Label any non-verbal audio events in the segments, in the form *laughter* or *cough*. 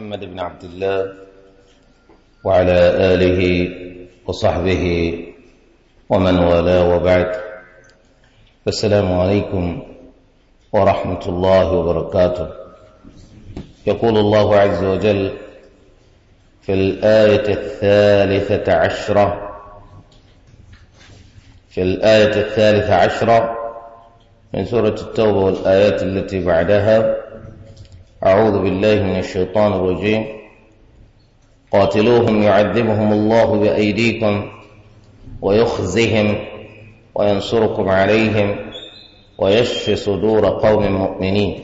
محمد بن عبد الله وعلى آله وصحبه ومن والاه وبعد السلام عليكم ورحمة الله وبركاته يقول الله عز وجل في الآية الثالثة عشرة في الآية الثالثة عشرة من سورة التوبة والآيات التي بعدها أعوذ بالله من الشيطان الرجيم قاتلوهم يعذبهم الله بأيديكم ويخزهم وينصركم عليهم ويشف صدور قوم مؤمنين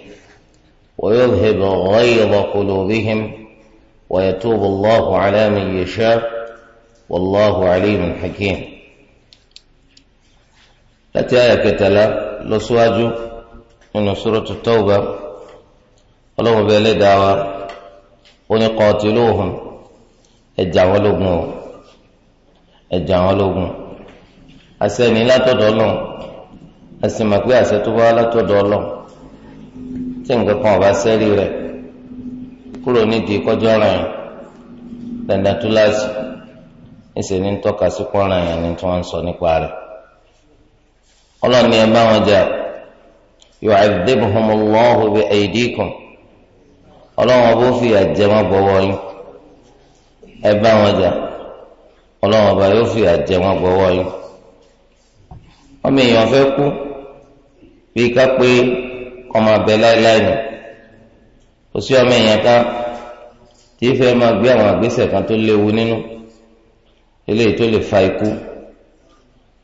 ويذهب غيظ قلوبهم ويتوب الله على من يشاء والله عليم حكيم لتأكد àyà kẹtàlá lọ سورة التوبة ọlọ́wọ́ bẹ́ẹ̀ lẹ́dàá wa ó ní qatiluhum ẹ̀jà wọn lógun o ẹ̀jà wọn lógun àṣẹ ní látọ̀dọ̀ Ọlọ́run pé àṣẹ tó bá látọ̀dọ̀ Ọlọ́run tí nǹkan kan ọba sẹ́rí rẹ̀ kúrò nídìí kọjọ́ ọ̀ràn yẹn dandan tó láti ẹsẹ̀ ní tọ́ka sí kọ́ran yẹn ni tí wọ́n ń sọ ọlọ́run ọba ó fi àjẹmọ́ gbọ́wọ́ yín ẹ bá wọn jà ọlọ́run ọba yóò fi àjẹmọ́ gbọ́wọ́ yín ọmọ èèyàn fẹ́ kú bí ká pé ọmọ abẹ láéláé ni kò sí ọmọ èèyàn ká tí fẹ́ máa gbé àwọn àgbésẹ̀ kan tó léwu nínú eléyìí tó lè fa ikú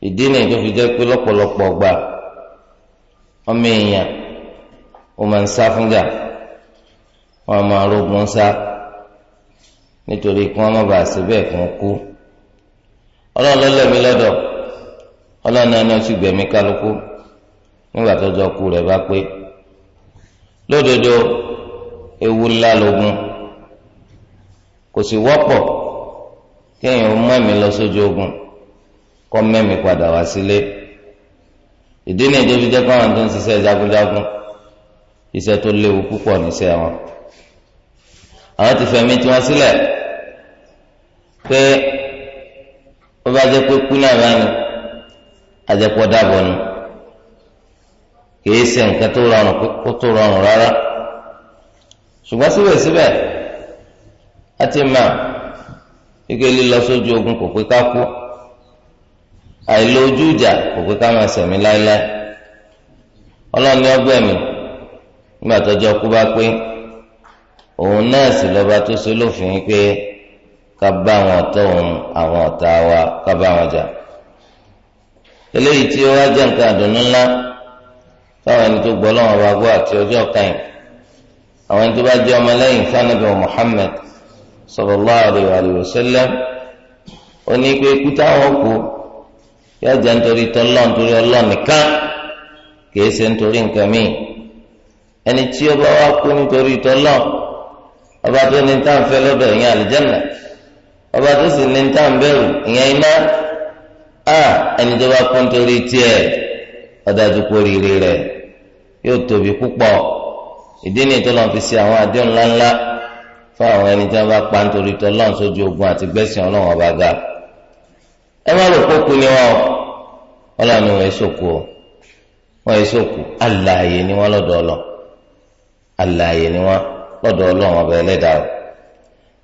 ìdí nìyí tó fi jẹ́ pé lọ́pọ̀lọpọ̀ gbà ọmọ èèyàn ó ń sá fúnjà wọn máa rogun sá nítorí kí wọn má bàa síbẹ̀ kí wọn kú ọlọ́run ló lẹ̀mí lọ́dọ̀ ọlọ́run náà náà sì gbẹ̀mí kálukú nígbà tó jọ kú rẹ̀ bá pé lódodo ewu ńlá lógun kò sì wọ́pọ̀ kéèyàn ó mẹ́mí lọ sójú ogun kọ́ mẹ́mí padà wá sílé ìdí ni ìjọba jẹ́ káwọn tó ń ṣiṣẹ́ jagunjagun iṣẹ́ tó léwu púpọ̀ níṣẹ́ wọn. àwọn ti fẹ̀mí tiwọn sílẹ̀ pé ó bá jẹ́ pé kú náà báyìí àjẹpọ̀ dàbọ̀ nù kìí ṣe nǹkan tó rọrùn kó tó rọrùn rárá ṣùgbọ́n síbẹ̀síbẹ̀ a ti ma, ike lílọ sójú ogun kò pé ká kú àìlò ojú ìjà kò pé ká máa ṣẹ̀mí láéláé ọlọ́run ọgbẹ́ mi nígbà bá òun náà sì lọ́ba tó ṣe lófin pé ká bá wọn tọ̀hún àwọn ọ̀tá wa ká bá wọn jà eléyìí tí ó wá jẹ́ nǹkan àdùnnú ńlá fáwọn ẹni tó gbọ́ lọ́wọ́ bá gbọ́ àti ọjọ́ kẹyìn àwọn ẹni tó bá jẹ́ ọmọlẹ́yìn fanabi Muhammad sallallahu alaihi wa sallam ó ní pé ikú táwọn kú yóò jẹ́ nítorí tọ́lọ́ nítorí ọlọ́ọ̀ nìkan kìí ṣe nítorí nǹkan míì ẹni tí ó bá wá kú nítorí tọ́lọ́ọ̀ ọba tó ní tá à ń fẹ́ lọ́dọ̀ ìyẹn àlìjẹnà ọba tó sì ní tá à ń bẹ̀rù ìyẹn iná a ẹni tó bá kú nítorí tiẹ̀ ọdájú kó rírì rẹ̀ yóò tóbi púpọ̀ ìdí ni ìtọ́lọ́n fi ṣe àwọn àdéhùn ńláńlá fún àwọn ẹni tí wọ́n bá pa nítorí tọ́lọ́n sójú ogun àti gbẹ̀sìn ọlọ́run ọba ga ẹ má rò pé kú ni wọn ọlọ́run wọn èsòkù o wọn èsòkù alààyè ni wọn lọ́dọ̀ ọlọ́ ni wọn lọ́dọ̀ ọlọ́run ọba ẹlẹ́dàá o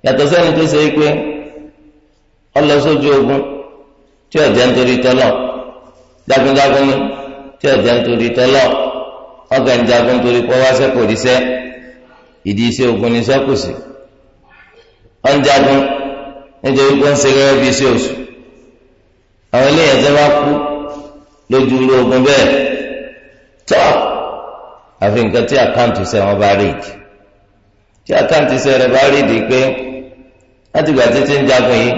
yàtọ̀ sẹ́ni tó ṣe é pé ọlọ sójú ogun tí ọ̀jẹ̀ ń torí tọ́lọ̀ jagunjagun ni tí ọ̀jẹ̀ ń torí tọ́lọ̀ ọ̀gá ń jagun torí pọ́ wá sẹ́kọ̀ọ́ ríṣẹ́ ìdí iṣẹ́ ogun ni sẹ́kù sí ọ̀ ń jagun nítorí pé ó ń ṣe gẹ́gẹ́ bí iṣẹ́ oṣù àwọn eléyàn tẹ́ bá kú lójú ogun bẹ́ẹ̀ tọ́ àfi nǹkan tí àkáǹtì sẹ́wọ̀n bá rí ìdí tí àkáǹtì iṣẹ́ rẹ̀ bá rí di pé láti gbà títí ń jagun yìí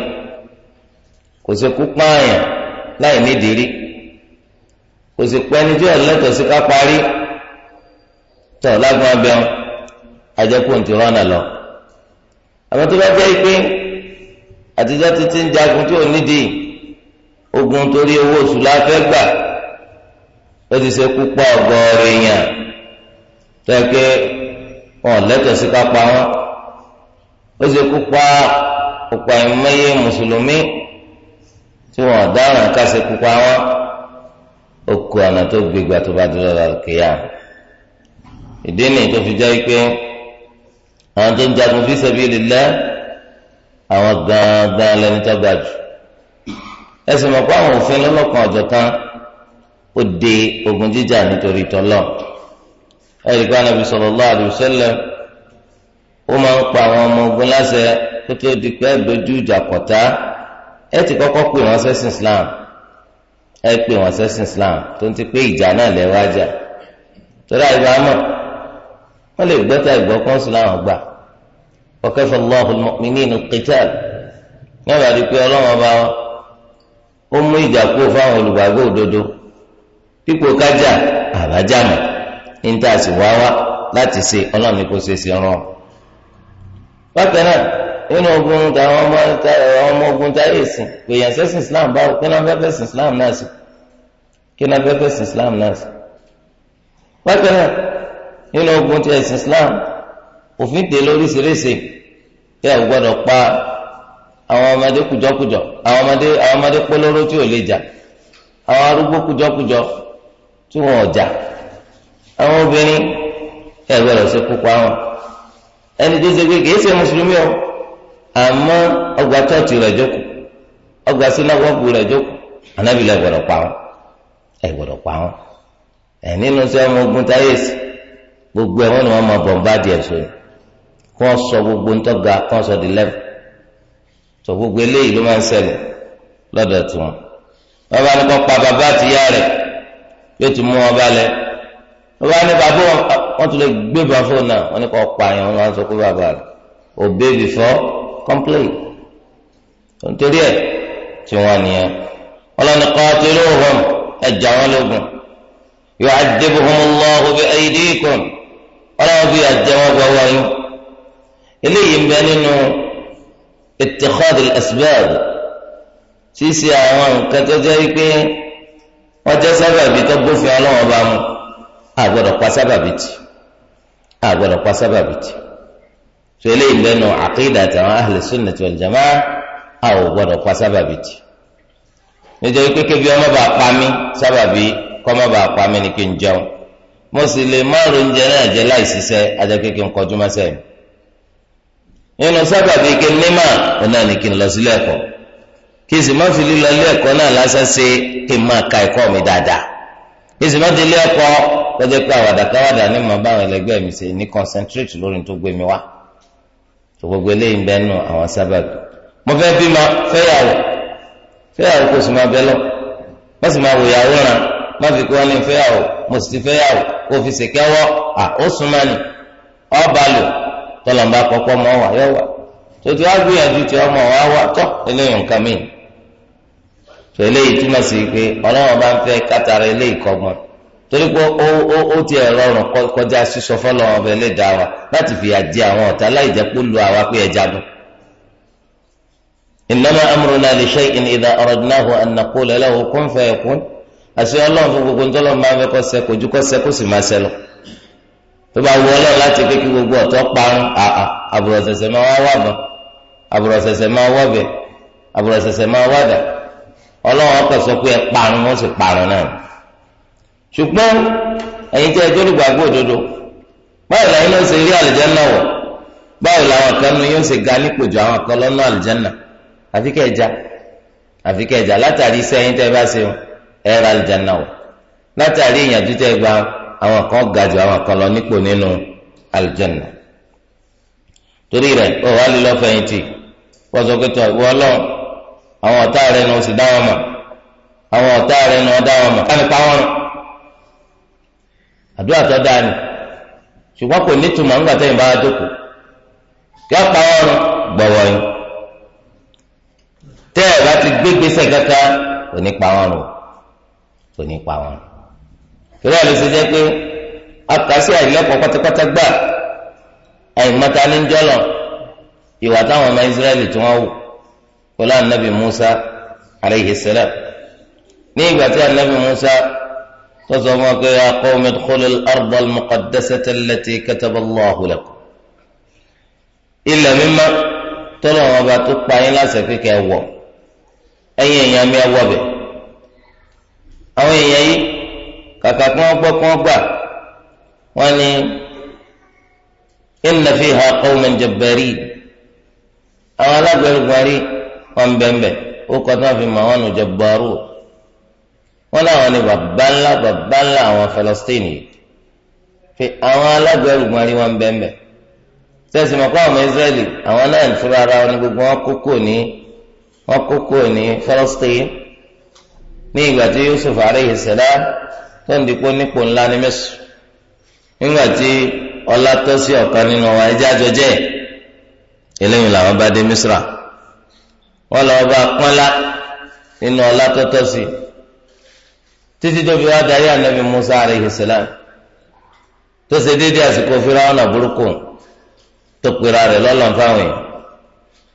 kò sí kú pààyàn láì nídìí rí kò sì pẹ́ ní tí ọ̀lẹ́tọ̀ sí ká parí tọ̀ lágbọ́n abẹ́hùn ajẹ́kùn ti rọ́nà lọ. àmọ́ tó bá jẹ́ pé àtijọ́ títí ń jagun tí ò nídìí ogun torí owó oṣù la gbà ó ti ṣe kú pa ọgọ́rin èèyàn tó yẹ pé. wọn lẹ́tọ̀ọ́ sí ká wọn ó ṣe tí wọn ká ṣe ọ̀nà tó gbégbá tó bá dúró lọ kéya ìdí nìyí tó fi jẹ́ pé àwọn tó ń jagun fi sabilillah àwọn lẹni tó ga jù mọ̀ pé àwọn òfin lọ́lọ́kan ó de ogun ẹ̀ríkà nàbì sallallahu alaihi wasallam ó máa ń pa àwọn ọmọ ogun láṣẹ kó tó di pé dojú ìjà kọ̀tá ẹ ti kọ́kọ́ pè wọ́n sẹ́sìn Islam ẹ pè wọ́n sẹ́sìn Islam tó ń ti pé ìjà náà lẹ́wọ́ àjà torí àyè bá mọ̀ wọ́n lè gbọ́ta ìgbọ́ kọ́ńsùlù àwọn gbà wa kafa Allahul mu'minina al-qital náà bá pé ọlọ́wọ́n bá wọn ó mú ìjà kúrò fáwọn olùgbàgbọ́ òdodo dípò kájà àbájá mọ̀. níta sì wá wá láti ṣe ọlọ́run ní ṣe ṣe rán. bákan náà nínú ogun táwọn ọmọ ọmọ ogun táyé sìn pé yẹn sẹ́sìn islam báwo kí náà fẹ́fẹ́ sìn islam náà sí kí náà fẹ́fẹ́ sìn islam náà sí. bákan náà nínú ogun tí ẹ̀sìn islam òfin dè lóríṣiríṣi tí ẹ̀ gbọ́dọ̀ pa àwọn ọmọdé kùjọkùjọ àwọn ọmọdé àwọn ọmọdé pólóró tí ò lè jà àwọn arúgbó kùjọkùjọ tí wọn ò jà. àwọn obìnrin ẹ gbọ́dọ̀ ṣe kópa wọn ẹni tó ṣe pé ṣe mùsùlùmí o ọgbà jókòó ọgbà jókòó pa ẹ pa ẹ nínú ọmọ ogun gbogbo ẹ wọn ni wọn máa bọ̀ ń bá díẹ̀ sóyún kó wọn sọ gbogbo ntọ́ga kó wọn sọ di lẹ́wọ̀ tó gbogbo eléyìí ló máa ń ṣẹlẹ̀ lọ́dọ̀ tiwọn wọn bá ní kó pa bàbá àtìyá yóò ti bàbá ní bàbá wọn tún lè gbé bàbá fóònù náà wọn ní kò pààyàn wọn máa sọ pé bàbá rẹ obey before complain nítorí ẹ tí wọn nìyẹn ọlọ́ni qatiluhum ẹ jà wọn lógun yu'adhibuhumullahu bi aydikum ọlọ́wọ́ bí àjẹ wọn gbọ́ wáyé eléyìí ń bẹ nínú ittikhad al ṣíṣe àwọn nǹkan tó jẹ́ pé wọ́n jẹ́ sábàbí tó gbófin ọlọ́wọ́ bá mu. a gbọ́dọ̀ pa sábàbí tó eléyìí lẹ́nu àkídà àtàwọn ahli sunnah wal jamaa a ò gbọ́dọ̀ pa sábàbí ọmọ bá pa mí sábàbí bá pa mí ni kí n jẹun mo sì lè má jẹ ni kí n lọ kí n sì má fi lílọ ilé náà lásán ṣe ka mi dáadáa èsì bá délé ẹ̀kọ́ kọjá pé àwàdàkáwàdà ní màá báwọn ẹlẹgbẹ́ mi ṣe ní concentrate lórí tó gbé mi wá tó gbogbo eléyìí ń bẹ nù àwọn sábàbí mo fẹ́ ma fẹ́yàwó fẹ́yàwó kò sì máa lọ sì máa ràn má fi kó wọn ní fẹ́yàwó mo sì ti fẹ́yàwó kó fi à ó ni ọba lò kọ́kọ́ mọ́ wà yọ wà tó ti wá gbìyànjú tó eléyìí túmọ̀ sí pé ọlọ́run bá ń fẹ́ kátàrà eléyìí kọ́gbọ́n torí pé ó ó ó kọjá sísọ fọlọ́run ọbẹ̀ lè dá wa láti fìyà jẹ àwọn ọ̀tá láì jẹ́ pé lu àwa pé ẹja dùn. innama amruna li gbogbo máa sẹ́ kọ́ sẹ́ kó sì máa sẹ́ gbogbo ọ̀tọ́ parun àbùrọ̀sẹ̀sẹ̀ máa wá àbùrọ̀sẹ̀sẹ̀ máa ọlọ́wọ́ kan sọ pé ẹ parun wọ́n sì parun náà ṣùgbọ́n ẹ̀yin tẹ́ ẹ jọ́lù gbàgbọ́ òdodo báwo làwọn náà ṣe rí àlùjánnà wọ̀ báwo làwọn kan yóò ṣe ga nípò ju àwọn kan lọ́nà àlùjánnà àfi kẹjà àfi kẹjà látàrí iṣẹ́ ẹ̀yin tẹ́ ẹ bá ṣe ẹ ra àlùjánnà wọ̀ látàrí ìyànjú tẹ́ ẹ gba àwọn kan ga ju àwọn kan lọ nípò nínú àlùjánnà torí rẹ̀ ọ̀ àwọn ọ̀tá rẹ̀ náà sì dá wọn mọ̀ àwọn ọ̀tá rẹ̀ náà wọn mọ̀ káni pàwọn rẹ̀ àdúrà tó dáa ni ṣùgbọ́n kò ní túmọ̀ nígbà tẹ́yìn bá dókòó kí wọ́n pàwọn rẹ̀ gbọ̀wọ̀ yìí tẹ́ ẹ̀ bá ti gbégbèsè kò ní pàwọn rẹ̀ kò ní pàwọn rẹ̀ ṣe jẹ́ pé àìlẹ́kọ̀ọ́ pátápátá gbà àìmọ́ta ní ìwà táwọn ọmọ wọlé anabi musa aleyhi salam ní ìgbà tí anabi musa tó sọ fún wa pé ya qawmi udkhulu al-arda al-muqaddasata allati kataba Allahu lakum ilẹ̀ mímọ́ tọ́lọ̀ wọn bá tó pa yín láṣẹ pé wọ̀ ẹ̀yin èèyàn mi wọ̀ bẹ̀ àwọn èèyàn yìí kàkà kí wọ́n gbọ́ kí wọ́n gbà wọ́n ní inna fiha qawman jabbarin àwọn alágbèrè gbọ́n rí wọn bẹ́ẹ̀nbẹ́ ó kọ́ tí wọ́n fi mọ̀ wọn Jabbarut wọn láwọn ni bàbá ńlá bàbá ńlá àwọn Palestine yìí fi àwọn alágbẹ̀rù gbọ́nrí wọn bẹ́ẹ̀nbẹ́ sẹ́sì mọ̀ kọ́ àwọn Israeli àwọn náà ń fúra ara wọn ní gbogbo wọn kókó ní wọn kókó ní Palestine ní ìgbà tí Yusuf alayhi salam tó ń dikó nípò ńlá ní mẹ́sù nígbà tí ọlá tọ́ ọ̀kan nínú wa ẹjẹ́ àjọjẹ́ eléyìí làwọn bá dé Misra wọn lọ bá pọ́nlá nínú ọlá tọ́tọ́ sí títí tó fi wá darí ànábì Musa alayhi salam tó ṣe déédé àsìkò Fíráúnà burúkú tó pera rẹ̀ lọ́lọ́n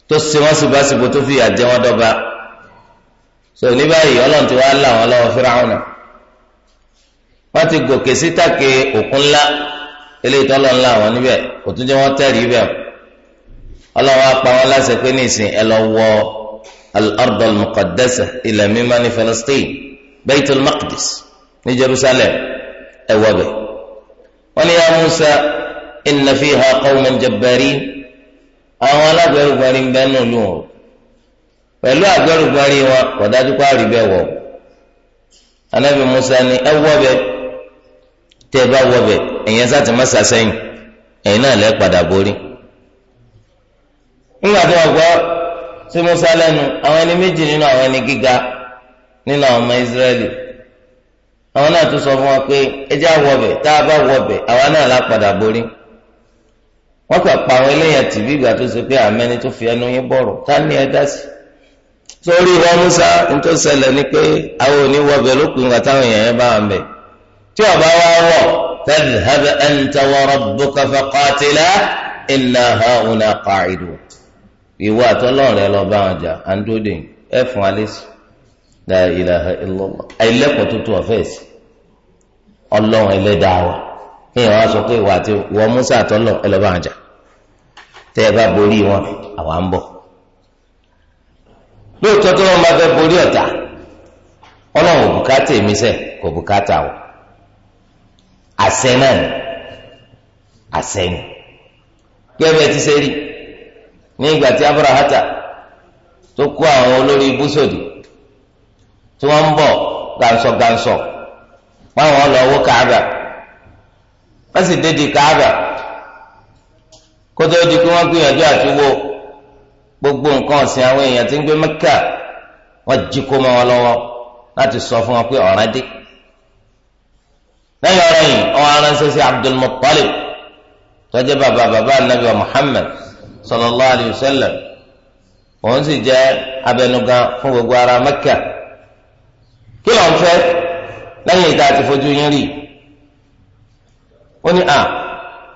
tó ṣe wọ́n síbáṣibò tó fi ìyà jẹ dọ́ba so ní báyìí ọlọ́run ti wá là wọ́n lọ́wọ́ Fíráúnà wọ́n ti gòkè sí tàkè òkun ńlá eléyìí tọ́lọ́ ńlá wọn níbẹ̀ kò tún jẹ́ wọ́n tẹ̀rí bẹ́ẹ̀ ọlọ́run á pa láṣẹ pé ní ìsìn ẹ lọ al-ard al-muqaddasa فلسطين، بيت المقدس، Palestine Baitul Maqdis ní Jerusalem ẹ wọbẹ̀ wọ́n ní ya Musa inna fiha qawman jabbarin àwọn alágbẹ̀rùgbọ̀nrin ń bẹ́ẹ̀ nù lù wọ́n pẹ̀lú àgbẹ̀rùgbọ̀nrin wọn kò dájú bẹ́ẹ̀ wọ̀ Anabi Musa ni ẹ wọbẹ̀ tẹ́ ẹ bá wọbẹ̀ ẹ̀yẹn sá má sàsẹ́yìn ẹ̀yìn náà lẹ́ padà borí ńgbà tó wọ́n gbọ́ sí musa lẹ́nu àwọn ẹni méjì nínú àwọn ẹni gíga nínú àwọn ọmọ israẹli àwọn náà tún sọ fún wọn pé ẹjẹ àwọbẹ tá a bá wọbẹ àwa náà lápadà borí wọn kà pa àwọn eléyàn tìbí ìgbà tó ṣe pé àmẹni tó fi ẹnu yín bọrọ tá ní ẹ dá sí sórí ìwọ musa nítorí ṣẹlẹ̀ ni pé àwọn òní wọbẹ lópin ìgbà táwọn èèyàn bá wà mbẹ tí ọba wa wọ tadhhab anta wa rabbuka faqatila inna hauna qa'idun. ìwọ atọ rẹ lọ bá wọn jà à ẹ fún wa lẹ́sì la ilaha illallah àìlẹ́kọ̀ọ́ Musa lọ bá wọn jà ẹ bá borí wọn àwa ń lóòótọ́ tó wọn bá fẹ́ borí ọ̀tá ọlọ́run ò bùkátà èmi sẹ́ kò bùkátà àṣẹ náà àṣẹ ni ní ìgbà tí abrahata tó kó àwọn olórí ibùsòdì tí di ń bọ̀ gansọ̀gansọ̀ báwọn ọlọ́wọ́ káàbà wọ́n sì dédì káàbà kótó di dede wọ́n gbìyànjú àti wo gbogbo nǹkan ọ̀sìn àwọn èèyàn tí ń gbé mẹ́kà wọ́n jí kó mọ́ wọn lọ́wọ́ láti sọ fún wọn pé ọ̀ràn dé lẹ́yìn ọ̀rọ̀ yìí Abdul bàbá bàbá anabi Muhammad sallallahu alayhi wa sallam òun sì jẹ́ abẹnugan fún gbogbo ara mẹ́kà kí ló ń fẹ́ lẹ́yìn ìta àti fojú yín rí ó ní à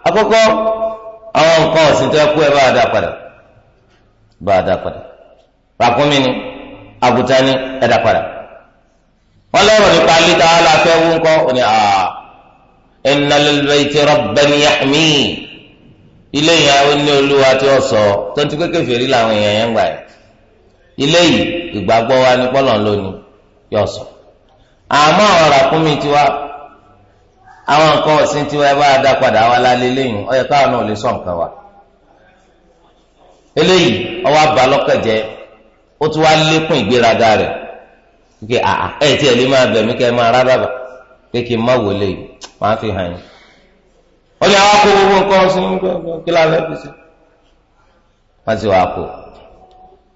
àkọ́kọ́ àwọn nǹkan ọ̀sìn tó kú ẹ bá a dá padà bá a dá padà ràkúnmí ni àgùtà ni ẹ dá padà wọn lọ́rọ̀ nípa lítà aláfẹ wúńkọ ó ní à innal bayti rabban yahmi. ilé yẹn àwọn ní olúwa tí ó sọ tọ́ntì kékeré làwọn èèyàn yẹn ń gbà yẹn ilé yìí ìgbàgbọ́ wa ní pọ́lọ̀ lónìí yóò sọ àmọ́ tiwa àwọn nǹkan tiwa ẹ bá a dá padà wa lálẹ́ lẹ́yìn ó káwọn náà lè sọ nǹkan wa eléyìí ọwọ́ abalọ́kẹ̀ jẹ́ ó tún wá lékún ìgbéraga rẹ̀ lè máa bẹ̀ fi hàn wọ́n ní àwọn akó gbogbo nǹkan ọ̀sìn sí kí la fẹ́ fi sí wọ́n sì wá kó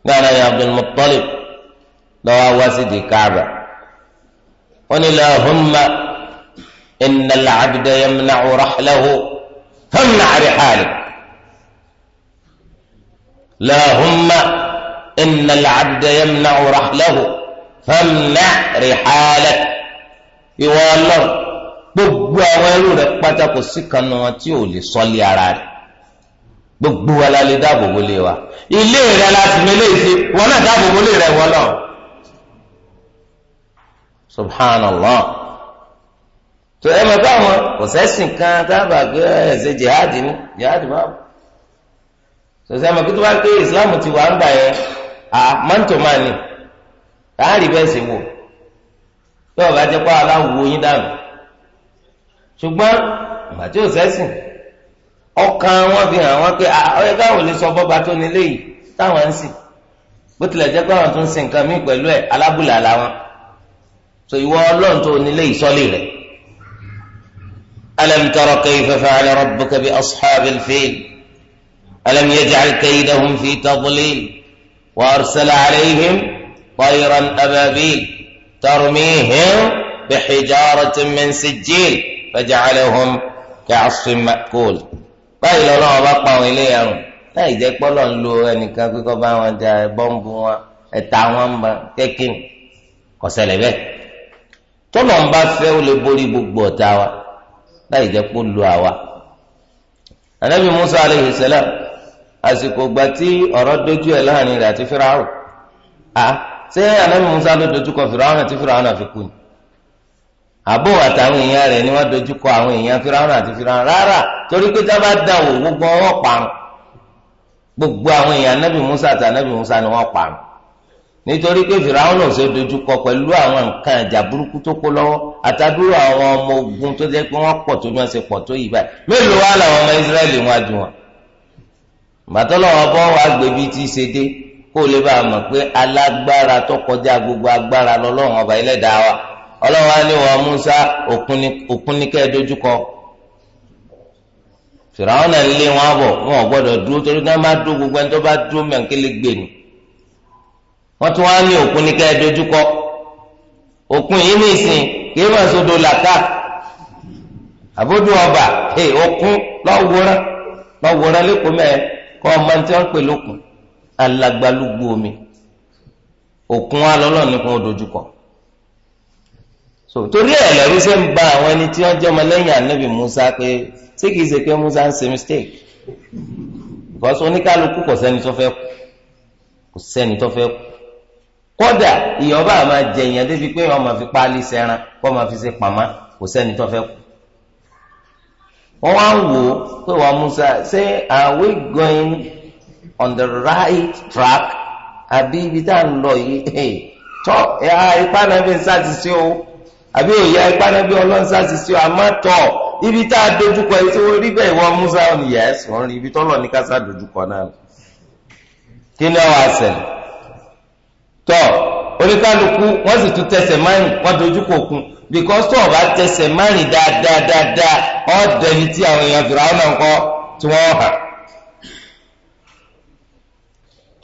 gbàdá yẹn Abdul Muttalib lọ́wọ́ wá sí di Kaaba wọ́n ní lahumma inna al-abda yamna'u rahlahu famna' rihalik lahumma inna al-abda yamna'u rahlahu famna' rihalik ìwọ Ọlọ́run. gbogbo àwọn ẹrú rẹ pátá sí tí ò lè sọlé ara rẹ̀ gbogbo wa la lè dáàbò wa ilé rẹ láti sì mélé wọn náà dáàbò bo rẹ wọn náà subhanallah tó ẹ mọ̀ kò sẹ́sìn kan ẹ ṣe jihadi ni jihadi mọ̀ islam ti wà ń yẹn à bẹ́ẹ̀ wò tó o bá jẹ́ pé aláwo ṣùgbọ́n ìgbà tí ò sẹ́sìn ọkàn wọn fi hàn wọn pé ọyẹ káwọn lè sọ bọ́ba tó nílé yìí táwọn ń sìn bó tilẹ̀ jẹ́ pé tó ń sin nǹkan míì pẹ̀lú ẹ̀ alábùlà làwọn so ìwọ ọlọ́run tó nílé yìí sọ́lé rẹ̀. ألم تر كيف فعل ربك بأصحاب الفيل ألم يجعل كيدهم في تضليل وأرسل عليهم طيرا أبابيل ترميهم بحجارة من سجيل faja'alahum ka'asfin ma'kul báyìí lọ́nà ọba pa àwọn eléyà rùn láì jẹ́ pọ́lọ̀ ń lo ẹnìkan pé kọ́ bá wọn da bọ́ǹbù wọn ẹ̀ta wọn mọ kẹ́kìn awa. bẹ́ẹ̀ ń bá fẹ́ ó lè borí gbogbo ọ̀tá wa láì jẹ́ pọ́ lu àwa. ànábì Musa aleyhi salam àsìkò gba tí ọ̀rọ̀ dojú ẹ̀ láàrin rẹ̀ àti ṣé ànábì Musa àbò àtàwọn èèyàn rẹ̀ ni wọ́n dojú kọ àwọn èèyàn firaun àti firaun rárá torí pé tá bá dà wò gbogbo wọn parun gbogbo àwọn èèyàn anabi musa àti anabi musa ni wọ́n parun nítorí pé firaun náà ṣe dojú kọ pẹ̀lú àwọn nǹkan ìjà burúkú tó kó lọ́wọ́ àtàdúró àwọn ọmọ ogun tó jẹ́ pé wọ́n pọ̀ tó bí wọ́n ṣe pọ̀ tó yìí báyìí mélòó wà láwọn ọmọ israẹli wọn adùn wọn bàtọ́lọ́wọ́ bọ́ wàá gbẹ̀bí tí ì ṣe dé kó o lè bá a mọ̀ ọlọ́run á ní wọn Musa òkun ní kẹ́ẹ̀ dojúkọ fìràwọn náà lé wọn bọ̀ wọn ò gbọ́dọ̀ dúró torí náà má dúró gbogbo ẹni tó bá dúró mẹ́ńkélé gbè ní wọ́n tún wá ní òkun ní kẹ́ẹ̀ dojúkọ òkun yìí ní ìsìn kìí máa sodo làkà àbójú ọba òkun lọ́wọ́rán lọ́wọ́rán lẹ́kọ̀ọ́ mẹ́ẹ̀ kọ́ ọmọ tí wọ́n pè lókun alagbalúgbó omi òkun wa lọ́lọ́ọ̀ nípa odojúkọ̀ọ́ so torí ẹ̀ lẹ́rú ṣe ń ba àwọn ẹni tí wọ́n jẹ́ ọmọ lẹ́yìn anabi musa pé ṣé kìí ṣe pé musa ń ṣe mistake because oníkálukú kò sẹ́ni tó fẹ́ kò sẹ́ni tó fẹ́ kódà ìyọba àmà jẹyàn débi pé wọ́n máa fi páálí sẹran kó máa fi ṣe pàmà kò sẹ́ni tó fẹ́ kù wọ́n wá ń wò ó pé wọ́n musa ṣé are we going on the right track àbí ibi tá à ń lọ yìí tọ́ ẹ̀ ipá náà fi ń sá o àbí òye ẹgbàna bí ọlọ́nsá sì sí àmọ́tọ̀ ibi tá a dojúkọ yìí tí wọ́n rí bẹ́ẹ̀ wọ́n Musa ọ̀nì yẹ̀ ẹ̀sùn ọ̀rìn ibi tọ́lọ̀ ní kásá dojúkọ náà kí ni ọ̀wà sẹ̀lẹ̀ tọ́ oníkálukú wọ́n sì tún tẹsẹ̀ márùn wọ́n dojúkọ òkun because tó o bá tẹsẹ̀ márùn dáadáa dáadáa ọ̀ dẹni tí àwọn èèyàn fìrà ọ̀nà ńkọ́ tí wọ́n hàn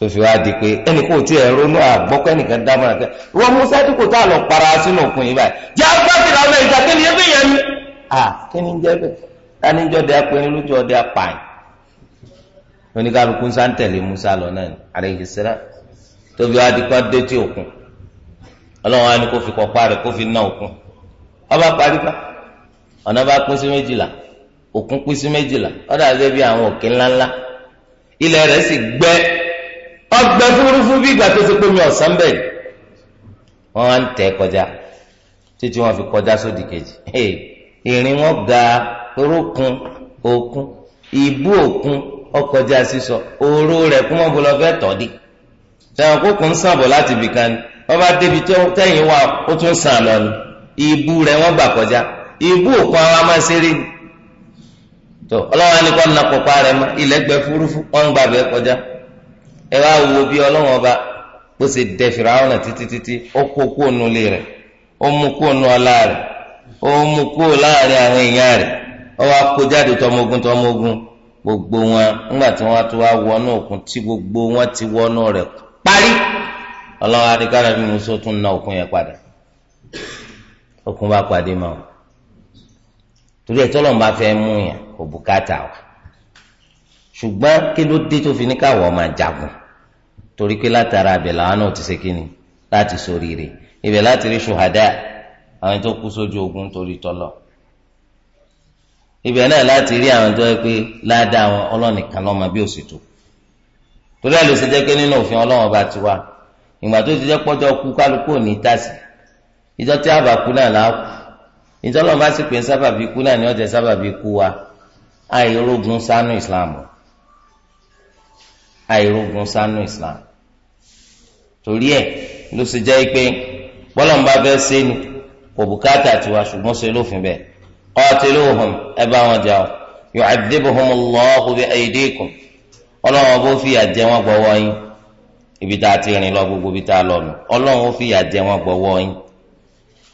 tó fi wá di pé ẹnì kò tí ẹ ronú àgbọ́kọ́ ẹnìkan dámọ̀ràn kẹ́ wọ́n mú sẹ́dúkù tá a para sínú òkun yìí báyìí jẹ́ agbábìrì àwọn ìjà kí ni ebi yẹn ni. à kí ni jẹ́ bẹ́ẹ̀ tani jọ de apẹ lójú ọdẹ apààyàn oníkàlùkù nsá ń tẹ̀lé Musa lọ náà alayhi salam tóbi wá di kó dé tí òkun ọlọ́run wa ni kó fi kọ́pá rẹ̀ kó fi ná òkun ọba parí pa ọ̀nà bá pín sí méjìlá òkun pín sí méjìlá ọ̀dà Ọgbẹ fúrufú bí ìgbà tó ti pé mi á ń kọjá títí fi kọjá sódì kejì ìrìn wọn ga orókun òkun ìbú òkun ọkọjá sísọ oró rẹ̀ kú mọ́ bọ́lọ́ fẹ́ tọ́ di sẹ́wọ̀n kókò ń láti ni bá débi tẹ́yìn ó tún sàn lọ ni ìbú gbà kọjá ìbú òkun àwọn ni tó ọlọ́wọ́n á ní kọ́ ń na pọ̀pá mọ́ ilẹ̀ gbẹ fúrufú ń kọjá. ẹ wá wo bí ọlọ́wọ́n ọba bó ṣe dẹ fìràwọ̀nà títí títí ó kó kó nu ilé rẹ̀ ó mú kó nu ọlá rẹ̀ ó mú kó láàrin àwọn èèyàn rẹ̀ ó wá kó jáde tọmọogun tọmọogun gbogbo wọn ńgbà tí wọn tó wá wọnú òkun tí gbogbo wọn ti wọnú rẹ̀ parí ọlọ́wọ́n adigunra bí muso tún na òkun yẹn padà òkun bá padì mọ́ torí ẹ̀ tọ́lọ̀ ń bá fẹ́ mú yàn kò ṣùgbọ́n kí ló dé tó fi ní káwọ́ máa jagun torí pé látara abẹ làwọn náà ti ṣe kíni láti ṣoríire ibẹ̀ láti rí ṣùhádà àwọn tó kú sójú ogun torí tọlọ ibẹ̀ náà láti rí àwọn tó yẹ pé ládàá àwọn ọlọ́nìkan lọ́mọ bí òṣètò torí ẹ̀ ló ṣe jẹ́ pé nínú òfin ọlọ́wọ́n bá ti wá ìgbà tó ti jẹ́ pọ́jọ́ kú kálukú òní tàsí ìjọ tí àbá kú náà là kú ìjọ lọ́n bá sì pé sábàbí kú náà ni ọ̀jẹ̀ sábàbí kú wa àìrógun sánú ìsìlámù àìrógun sánú ìsìlámù torí ẹ̀ ló ṣe jẹ́ pé bọ́lọ̀n bá fẹ́ ṣe ni kò bùkátà tiwa ṣùgbọ́n ṣe lófin bẹ́ẹ̀ qatiluhum ẹ bá wọn jà ọ yu'adhibuhumullahu bi aydikum ọlọ́run bó fìyà jẹ wọ́n gbọ́wọ́ yín ibi tá a ti rìn lọ gbogbo ibi tá a lọ nù ọlọ́run ó fìyà jẹ wọ́n yín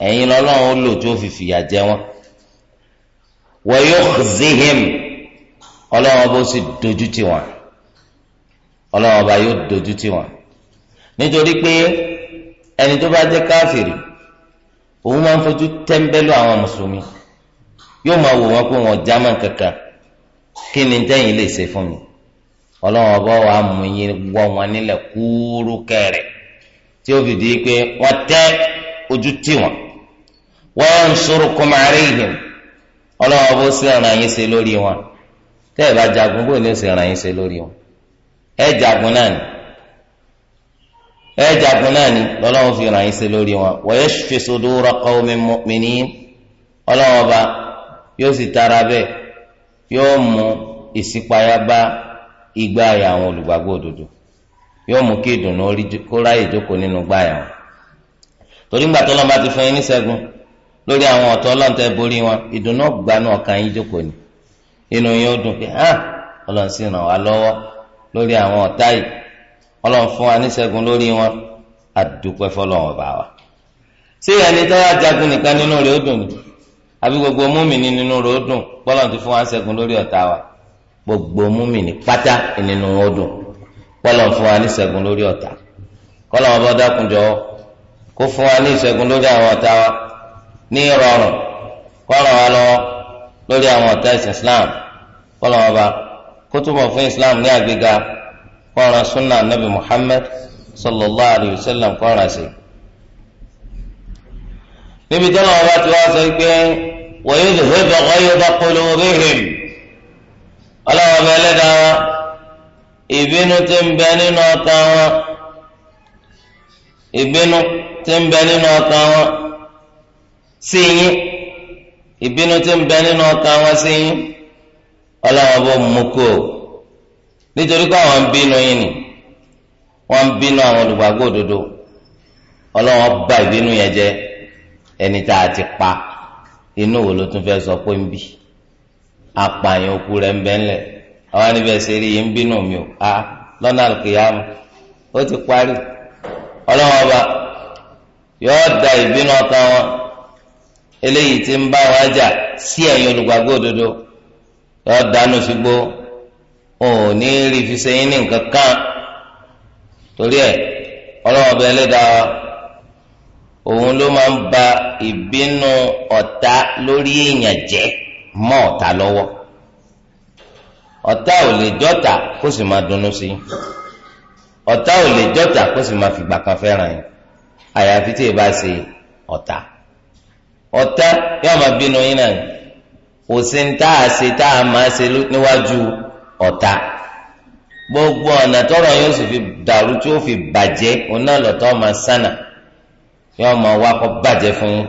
ẹ̀yin lọ́lọ́run ó lò tó fi fìyà jẹ wọ́n wa yukhzihim ọlọ́run bó sì dojú tì wọ́n ọlọ́run ọba yóò dojú tì wọ́n. nítorí pé ẹni tó bá jẹ́ káfìrì òun máa ń fojú tẹ́ńbẹ́lú àwọn mùsùlùmí yóò máa wò wọ́n pé wọ́n kankan kí ni tẹ́yìn lè ṣe fún mi ọlọ́run ọba wa mú yín wọ́ wọn nílẹ̀ kúrú kẹrẹ̀ tí ó fi di pé wọ́n tẹ́ ojú tì wọ́n wọ́n ń sọ̀rọ̀ kọ́márì yìí ọlọ́run ọba ó sì ràn yín ṣe lórí wọn tẹ́ ẹ̀ bá jagun ẹ jagun náà ni lọ́lọ́run fi ràn yín sí lórí wọn wa yashfi sudura qawmin mu'minin ọlọ́run yóò sì tara bẹ́ẹ̀ yóò mú ìṣípayá bá igbá àyà àwọn olùgbàgbọ́ òdodo yóò mú kí ìdùnnú kó ráyè jókòó nínú wọn torí ti fún yín lórí àwọn ọlọ́ntẹ́ borí wọn ìdùnnú náà kàn yín jókòó ni inú yín ó ọlọ́run fún wa níṣẹ́gun lórí wọn àdúpẹ́ fọlọ́run ọba wa ṣé ẹni tó wá jagun nìkan nínú rẹ̀ ó dùn àbí gbogbo múmìnì nínú rẹ̀ ó dùn bọ́lọ́run ti fún wa gbogbo múmìnì pátá nínú wọn ó dùn fún wa lórí ọba dákunjọ kó fún wa ní lórí àwọn ọ̀tá wa ní wa lórí àwọn kọ́ran sunna anabi muhammed sallallahu alayhi wa sallam kọ́ran sí. níbi tí wọn bá ti wá sọ pé wọ́n yóò dùn fún ghayda qulubihim ọlọ́wọ́ bẹ́ẹ̀ lẹ́dàá wọn ìbínú ti ń bẹ nínú ọkàn wọn ìbínú ti ń bẹ nínú ọkàn wọn sí ìbínú ti ń bẹ nínú ọkàn wọn sí ọlọ́wọ́ bó mú kú nítorí pé àwọn ń bínú yín ni wọ́n ń bínú àwọn olùgbàgbọ́ òdodo ọlọ́wọ́n a ti pa inú wo ló tún fẹ́ sọ pé ń bì apààyàn òkú rẹ̀ ń àwọn níbẹ̀ ṣe rí yìí ń bínú mi ò a lọ́nà àlùkìyàmù ó ti parí ọlọ́wọ́n ọba yóò da ìbínú ọkàn wọn eléyìí ti ń bá wọn jà sí ẹ̀yin olùgbàgbọ́ òdodo òun ò ní rí fi ṣe yín ní nǹkan kan torí ẹ ọlọ́wọ́ bẹ lẹ́dàá òun ló máa ń ba ìbínú ọ̀tá lórí èèyàn jẹ́ mọ́ ọ̀tá lọ́wọ́ ọ̀tá ò lè jọ́ta kó sì máa dunnú sí ọ̀tá ò lè jọ́ta kó sì máa fìgbà kan fẹ́ràn yín àyàfi tí ì bá ṣe ọ̀tá ọ̀tá yóò máa bínú yín náà kò tá a ṣe tá a máa ṣe níwájú ọ̀tá gbogbo ọ̀nà tọrọ yóò sì fi dàrú tí ó fi bàjẹ́ òun náà lọ́tọ́ máa sànà yóò máa wá kọ́ bàjẹ́ fún yín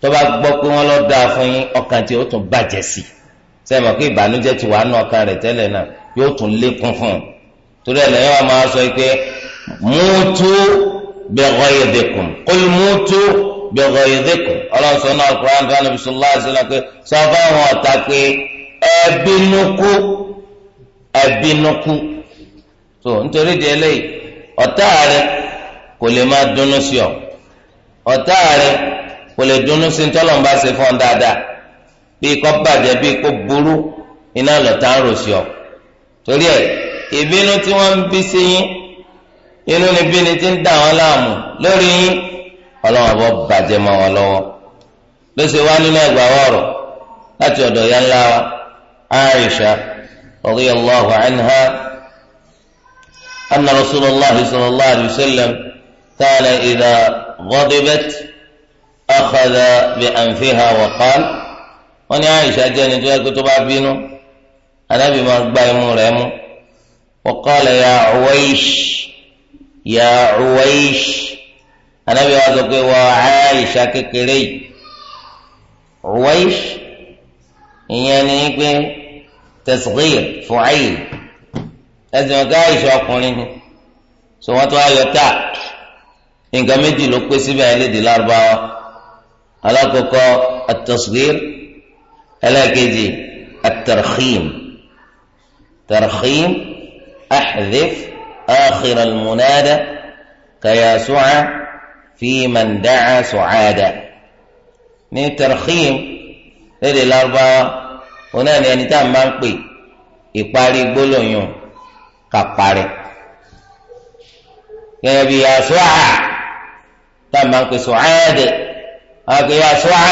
tó bá gbọ́ pé wọ́n lọ́ dáa fún yín ọkàn tí ó tún bàjẹ́ sí i sẹ́yìn mọ̀ pé ìbànújẹ́ ti wà nù ọkàn rẹ̀ tẹ́lẹ̀ náà yóò tún lékún fún un torí ẹ̀ lẹ́yìn wọn máa sọ pé mútu bẹ̀rọ ìdẹ́kùn kul mútu bẹ̀rọ ìdẹ́kùn ọlọ́sọ náà kúrò ẹbínúkú so nítorí di eléyìí ọ̀tá rẹ kò lè máa dunu sí ọ ọ̀tá rẹ kò lè dunu sí ntọ́lọ̀ ń bá ṣe fún ọ dáadáa bíi kọ́ bàjẹ́ bíi kó burú iná lọ́tà ń rò sí ọ torí ẹ ìbínú tí wọ́n ń bí sí ni bí ti ń dà wọ́n láàmú lórí yín ọlọ́wọ́n bọ́ bàjẹ́ mọ́ wọn lọ́wọ́ ló ṣe wá nínú ẹgbàá ọ̀rọ̀ láti ọ̀dọ̀ رضي الله عنها أن رسول الله صلى الله عليه وسلم قال إذا غضبت أخذ بأنفها وقال وأن عائشة أجل نجوى كتب عبينه أنا بما أكبر وقال يا عويش يا عويش أنا بوازق وعائشة ككري عويش يعني كي إيه؟ tẹ̀sígìr fùáyì ẹ̀sìn ọ̀gá ìṣọ́ ọkùnrin ni so wọ́n tún ayọ̀ tá nǹkan méjì ló pé síbẹ̀ ẹlẹ́dẹ̀ lárúbáwá alákòókò àtẹ̀sígìr ẹlẹ́kejì àtẹ̀rẹ̀xìm tẹ̀rẹ̀xìm àḥdìf àkìrẹ̀ múnádà kàyàsùnà fìmàndàcà sùcàdà ní tẹ̀rẹ̀xìm ẹlẹ́dẹ̀ lárúbáwá. òun náà ni ẹni tá à ń bá ń pè ìparí gbólóyún kà parẹ́ gẹ́gẹ́ bí aṣọ́à tá à ń bá ń pè sọ̀áàdì àwọn kò yẹ aṣọ́à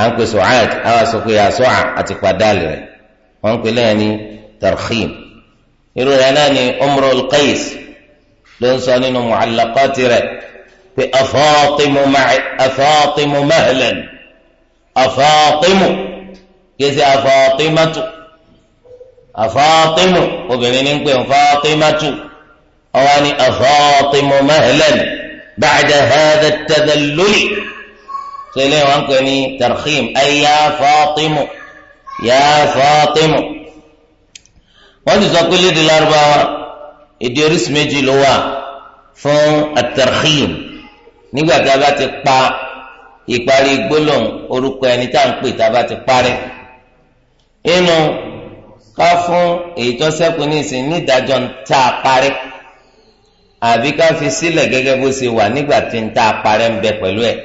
à ń pè sọ̀áàdì àwọn sọ pé aṣọ́à àti padàlì rẹ̀ wọ́n ń pè lẹ́yìn ní tarkhim irú rẹ̀ náà ni Umrul Qais ló ń sọ nínú mu'allaqati rẹ̀ pé afọ́ọ́tìmù mẹ́hẹ̀lẹ́n afọ́ọ́tìmù kese afaatimatu afaatimu obìnrin ní pé afaatimatu ọwọ́ ni afaatimu mahlan bàjẹ́ hàdà tadalluli sọlẹ̀ wọn kò ní tarkhim ay ya faatimu ya faatimu wọ́n ti sọ pé lédè lárúbáwá èdè oríṣi méjì ló wà fún atarkhim nígbà tá a bá ti pa ìparí gbólóhùn orúkọ ẹni tá à ń pè tá a bá ti parẹ́ inú ká fún èyí tó ṣẹ́kù ní ìsìn nídàájọ́ ń tá a parí àbí ká fi sílẹ̀ gẹ́gẹ́ bó ṣe wà nígbà tí ń tá a parí ń bẹ pẹ̀lú ẹ̀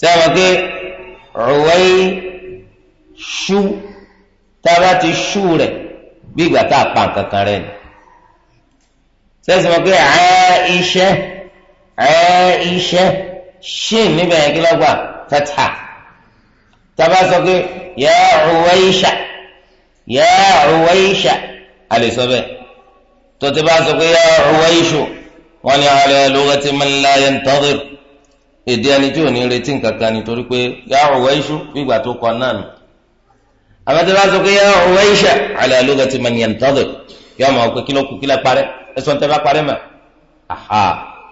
sẹ́wọ̀n pé rúwẹ́yì ṣú tá a bá ti ṣú rẹ̀ bí ìgbà tá a pa nǹkan kan rẹ̀ ni sẹ́sìn mọ̀ pé Àìṣà Àìṣà ṣì níbẹ̀ yẹn kí lọ́gbà tẹ́tà tábà sọ pé yà Uwaisha yà Uwaisha àlè sọ bẹ́ẹ̀ tó ti bá sọ pé yà Uwaishu wọn ni ala lughati man la yantadhir èdè ẹni tí ò ní retí nǹkankan nítorí pé yà Uwaishu fìgbà tó kọ náà nù àmọ́ tí bá sọ pé yà Uwaisha ala lughati man yantadhir yà ọmọ òkè kí ló kú kí lẹ parẹ́ ẹsọ tẹ bá parẹ́ mọ́ aha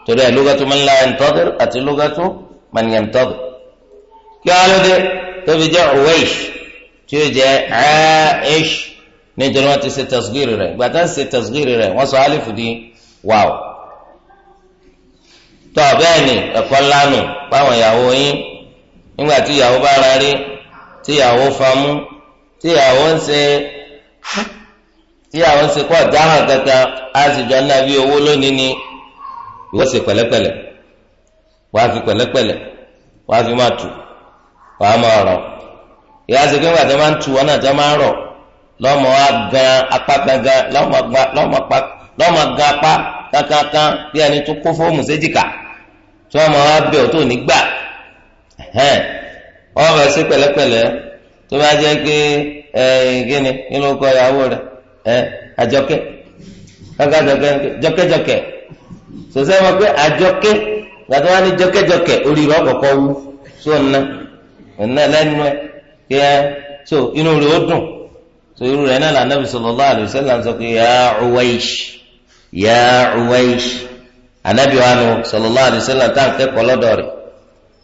torí ẹ lughatu man la yantadhir àti lughatu man yantadhir kí wàá lóde tóbi jẹ́ Uwaish tí ó jẹ́ Aish nítorí wọ́n ti ṣe tasgiri rẹ̀ gbàtà ṣe tasgiri rẹ̀ wọ́n sọ alifu di wàw. tó bẹ́ẹ̀ ni ẹ̀kọ́ lánàá báwọn ìyàwó yín nígbà tí ìyàwó bá ra rí tí ìyàwó famú tí ìyàwó ń ṣe tí ìyàwó ń ṣe kọ́ dáhùn kankan á sì jọ náà owó lónìí ni ìwọ́n pẹ̀lẹ́pẹ̀lẹ́ wàá fi pẹ̀lẹ́pẹ̀lẹ́ wàá fi máa tù. wàá máa ọrọ ìyá àti pé gbàtẹ́ máa ń tu wọn náà tẹ́ rọ lọ́mọ gan apá gangan lọ́mọ apá kankankan bí ẹni tó kó fóòmù séjìká tí wọ́n máa bẹ̀ ọ tó ní gbà wọ́n bẹ̀ sí tó bá pé gíní nínú kọ ìyàwó kankan wọn pé wọn ní jọkẹ́jọkẹ́ orí rẹ̀ ọ̀kọ̀ọ̀kọ̀ wú ẹ̀nà lẹ́nu ẹ̀ kí ẹ so inú rẹ̀ ó dùn so irú rẹ̀ náà lànàbì sallallahu alaihi wasallam sọ ya Uwaish ya Uwaish ànàbì wa nù sallallahu alaihi wasallam tá à ń kẹ́kọ̀ọ́ lọ́dọ̀ rẹ̀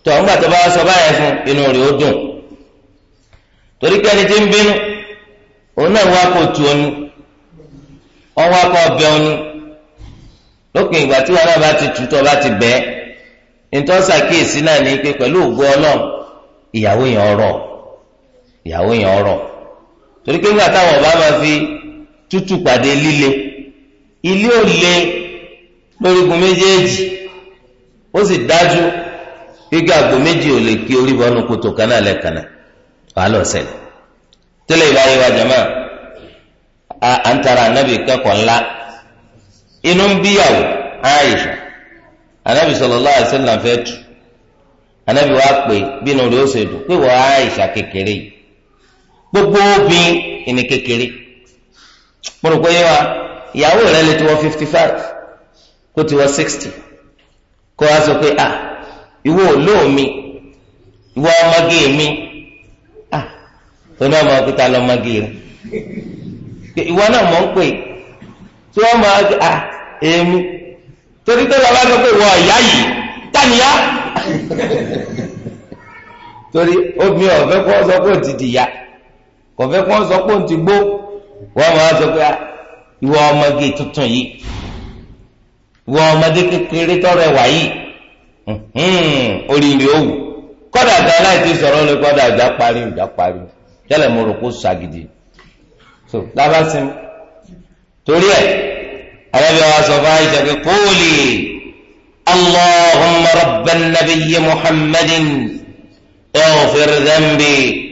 tó àwọn gbàtọ́ bá sọ báyẹn fún inú rẹ̀ ó dùn torí pé ẹni tí ń bínú òun náà wá kó tu oní ọwọ́ akọ ọbẹ̀ oní lópin ìgbà tí wọn náà bá ti tù bá ti náà ìyàwó yẹn ọ̀rọ̀ ìyàwó yẹn ọ̀rọ̀ torí pé nígbà táwọn ọba máa fi tútù pàdé líle ilé ò le lórígun méjèèjì ó sì dájú gbígbà àgbo méjì ò lè kí orí bọ́nú kòtò kanáà lẹ́ẹ̀kanáà wàá lọ sẹ́lẹ̀ tẹ́lẹ̀ ìbáyé wa jama à ń tara anabi kẹ́kọ̀ọ́ ńlá inú ń bíyàwó Aisha anabi sallallahu alaihi wasallam fẹ́ tù anabi wa pè bínú rẹ ó ṣe dùn pé wọ́n àìsà kékeré yìí gbogbo obìn ìní kékeré mo rò pé yé wa ìyàwó rẹ lè ti wọ fifty five kó ti wọ sixty kó wá sọ pé à ìwọ olóòmi ìwọ ọmọge mi à tó náà mọ kíta lọmọge rẹ ìwọ náà mọ ń pè tí wọn mọ à èmi torí tó lọ bá sọ pé ìwọ ìyá yìí tàníyá torí obìnrin ọ̀fẹ́ kọ́ sọ pé òun ti dìyà kọ̀fẹ́ kọ́ sọ pé òun ti gbó wọ́n máa sọ pé ìwọ ọmọge tuntun yìí ìwọ ọmọdé kékeré tọrọ ẹwà yìí oríire ó wù kọ́dà gan láì ti sọ̀rọ̀ lé kọ́dà ìjà parí ìjà parí tẹ́lẹ̀ mo rò kó ṣàgìdì so dábàá sí mi torí ẹ̀ ayẹ́bí wa sọ fún àyíṣẹ́ pé kóòlì. اللهم رب النبي محمد اغفر ذنبي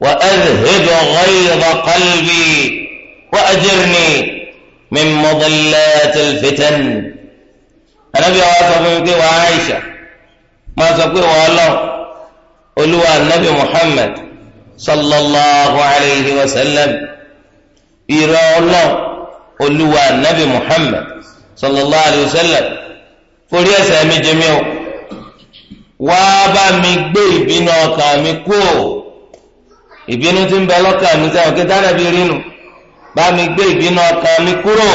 وأذهب غيظ قلبي وأجرني من مضلات الفتن النبي وعطفك وعائشة ما تقول والله قلوا النبي محمد صلى الله عليه وسلم إيرا الله قلوا النبي محمد صلى الله عليه وسلم forí ẹsẹ mi jì mí o wá bá mi gbé ìbínú ọkàn mi kú o ìbínú tí ń bẹ lọ́kàn mi sẹ́wọ̀n kí dáná bí rínu bá mi gbé ìbínú ọkàn mi kúrò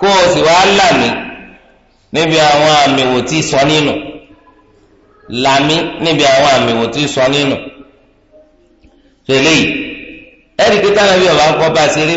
kó o sì wá là mí níbi àwọn àmì wò tí sọ nínú là mí níbi àwọn àmì wò tí sọ nínú tẹ́lẹ̀ yìí bí ọba ń kọ́ bá a ṣe rí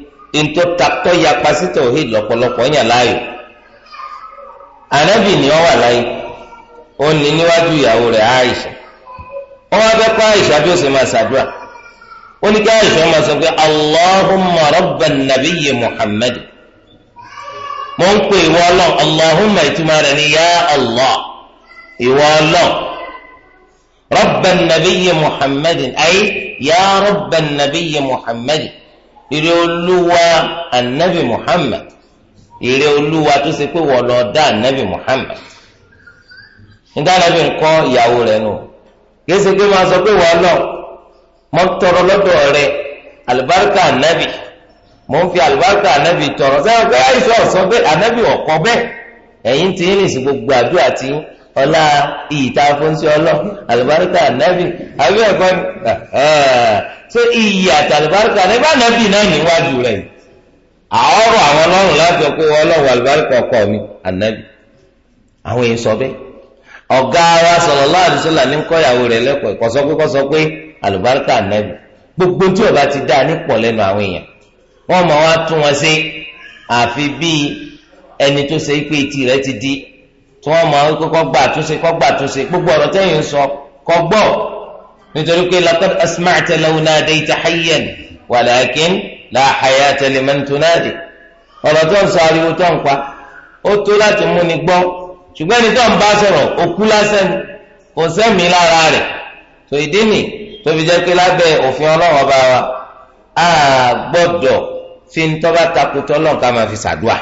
ntọ́ takọ́ ya pásítọ̀ òhìn lọ́pọ̀lọpọ̀ yàn láàyò ànábì ni ọ wà láyé ó ní níwájú ìyàwó rẹ̀ Àìṣà ó wá fẹ́ kọ́ Àìṣà bí ó sì máa ṣàdúrà ó ní kí Àìṣà máa sọ pé Allahumma rabban nabiyyi Muhammad mo ń pè ìwọ ọlọ́n Allahumma ìtumọ̀ rẹ̀ ni yá Allah ìwọ ọlọ́n rabban nabiyyi Muhammad ayé yá rabban nabiyyi Muhammad ìrẹ olúwa anabi muhammad ìrẹ olúwa tó ṣe pé wọ́n lọ dá anabi muhammad nígbà anabi nǹkan ìyàwó rẹ̀ nù kìí ṣe pé máa sọ pé wọ́n lọ mọ́ tọrọ lọ́dọ̀ rẹ̀ alibarika anabi mọ́ ń fi alibarika anabi tọrọ sẹ́wọ́n pé àìsàn ọ̀sán bẹ́ẹ̀ anabi ọ̀kọ́ bẹ́ẹ̀ ẹ̀yìn tí ń rìn sí gbogbo àdúrà tí ń ọlá ìyìtà afọ́nsí ọlọ alùbáríkà ànábì àbí ẹ̀kọ́ ni ṣé iyì àti alùbáríkà ànábì ànábì náà níwájú rẹ àọ́rọ̀ àwọn ọlọ́run láti ọkọ̀ alùbáríkà ọkọ mi ànábì àwọn èèyàn sọ bẹ́ẹ̀ ọ̀gá ara sallallahu alaihi wasallam ní kọ́yàwó rẹ̀ pé tí wọ́n mọ̀ ọ́n kọ́ gbà túnṣe kọ́ gbà túnṣe gbogbo ọ̀rọ̀ tẹ́yìn ń sọ kọ́ gbọ́ nítorí pé laqad asma'ta law nadayta hayyan walakin la hayata liman tunadi ọ̀rọ̀ tó ń sọ ariwo tó ń pa ó tó láti mú ni gbọ́ ṣùgbọ́n ẹni tó ń bá sọ̀rọ̀ òkú lásán kò sẹ́mi lára rẹ̀ tó ìdí nì tó jẹ́ pé lábẹ́ òfin ọlọ́run ọba wa a gbọ́dọ̀ fi ń tọ́ bá takùtọ́ lọ́n máa fi ṣàdúà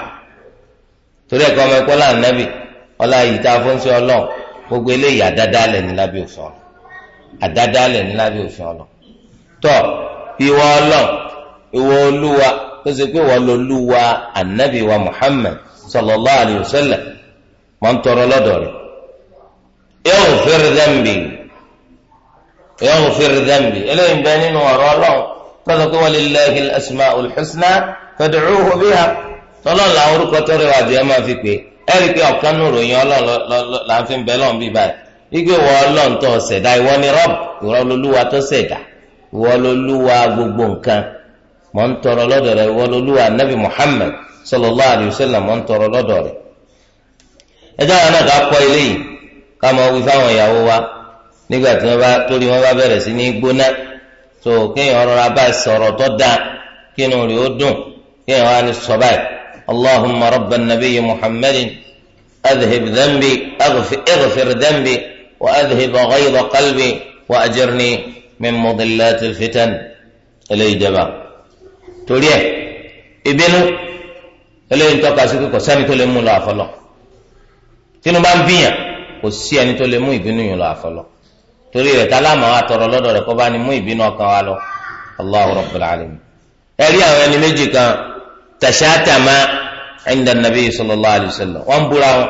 torí ẹ̀kọ́ ọmọ ẹ̀kọ́ láàrin nábì ọlá yìí tá a fún sí ọlọ́ọ̀ gbogbo eléyìí àdádálẹ̀ ní lábẹ́ òfin ọlọ́ àdádálẹ̀ ní lábẹ́ òfin ọlọ́ tọ́ ìwọ ọlọ́ọ̀ ìwọ olúwa tó ṣe pé wọ́n lolúwa ànábì wa Muhammad sallallahu alayhi wa sallam máa ń tọrọ lọ́dọ̀ rẹ̀ yaghfir dhanbi yaghfir dhanbi eléyìí ń bẹ nínú ọ̀rọ̀ ọlọ́run tọ́lọ́ pé walillahi al-asma'ul husna fad'uhu biha tọ́lọ́ làwọn orúkọ tọrọ àbí ẹ máa fi pè é ẹ rí i pé ọ̀kan nù ròyìn ọlọ́run là ń fi bẹ́ lọ́n bí báyìí wípé wọ́n ọlọ́run tó ṣẹ̀dá ìwọ ni rọ́ọ̀bù ìwọ lolúwa tó ṣẹ̀dá ìwọ lolúwa gbogbo nǹkan mọ̀ ń tọrọ lọ́dọ̀ rẹ ìwọ lolúwa nabi Muhammad sallallahu alayhi mọ̀ ń tọrọ lọ́dọ̀ rẹ. ẹjọ́ àwọn náà kọ́ ilé yìí ká mọ wí fáwọn ìyàwó wa nígbà tí wọ́n bá torí wọ́n bá bẹ̀rẹ̀ sí ní gbóná tó kéèyàn rọra bá sọ̀rọ̀ tó dáa kínú rẹ̀ ó dùn kéèyàn wá ní sọ báyìí اللهم رب النبي محمد أذهب ذنبي اغفر ذنبي وأذهب غيظ قلبي وأجرني من مضلات الفتن إليه جبا توريه ابن إليه انتو قاسكو كساني تولمو لا فلو تنو بان بيان وسياني تولمو ابنو لا فلو torí rẹ̀ tálámà wa tọrọ lọ́dọ̀ rẹ̀ kó bá ní mú ìbínú ọkàn wa lọ Allahu Rabbul tàṣátàmá ẹnìdà nàbí sallallahu alayhi wa sallam wọn búra wọn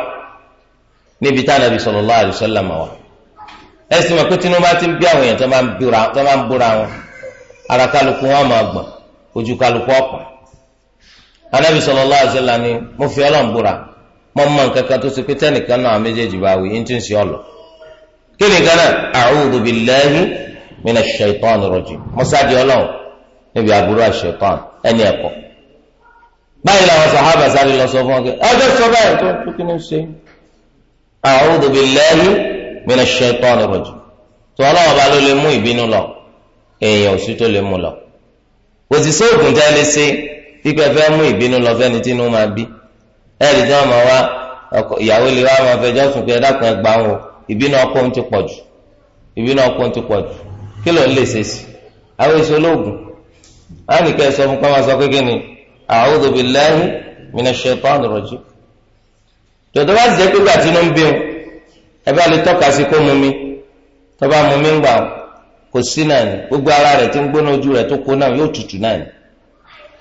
níbi tá nàbí sallallahu alayhi wa sallam mà wá ẹsìn mọ̀ pé tinubu ti ń bí àwọn èèyàn tó máa ń búra wọn ara kálukú wọn máa gbọ̀n ojú kálukú ọ̀pọ̀ anabi sallallahu alayhi wa ni mo fi Ọlọ́run búra mo mọ nǹkan tó ṣe pé tẹ́nìkan náà méjèèjì bá wí yín tí ń ṣe ọ̀lọ́ kí ni gánà a'udhu billahi minash shaitani rajim mo sáà Ọlọ́run níbi aburú àṣetán ẹni ẹ̀kọ́ báyìí làwọn sàhábà sáré lọ sọ fún ọ kẹ ọjọ́ sọ báyìí tó tó kí ni ṣe. a'udhu billahi minash shaitani rajim tó ọlọ́wọ́ bá ló lè mú ìbínú lọ èèyàn òsì tó lè mú lọ. kò sì sóògùn tẹ́ lé sí pípẹ́ fẹ́ mú ìbínú lọ fẹ́ni tí inú máa bí ẹ̀rì tí wọ́n máa wá ìyàwó lè wá máa fẹjọ́ sùn pé ẹ̀dá kan ẹgbàá wọn ìbínú ọkọ ń ti pọ̀ jù ìbínú ọkọ ń ti pọ̀ jù kí ló ń lè ṣe sí àwọn èso olóògùn á nìkẹ́ sọ fún pé wọ́n sọ pé kí ni a'udhu billahi minash shaitani rajim tòtò bá jẹ́ pé gbàtí ló ń bí o ẹ lè tọ́ka sí kó mu mi tó bá mi ń gbà kò sí náà gbogbo ara rẹ tí ń gbóná ojú rẹ tó kó náà yóò tutù náà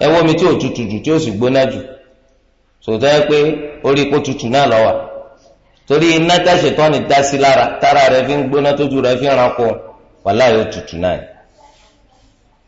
ni mi tí ò tutù jù tí ó sì gbóná jù tòtò pé orí kó tutù náà lọ wà torí iná dá sí lára tára fi ń gbóná tójú fi ń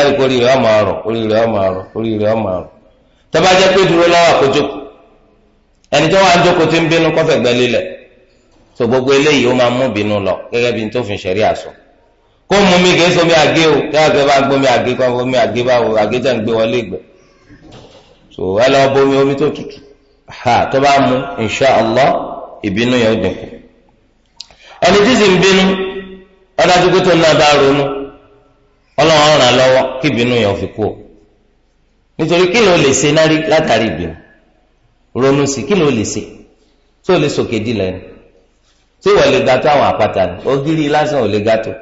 ẹ̀rí kó orí rẹ̀ ọmọ ọ̀rọ̀ orí rẹ̀ ọmọ ọ̀rọ̀ orí rẹ̀ ọmọ ọ̀rọ̀ tó pé dúró lọ́wọ́ àkójọ ẹni tó wà ń jókòó tí ń bínú gbogbo eléyìí ó máa mú bínú lọ gẹ́gẹ́ bí n tó fi ṣẹ̀rí àṣọ kó mú mi kì í somi àgé o tí àgbẹ̀ bá ń gbómi àgé kọ́ omi àgé báwo àgé tẹ̀ ń gbé wọlé gbẹ so ẹ lọ omi ha tó bá mú ìbínú yẹn ó dínkù ẹni tí sì ń bínú ọlọ́run ràn lọ́wọ́ kí ìbínú yẹn fi kú o nítorí kí ló lè ṣe nárí látàrí ìbínú ronú sí kí ló lè ṣe tí ò lè sòkè dìlẹ̀ ni tí ìwọ lè ga tó àwọn àpáta ni ògiri lásán ò lè ga tó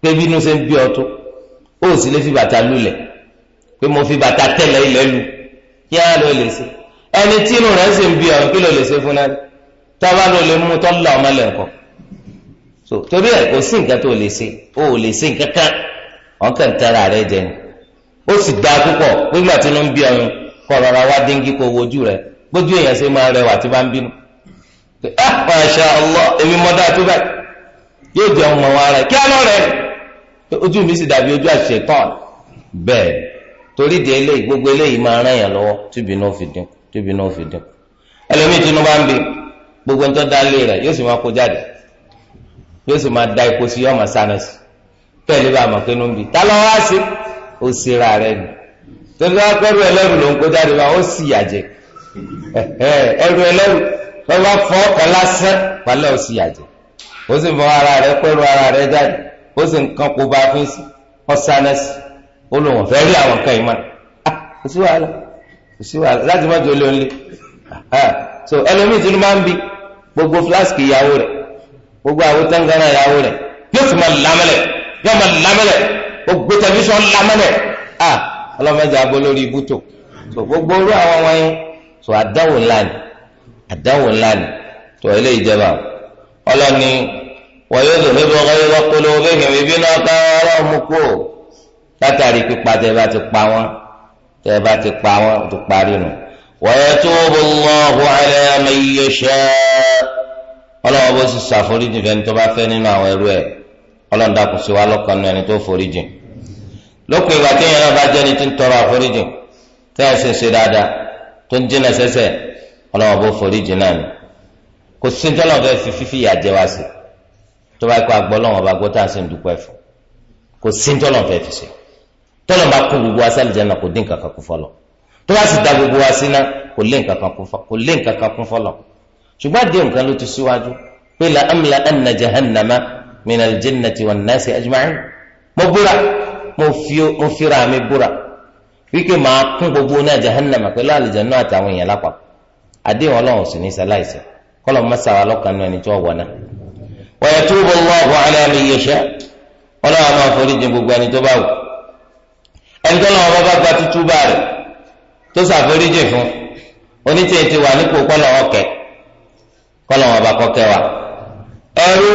pé bínú ṣe ń bí ọ tó ó sì lè fi bàtà lulẹ̀ pé mo fi bàtà tẹ̀lẹ̀ ilẹ̀ lu kí á ló lè ṣe ẹni tí inú rẹ̀ sì ń bí ọ kí ló lè ṣe fún náà tọ́ba ló lè mú tọ́lá ọmọ lẹ́kọ̀ọ́ so torí ẹ̀ kò sí nǹkan tó lè ṣe ó lè ṣe nǹkan kan. wọn kàn tẹ́ra rẹ jẹ si ó sì dá púpọ̀ nígbà tí ló ń bí ọyún kọ́ rọra wá déńgí kó wojú rẹ gbójú èèyàn ṣe máa rẹwà tí bá ń bínú ah masha allah èmi mọ́dá tó báyìí yóò jẹ ọmọ wa rẹ kí á lọ rẹ ojú mi sì dàbí ojú àṣẹ tán bẹ́ẹ̀ torí gbogbo eléyìí máa lọwọ tíbi náà fi dín tí inú bá gbogbo ń tọ́ dá rẹ yóò sì máa kó jáde kẹ́lẹ́ bá mọ̀ pé ló ń bì tá lọ́wọ́ á sí ó sì ra rẹ̀ nù tóbi wá pẹ́rù ẹlẹ́rù ló ń kó jáde wá ó sì yàjẹ́ ẹrù ẹlẹ́rù wọ́n bá fọ́ ọkọ̀ lásán pálẹ̀ ó sì yàjẹ́ ó sì fọ́ ara rẹ̀ pẹ́rù ara rẹ̀ jáde ó sì ń kán kó bá fi sí ọ̀sánẹ́sì ó lòun fẹ́ rí àwọn nǹkan yìí mọ́ ah, kò sí wàhálà kò sí wàhálà láti má jọ lé lé so ẹlòmíì tí ló máa ń bi gbogbo fúláṣìkì ìyàwó rẹ̀ gbogbo àwọn ìyàwó rẹ̀ yóò sì máa lámẹ́lẹ̀ tí wọ́n máa lámẹ́lẹ̀ gbogbo tẹlifíṣàn lámẹ́lẹ̀ à ọlọ́mọdé abó lórí ibùtò tó gbogbo orú àwọn wọ̀nyí tó àdáwò ńlá ni àdáwò ńlá ni tó ilé ìjọba ọlọ́ni wọ̀nyí ó dòdò bọ́ ọ́yẹ́ wọ́n kóló bẹ́ẹ̀ bíbí náà ká ọ̀rọ̀ mú kú ò látàrí pípa tẹ́ bá ti pa wọ́n tẹ́ bá ti pa wọ́n ti parí nù wọ́yẹ́ tó bọ́ lọ́ọ̀hún alẹ́ àmì yẹ ṣẹ́ ọlọ́wọ́ bó sì ṣàforíjì fẹ́ni tó bá fẹ́ nínú àwọn ẹrú ẹ̀ ọlọ́run dákun sí wa lọ́kàn nínú ẹni tó foríjìn lópin ìgbà tí èèyàn náà bá jẹ́ ni tí ń tọrọ àforíjìn tẹ́ ẹ ṣe ṣe dáadáa tó ń jìnà sẹ́sẹ̀ ọlọ́run bó foríjìn náà ni kò sí tọ́lọ́ fẹ́ fi fífi ìyà jẹ wá sí tó bá kó agbọ́ lọ́wọ́n bá gbọ́ tá à ń sìn dúpẹ́ fún kò sí tọ́lọ́ fẹ́ fi ṣe tọ́lọ́ bá kó gbogbo wa sálì jẹ́nà kò dín kankan kún fọlọ́ tó bá sì da gbogbo wa síná kò lé nǹkan kan kún fọlọ́ ṣùgbọ́n àdéhùn kan ló ti síwájú pé la amla anna jahannama minal jinnati wan nasi ajma'in mo búra mo fira mi búra wíkẹ́ máa kún gbogbo náà jahannama pẹ̀lú àlùjánnà àtàwọn èèyàn lápapọ̀ àdéhùn ọlọ́run sì ní sàláìsì kọ́lọ̀ mọ́sàwá lọ́kàn náà ẹni tí wọ́n wọ̀ náà. wa yatubu Allahu ala man yasha ọlọ́run máa forí jìn gbogbo ẹni tó bá wù ẹni tó lọ́wọ́ bá bá gba tútú bá rẹ̀ tó ṣàforíjì fún onítìyẹ ti wà nípò kọ́lọ̀ ọ̀kẹ́ kọ́lọ̀ wọn bá kọ́kẹ́ wa ẹrú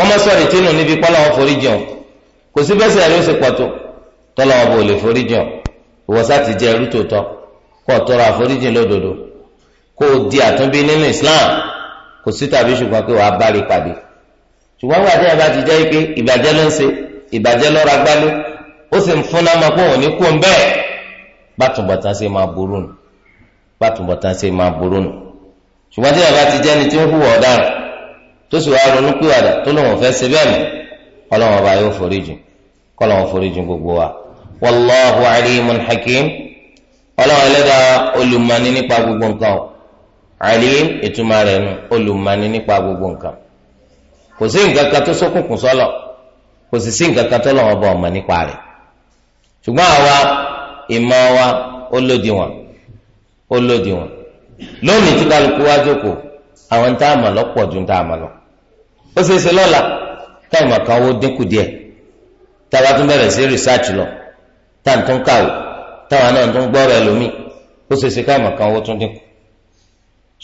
kọ́mọ́sọ̀rì tínú níbi pọ́lọ́ wọn forí jẹun kò sí bẹ́sẹ̀ rẹ̀ ó sì pọ̀tó tọ́lọ́ wọn bò lè forí jẹun ìwọ́sá ti jẹ ẹrú tòótọ́ kó tọrọ àforíjì lódodo kó di àtúnbí nínú Islam kò sí tàbí ṣùgbọ́n pé wàá bárí pàdé ṣùgbọ́n wàá dẹ́yà bá ti jẹ́ pé ìbàjẹ́ ló ń ṣe ìbàjẹ́ lọ́ra gbálé ó sì ń fúnná máa kó òun ní kó ń bẹ́ẹ̀ bá tó sì wá ronú pìwàdà tó lóun fẹ́ ṣe bẹ́ẹ̀ mọ́ ọlọ́run ọba yóò gbogbo wa wallahu alimun hakim ọlọ́run ẹlẹ́dàá olùmọ̀ni nípa gbogbo nǹkan o ìtumọ̀ rẹ̀ nu olùmọ̀ni nípa gbogbo nǹkan kò sí nǹkan kan tó ṣókùnkùn sọ́lọ̀ kò sì sí nǹkan kan tó lọ́wọ́ bọ̀ ọ̀mọ̀ nípa rẹ̀ ṣùgbọ́n àwa ìmọ̀ wa ó lòdì wọn ó lòdì wọn lónìí a ó ṣe é ṣe lọ́la táìmù kan owó dínkù díẹ̀ táwa tún bẹ̀rẹ̀ sí research lọ táwọn tó ń kàwé táwọn náà tó ń gbọ́rọ̀ ẹlòmíì ó ṣe é ṣe káìmù kan owó tún dínkù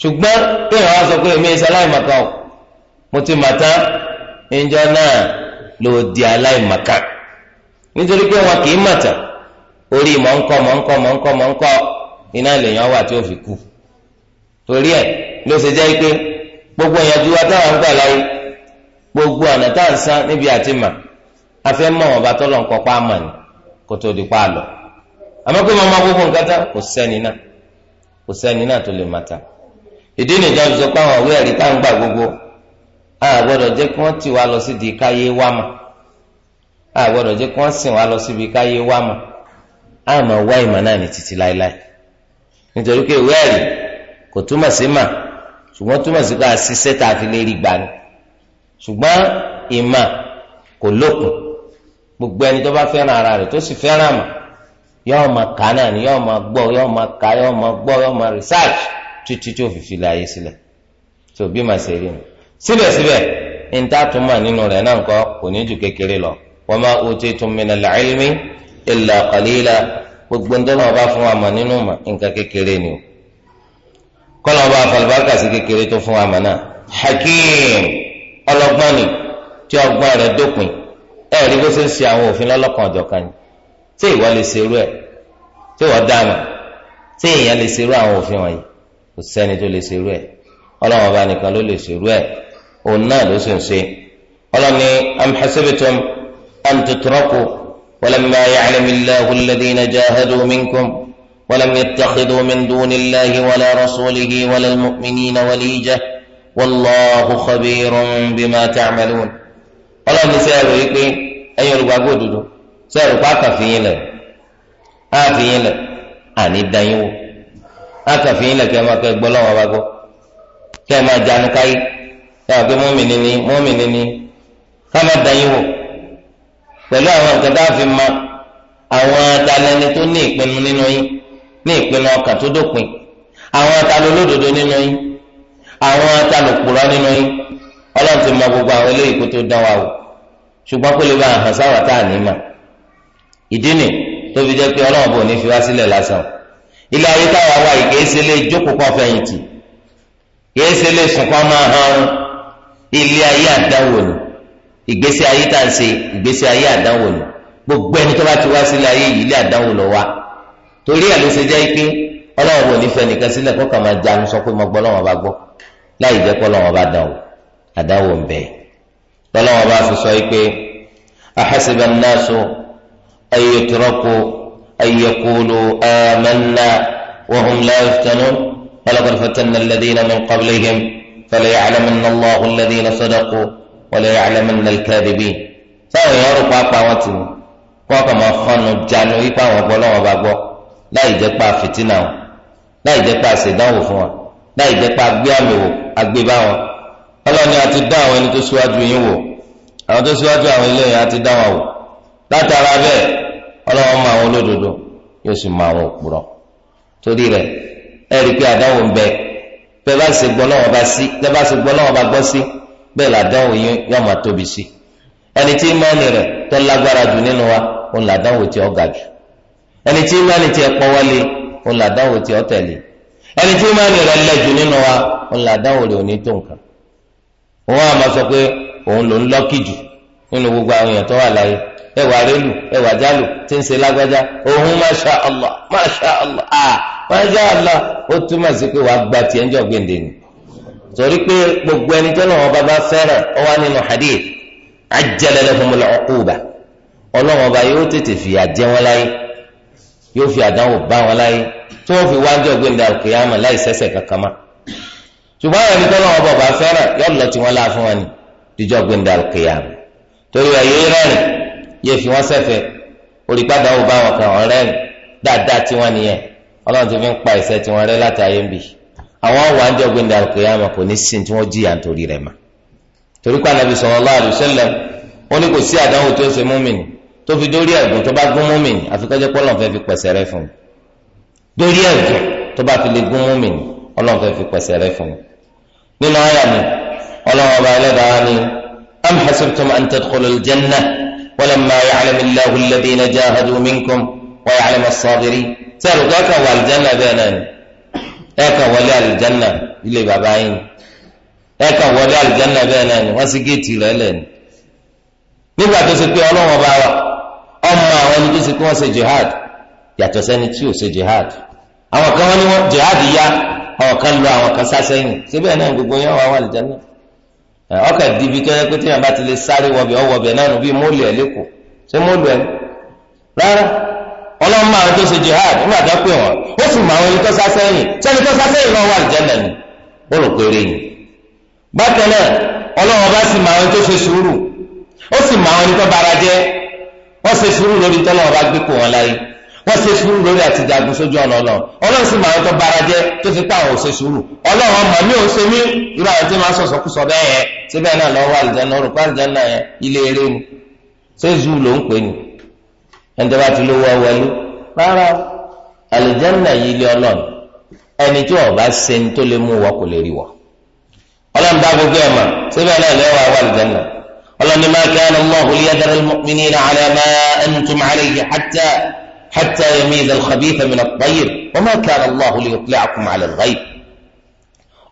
ṣùgbọ́n bí ìrànwọ́ sọ pé èmi ìṣe aláìmọ̀kan o mo ti mà tán ìjọ náà ló di aláìmọ̀kan nítorí pé wọn kì í mà tán orí mọ̀ńkọ́ mọ̀ńkọ́ mọ̀ńkọ́ mọ̀ńkọ́ iná lèèyàn wà tí ó fi kú torí ẹ̀ ló ṣe jẹ́ pé gbogbo ìyànjú wa táwọn ń gbà láyé gbogbo ọ̀nà tá à ń san níbi àti mà a fẹ́ mọ̀ wọn bá tọ́lọ̀ nǹkan pa àmọ̀ ni kó tó di pa àlọ́ àmọ́ pé gbogbo nǹkan tá kò sẹ́ni náà kò sẹ́ni náà tó lè má ta ìdí nìjọ sọ pé gbogbo a gbọ́dọ̀ jẹ́ kí wọ́n tì wá lọ di káyé wá mà a gbọ́dọ̀ jẹ́ kí wọ́n sìn wá lọ síbi káyé wá mà a máa wá ìmọ̀ náà ní títí láéláé nítorí pé ẹ̀rí kò túmọ̀ sí mà ṣùgbọ́n túmọ̀ sí pé tá a ṣùgbọ́n ìmà kò lókun gbogbo ẹni tó bá fẹ́ràn ara rẹ̀ tó sì fẹ́ràn àmà yóò máa kà náà ni yóò máa gbọ́ yóò máa kà yóò máa gbọ́ yóò máa research títí tí ó fi filẹ̀ ayé sílẹ̀ tó bí màá ṣe rí nu síbẹ̀síbẹ̀ ní tá a tún mà nínú rẹ̀ náà kọ́ kò ní ju kékeré lọ wa ma utitum minal ilmi illa qalila gbogbo ń tọ́lọ́ bá fún wa mà nínú mà nǹkan kékeré ni o kọ́lọ́ bá falùbákà sí kékeré tó fún wa mà náà hakeem ọlọ́gbọ́n ni tí ọgbọ́n rẹ̀ dópin ẹ rí bó ṣe ń ṣe àwọn òfin lọ́lọ́kan ọ̀jọ̀kan ni tí ìwọ lè ṣerú ẹ̀ tí ìwọ dáàmú tí èèyàn lè ṣerú àwọn òfin wọ̀nyí kò sẹ́ni tó lè ṣerú ẹ̀ ọlọ́wọ́n bá nìkan ló lè ṣerú ẹ̀ òun náà ló sì ń ṣe ọlọ́ni am hasibitum an tutraku walamma ya'lamu allahu jahadu minkum walam yattakhidhu min dunillahi wala rasulihi wala almu'minina waliyah wallahu khabirun bima ta'malun ọlọ́run ní sẹ́ẹ̀rù yìí pé ẹ̀yin olùgbàgbọ́ òdodo sẹ́ẹ̀rù pa àkàfihìn lẹ̀ àfihìn lẹ̀ àní dayín wò àkàfihìn lẹ̀ kẹ́ ẹ máa kẹ́ gbọ́ lọ́wọ́ bá gbọ́ kẹ́ ẹ máa jánu káyé kẹ́ ẹ máa pé mọ́mìnì ni mọ́mìnì ni ká má dayín wò pẹ̀lú àwọn nǹkan tá a fi ma àwọn atalẹ́ni tó ní ìpinnu nínú yín ní ìpinnu ọkàn tó dópin àwọn atalólódodo nínú yín àwọn atalùpùrọ̀ nínú yín ọlọ́run ti mọ gbogbo àwọn eléyìí kó tó dán wa wò ṣùgbọ́n kó lè bá àhàn sáwà tá à ní mà ìdí nì tó fi jẹ́ pé ọlọ́run bò ní fi wá sílẹ̀ lásán ilé ayé táwa wà yìí kìí ṣe lé jókòó kan fẹ̀yìntì kìí ṣe lé sùn máa hàn ilé ayé àdánwò ni ìgbésí ayé tá à ń ṣe ìgbésí ayé àdánwò ni gbogbo ẹni tó bá ti wá sílẹ̀ ayé yìí ilé àdánwò lọ wá torí ẹ̀ ló ṣe jẹ́ pé ọlọ́wọ́ ò ní fẹ́ nìkan sílẹ̀ kó kà máa jánu sọ pé mo gbọ́ lọ́wọ́ bá gbọ́ láì jẹ́ kó lọ́wọ́ bá dàn o àdáwò ń bẹ̀ lọ́wọ́ bá fi sọ pé ahasiba an-nasu an yutraku an yaqulu amanna wa hum la yuftanun walaqad fatanna alladhina min qablihim falaya'lamanna Allahu alladhina sadaqu walaya'lamanna al-kadhibin lọ́wọ́ bá gbọ́ láì jẹ́ pa láì jẹ́ pé a ṣèdánwò fún wọn láì jẹ́ pé a gbé àmì wò a gbé bá wọn ọlọ́ni a ti dá àwọn ẹni tó síwájú yín wò àwọn tó síwájú àwọn ilé yẹn a ti dá wọn wò látara bẹ́ẹ̀ ọlọ́wọ́n mọ àwọn olódodo yóò sì mọ àwọn òpùrọ̀ torí rẹ̀ ẹ rí i pé àdánwò ń bẹ bẹ́ẹ̀ bá ṣe gbọ́ lọ́wọ́ bá sí bẹ́ẹ̀ bá ṣe gbọ́ lọ́wọ́ bá gbọ́ sí bẹ́ẹ̀ làdánwò yín yóò máa tóbi sí ẹni tí ìmánì rẹ̀ tó lágbára jù nínú wa òun làdánwò tí ó òun làdáwò tí ọ tẹ̀lé ẹni tí ìmánì rẹ̀ lẹ́jù nínú wa òun làdáwò rẹ̀ ò ní tó nǹkan òun àmọ sọ pé òun ló ń lọ́kì jù nínú gbogbo àwọn èèyàn tó wà láyé ẹwà rélù ẹwà jálù tí ń ṣe lágbájá òun masha allah masha allah ah allah ó túmọ̀ sí pé wàá gba tiẹ̀ ń jọ gbèǹde ni torí pé gbogbo ẹni tó lọ́wọ́ ọ wá nínú ọlọ́wọ́ bá yóò tètè fìyà yóò fi àdánwò bá wọn láyé tí wọ́n fi wájú ọgbẹ́ ìdá kìyàmà láì sẹ́sẹ̀ kankan mọ́ ṣùgbọ́n àwọn ẹnìkan náà wọ́n bọ̀ bá fẹ́ràn yóò lọ tí wọ́n lá fún wọn ni díjọ́ ọgbẹ́ ìdá kìyàmà torí ẹ̀ yéé rẹ́rìn yé fi wọ́n sẹ́fẹ̀ olùpàdánwò bá wọn kàn rẹ́rìn dáadáa tí wọ́n nìyẹn ọlọ́run ti fi ń pa ìṣẹ́ tí wọ́n rẹ́ láti ayé ń bì àwọn wájú ọgbẹ́ ìdá kìyàmà kò ní sin tí wọ́n jìyà nítorí rẹ̀ mọ́ torí pé Ànábì sallallahu alaihi wasallam ó ní kò tó fi dórí ẹ̀gùn tó bá gún mọ́mìn àfi kọ́jẹ́ pé ọlọ́run fẹ́ fi pẹ̀sẹ̀ rẹ fún un dórí ẹ̀gùn tó bá fi lè gún mọ́mìn ọlọ́run fẹ́ fi pẹ̀sẹ̀ rẹ fún un nínú ayà mi ọlọ́run ọba ẹlẹ́dàá ni am hasibtum an tadkhulul janna walamma ya'lamu allahu alladhina jahadu minkum wa ya'lamu as-sabirin sẹ́ẹ̀rù kọ́kà wà aljanna bẹ́ẹ̀ náà ni ẹ̀ka wọlé aljanna ilé bàbá yín ẹ̀ka wọlé aljanna bẹ́ẹ̀ náà ni wọ́n sì géètì rẹ̀ lẹ́nu nígbà tó ṣe pé ọlọ́run ọba wa. ọmọ àwọn ẹni tó ṣe kí wọ́n jihad yàtọ̀ sẹ́ni tí ò ṣe jihad àwọn kan wọ́n ní jihad yá àwọn kan lọ àwọn kan sá sẹ́yìn síbẹ̀ náà gbogbo yẹn wà wà lìjẹ́ náà ọkà dìbí tó pé tí ti lè sáré ọwọ́bẹ̀ náà nù bí mólù ẹ̀ lẹ́kọ̀ọ́ ṣé mólù ẹ̀ rárá jihad nígbà tó pè wọ́n ó sì mọ àwọn ẹni tó sá sẹ́yìn sẹ́ni tó sá wọ́n ṣe sùúrù lórí tọ́lọ́ ọba gbé kó wọn láyé wọ́n ṣe sùúrù lórí àti jagun sójú ọ̀nà ọlọ́run ọlọ́run sì máa ń tọ́ bara jẹ́ tó fi pa àwọn ò ṣe sùúrù ọlọ́run ọmọ mi ò ṣe mí irú àwọn tí máa ń sọ̀sọ̀ kú sọ bẹ́ẹ̀ yẹn ṣé bẹ́ẹ̀ náà lọ́wọ́ àlìjáná ọ̀rùn pa àlìjáná yẹn ilé eré ni ṣé zuu ló ń pè ní ẹni ti lówó ọwọ́lú rárá àlìjáná yìí ilé ọlọ́run ẹni tí ọba ṣe ń tó lè mú wọ kò lè rí wọ ọlọ́run bá gbogbo ẹ̀ mà ṣé bẹ́ẹ̀ náà lọ́wọ́ àlìjáná ọlọ́ni máa kí ẹnu mọ́hu liyadara al-mu'minina ala ma حتى alayhi hatta hatta yamiza al-khabitha min at-tayyib wa ma kana Allahu liyutli'akum ala al-ghayb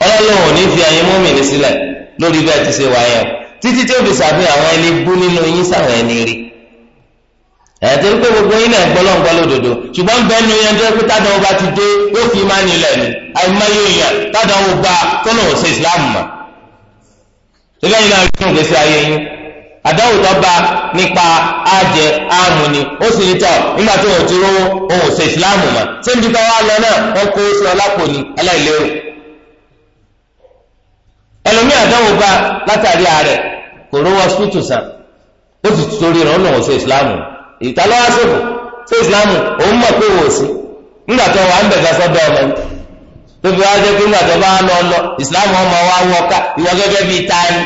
ọlọ́run ò ní fi àyè mọ́mìnì sílẹ̀ lórí bẹ́ẹ̀ ti ṣe wáyé o títí tí ó fi ṣàfihàn àwọn ẹni bú nínú yín sáwọn ẹni rí ẹ̀ẹ́dẹ́ pé gbogbo yín náà gbọ́lọ́ gbọ́ lódodo ṣùgbọ́n bẹ́ẹ̀ nu yẹn tó pé tádàwọ́ bá ti dé yóò fi máa nílẹ̀ ni àìmọye èèyàn tádàwọ́ bá tọ́nà ò ṣe mọ́ síbẹ̀ yìí náà ń tún gbèsè ayé yín àdáwò tó bá nípa àjẹ àrùn ni ó sì ní tọ nígbà tó o ti rówó o ṣe ìsìláàmù ṣé lọ náà wọn kó sí ọlápò aláìlérò ẹlòmíì àdáwò bá látàrí ààrẹ kò rówó ó sì torí ṣe ìsìláàmù ṣe ìsìláàmù òun mọ̀ pé tóbi wá jẹ́ pé ńgbàtọ́ bá lọ lọ islam ọmọ wa wọ ká ìwọ gẹ́gẹ́ bíi tani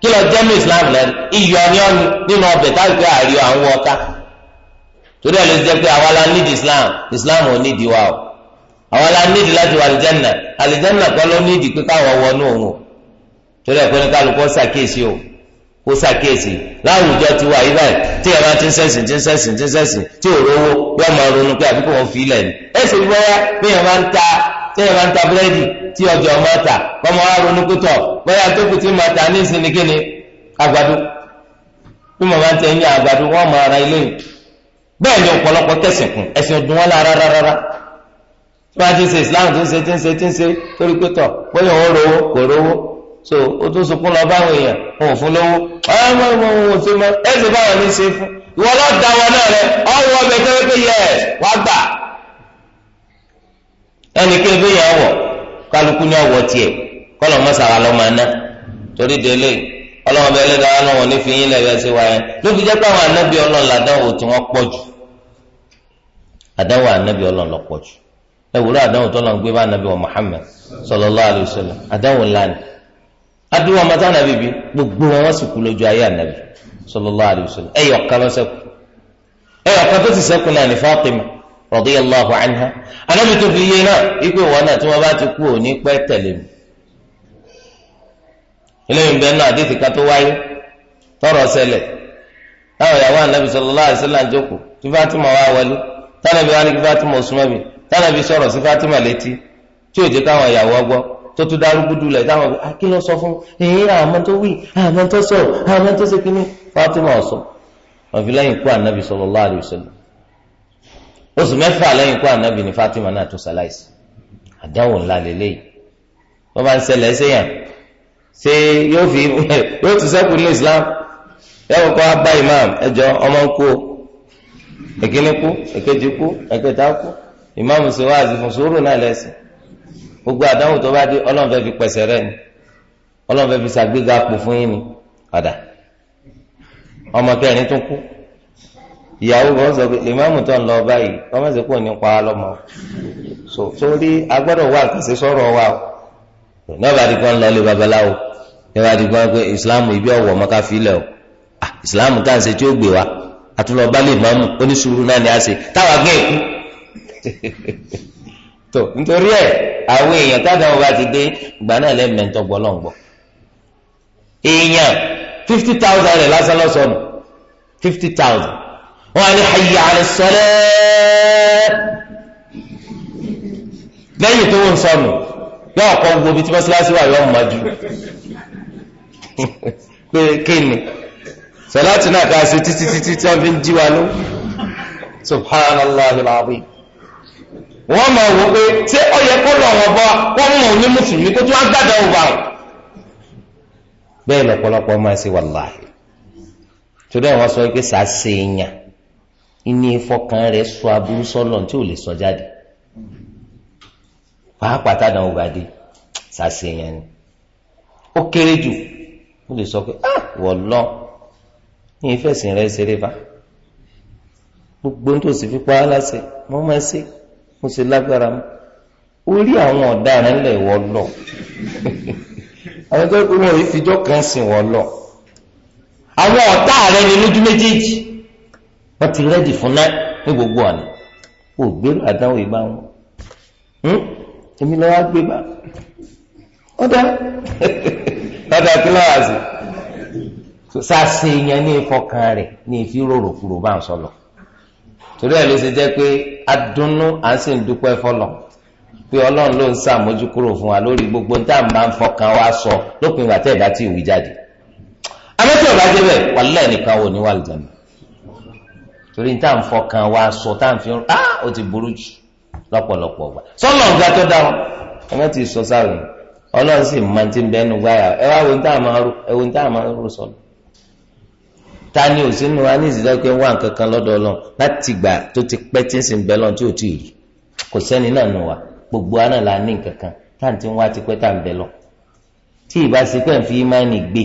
kí lọ jẹ́ ní islam lẹ́nu iyọ̀ ni ọ̀nu nínú ọbẹ̀ táwọn ìpè àríyọ àwọn wọ ká torí ẹ̀ ló jẹ́ pé àwa la need islam islam ò need wa o àwa la need láti wà àlìjẹ́nà àlìjẹ́nà kan ló need pé káwọn wọnú òun o torí ẹ̀ pé ní kálukú ṣàkíyèsí o kó ṣàkíyèsí láwùjọ ti wà ibà tí ẹ bá ti ń sẹ́sìn ti ń sẹ́sìn ti ń sẹ́sìn tí ò rówó máa ronú pé àbíkú wọn fi ilẹ̀ ni ẹ tẹ́yẹ̀ bá ń ta búrẹ́dì tí ọjọ́ máa tà kọ́mọ wa ronú kútọ̀ bóyá tó kù tí máa tà ní ìsinmi kí àgbàdo bí mo máa ń tẹ̀ ń yàn àgbàdo wọ́n Islam ń ṣe ń ṣe ń ṣe torí kútọ̀ bóyá òun kò so tún sunkún lọ èèyàn ẹnikẹ́ni bí yẹn wọ̀ kálukú ní ọ̀wọ́ tiẹ̀ kọ́lọ̀ mọ́sàrà lọ́mọ aná torí délé ọlọ́wọ́n bẹ́ẹ̀ lé dáná wọn ní fìyín lẹ́yìn ẹsẹ̀ wáyé ló fi pé àwọn anábì tí jù anábì lọ jù ẹ wúlò àdánwò tó lọ́n gbé bá anábì wọn Muhammad sallallahu alaihi wasallam àdánwò ńlá ni ọmọ táwọn gbogbo wọn wọ́n sì kú lójú ayé anábì sallallahu alaihi wasallam ẹ̀yọ̀ kan radiyallahu anha anábì tó fi yé náà wípé wọn náà tí wọn bá ti kú ò ní pẹ́ tẹ̀lé mi eléyìí bẹ náà àdéhìí ká tó tọrọ táwọn ìyàwó anábì tí Fatima wá wọlé tánàbí wá ní kí oṣù mẹ́fà lẹ́yìn kó ànábì ní Fatima náà tó ṣaláìsí àdánwò ńlá lélẹ́yìí wọ́n bá ń ṣẹlẹ̀ ṣéyàn ṣé yóò fi yóò ti sẹ́kù ní Islam yàwó kọ́ abá imam ẹjọ́ ọmọ ń kú o èkíní kú èkejì kú ẹ̀kẹta kú imam ṣe wá àzìfún sùúrù náà lẹ́sìn gbogbo àdánwò tó bá dé ọlọ́run fẹ́ fi pẹ̀sẹ̀ rẹ ni ọlọ́run fẹ́ fi ṣàgbéga pò fún yín ni padà ọmọ kẹrin tún kú ìyàwó bọ́ sọ pé ìmáàmù tó ń lọ báyìí ní pa á lọ́mọ so torí agbọ́dọ̀ wà kàṣẹ sọ̀rọ̀ wa o nọ́ọ̀bà àdìgbọ́n lọ ilé babaláwo pé ìsìláàmù ibi ọ̀wọ̀ mọ́ká fílẹ̀ o ah, ìsìláàmù tá à ń ṣe tí ó gbé wa àtúnlọ́ba lè máàmù oníṣùúrù náà ni a ṣe táwa gé e *laughs* tó nítorí ẹ àwọn èèyàn ti dé náà èèyàn fifty thousand rẹ̀ lásán lọ́sọ̀nù fifty wọ́n á ní hayya ala salat lẹ́yìn tó ń sọnù yóò kọ́ gbogbo ibi tí mọ́sálásí wà yóò mọ̀ jù *laughs* pé kéènì sọláàtì náà ká ṣe títí títí tí wọ́n fi ń jí wa ló subhanallah alazim wọ́n mọ̀ wọ́n pé ṣé ó yẹ kó lọ wọ́n bọ́ wọ́n mọ̀ ní mùsùlùmí kó tí wọ́n gbàdá òwà bẹ́ẹ̀ lọ́pọ̀lọpọ̀ máa ṣe wàláhì tó dẹ́ wọ́n sọ pé sàá ṣe èèyàn ìní ìfọkàn rẹ̀ sọ aburú sọ́lọ̀ tí ò lè sọ jáde pàápàá tàdán ògbàdé sàṣeyàn ni ó kéré jù ó lè sọ pé ah wọ̀ lọ ní ìfẹ̀sìn rẹ̀ ṣeré bá gbogbo tó sì fi pa á láṣẹ mo máa ṣe mo sì lágbára mu orí àwọn ọ̀daràn ńlẹ̀ wọ́ lọ *laughs* àwọn tó kú wọn ò fi jọ́ kan sìn wọ́ lọ àwọn ọ̀tá rẹ̀ ni lójú méjèèjì. wọ́n ti rẹ́dì fún náà ní gbogbo ọ̀nà ò gbérù àdáwò ìbá wọn hmm? èmi lọ́wọ́ gbé bá ọ̀dà *laughs* ọ̀dà kí lọ́wọ́ àṣì sàṣe èèyàn ní ìfọkàn rẹ̀ ní ìfi rorò kúrò bá ń sọlọ torí ẹ̀ ló ṣe jẹ́ pé adùnnú à ń sì ń dúpẹ́ fọlọ̀ pé ọlọ́run ló ń sàmójúkúrò fún wa lórí gbogbo tá à ń fọkàn wa sọ lópin ìgbà tẹ́ ẹ̀dá tí ìwé jáde amẹ́tí ọ̀bá débẹ̀ wàlẹ́ nìkan ní torí nta táà ń fọkàn wa sọ táà ń fi ń ah o ti burú jù lọ́pọ̀lọpọ̀ gbà sọlọ nǹkan tó dáhùn ẹ ti sọ sáwọn Ọlọ́run sì máa ti bẹnu gbáyà ẹ wá wo táà máa rú sọlọ ta ni ò sínú wa ní ìsìlẹ̀ pé wà nǹkan kan láti ti pẹ́ tí ń sìn tí la ní táà ti ń wá ti táà fi gbé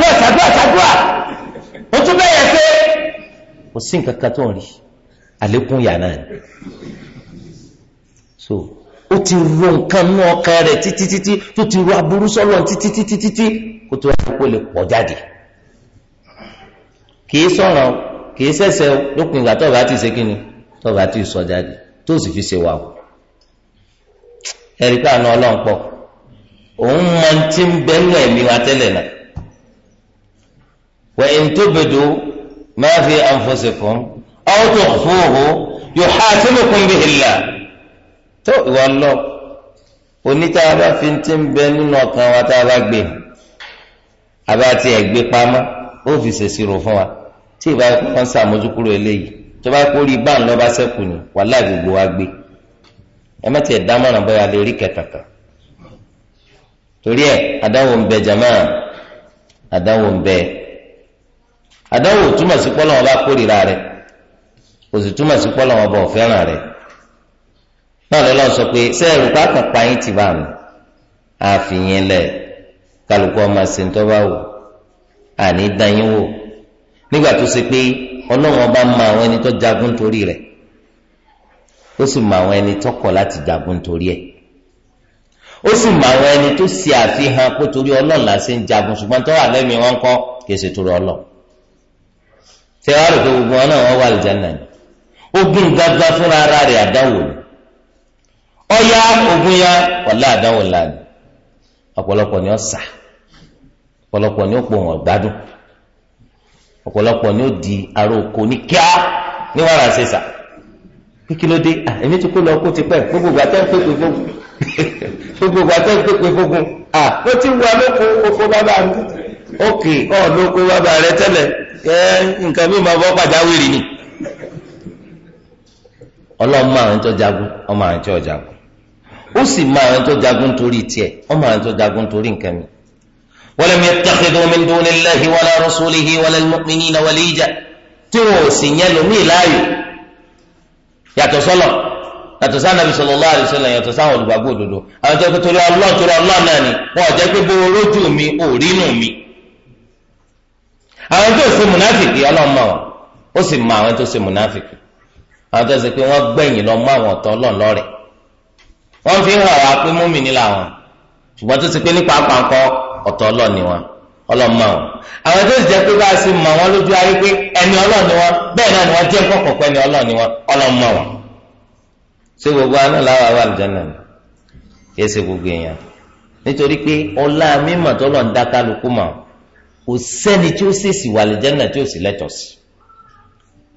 ṣàdúrà ṣàdúrà ṣàdúrà ó tún bẹ́ẹ̀ yẹ ṣe kò sí nǹkan kan tó ń rí àlékún yà náà ni so ó ti ro nǹkan nú ọkàn rẹ̀ títí títí tó ti ro aburú sọ́lọ́ títí títí títí kó tó wá kó lè pọ̀ jáde kìí sọ̀rọ̀ kìí sẹ̀sẹ̀ lópin ìgbà tó bá ti ṣe kíni tó bá ti sọ jáde tó sì fi ṣe wà o ẹ̀rí pé àná ọlọ́run pọ̀ òun mọ ti ń bẹ́ẹ̀ lọ ẹ̀mí wa tẹ́lẹ̀ náà وإن تبدوا ما في أنفسكم أو تخفوه يحاسبكم به الله tó ìwọ lọ oníta bá fi ti ń bẹ nínú ọkàn wa tá a bá gbé àbá ti ẹ̀ gbé pamọ́ ó fi ṣèṣirò fún wa tí ìbá kó wọn ṣàmójúkúrò eléyìí tó bá kó rí báńlọ bá ṣẹ́kù ni wàhálà gbogbo wa gbé ẹ má tiẹ̀ dámọ̀ràn bóyá lè rí kẹ̀kẹ̀kẹ̀ torí ẹ̀ adáwò ń bẹ jama adáwò ń bẹ ẹ̀. àdánwò túmọ̀ sí pọ́lọ́ bá kórìíra rẹ̀ kò sì túmọ̀ sí pọ́lọ́ bá ọ̀fẹ́ràn rẹ̀ náà lọ́lọ́ sọ pé sẹ́ẹ̀rù pàápàá pààyàn ti bá mi àfihàn lẹ̀ kálukú ọmọ wò ọba mọ àwọn ẹni tó jagun torí rẹ̀ ó sì mọ àwọn ẹni tó kọ̀ láti jagun torí ẹ̀ ó sì mọ àwọn ẹni tó ṣe àfihàn pé torí ṣe ń jagun ṣùgbọ́n tó wà lẹ́mìí ṣé wàá rò pé gbogbo wọn náà wọn wà àlùjánnà ni ogun gàgà fúnra ara rẹ̀ àdánwò ni ọ̀yá ogun ya wàlá àdánwò ńlá ni ọ̀pọ̀lọpọ̀ ni ó sà ọ̀pọ̀lọpọ̀ ni ó pò wọ́n gbádùn ọ̀pọ̀lọpọ̀ ni ó di aró oko ní kíá ní wàrà ṣèṣà pé kí ló dé èmi ti kó lọ kó ti pẹ́ gbogbo ìgbà tẹ́ fógun *laughs* gbogbo ìgbà tẹ́ ń pèpè ó ti wà lóko oko bàbá mi. oke ọ ló baa bàbá rẹ tẹ́lẹ̀ ẹ nǹkan mi máa bọ́ pàjáwìrì ni ọlọ́run máa ń tó jagun ọmọ àwọn tó jagun ó sì máa ń tó jagun torí tiẹ̀ ọmọ àwọn tó jagun torí nǹkan mi. walam yattakhidhu min dunillahi wala rasulihi wala almu'minina walija tí wọn ò sì yẹn lómi láàyò yàtọ̀ yàtọ̀ yàtọ̀ olùgbàgbọ́ òdodo àwọn torí ọlọ́ọ̀ torí àwọn tó ṣe mùnáfìkì ọlọ́run mọ̀ wọn ó sì mọ àwọn tó ṣe mùnáfìkì àwọn tó ṣe pé wọ́n gbẹ̀yìn lọ mọ́ àwọn ọ̀tọ̀ ọlọ́run lọ́rẹ̀ wọ́n fi hàn wá pé múmìnì làwọn ṣùgbọ́n tó ṣe pé nípa àpàǹkọ ọ̀tọ̀ ọlọ́run ni wọn ọlọ́run wọn àwọn tó ṣe jẹ́ pé bá a ṣe mọ̀ wọn lójú ayé pé ẹni ọlọ́run ni wọn bẹ́ẹ̀ náà ni wọ́n jẹ́ kọ̀kọ̀ pé ẹni ọlọ́run ni wọn ọlọ́run mọ̀ wọn. ṣé gbogbo aná làwọn àwọn àlùjánnà ni kì í ṣe gbogbo èèyàn nítorí pé ọlá mímọ̀ tó lọ́n dá kálukú mọ̀ wọn kò sẹ́ni tí ó ṣèṣì wà lìjánà tí ó sì lẹ́tọ̀ sí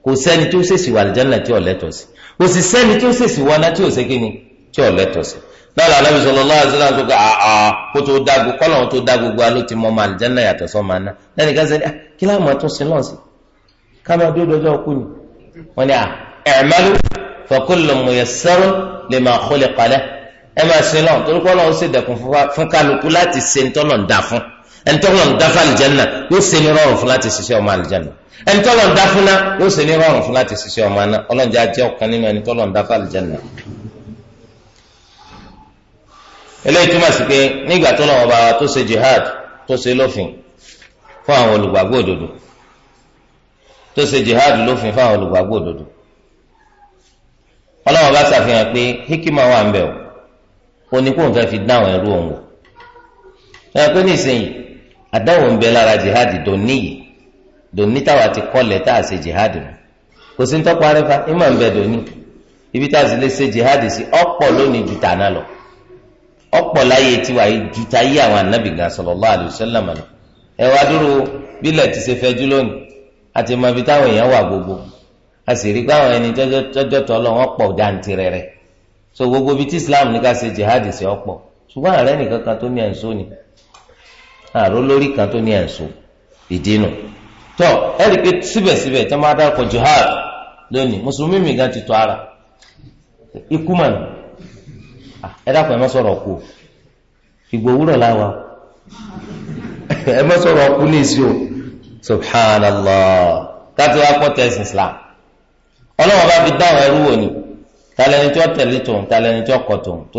kò sẹ́ni tí ó ṣèṣì wà lìjánà tí ó lẹ́tọ̀ sí kò sì sẹ́ni tí ó ṣèṣì wà náà tí kí ni tí ó lẹ́tọ̀ sí lọ́la alábi sọ̀rọ̀ lọ́la sọ̀rọ̀ àti ọ̀gá àà kó tó dá gbogbo kọ́lọ̀ tó dá gbogbo aló ti mọ ọmọ àlìjánà yàtọ̀ sọ́mọ aná lẹ́nu ká sẹ́ni ah, kí láwọn máa tún sí lọ́ọ̀ sí káma bí dọjọ́ kú ni wọ́n ní à ẹ̀ẹ́mẹ́lú fọkúlù mùyẹ̀sẹ́rù lè máa kólé kalẹ̀ ẹ máa sí lọ́ọ̀ torí kọ́lọ̀ ó sì dẹ̀kun fún kálukú láti ṣe ń tọ́lọ̀ ń dà fún ẹnitọ́lọ̀ ń dá fún àlìjẹ́nà yóò ṣe ní rọrùn fún láti ṣiṣẹ́ ọmọ àlìjẹ́nà ẹnitọ́lọ̀ ń dá fún ná yóò ṣe ní rọrùn fún láti ṣiṣẹ́ ọmọ aná ọlọ́njẹ́ ajẹ́ ọ̀kan nínú ẹnitọ́lọ̀ ń dá eléyìí túmọ̀ sí pé nígbà tó lọ́wọ́ bá wa tó ṣe jihad tó ṣe lófin fún àwọn olùgbàgbọ́ òdodo tó ṣe jihad lófin fún àwọn olùgbàgbọ́ òdodo ọlọ́wọ́ bá ṣàfihàn pé hikima wà ń bẹ̀ ò ní kó nǹkan fi dá ẹrú òun wò ẹ pé nísìnyìí àdáwò ń bẹ lára jihad dòní yìí dòní táwa ti kọ́lẹ̀ tá a ṣe jihad mu kò sí ń tọ́pọ̀ arẹ́fà ìmọ̀ ń bẹ ibi tá a sì lè ṣe jihad sí ọ̀pọ̀ lónìí ju tàná lọ ọ̀pọ̀ láyé tiwa yìí ju táyé àwọn anábì gan sallallahu alaihi wasallam ẹ wá dúró bílẹ̀ ti ṣe fẹ́ jú lónìí gbogbo a sì rí pé àwọn ẹni tọ́ so gbogbo ibi Islam ní ká ṣe jihad sí ọ̀pọ̀ ṣùgbọ́n nìkan kan àrò lórí kan tó ní ẹ̀sùn ìdínú tó ẹ̀rí pé síbẹ̀síbẹ̀ tó máa dárúkọ jihad lónìí mùsùlùmí mi gan ti tọ́ ara ikú mà ní ẹ dákun ẹ má sọ̀rọ̀ kú ìgbò subhanallah káti wá pọ̀ islam ọlọ́wọ́n bá fi dáhùn ẹrú wò ni talẹ́ni tí wọ́n tẹ̀lé tòun tí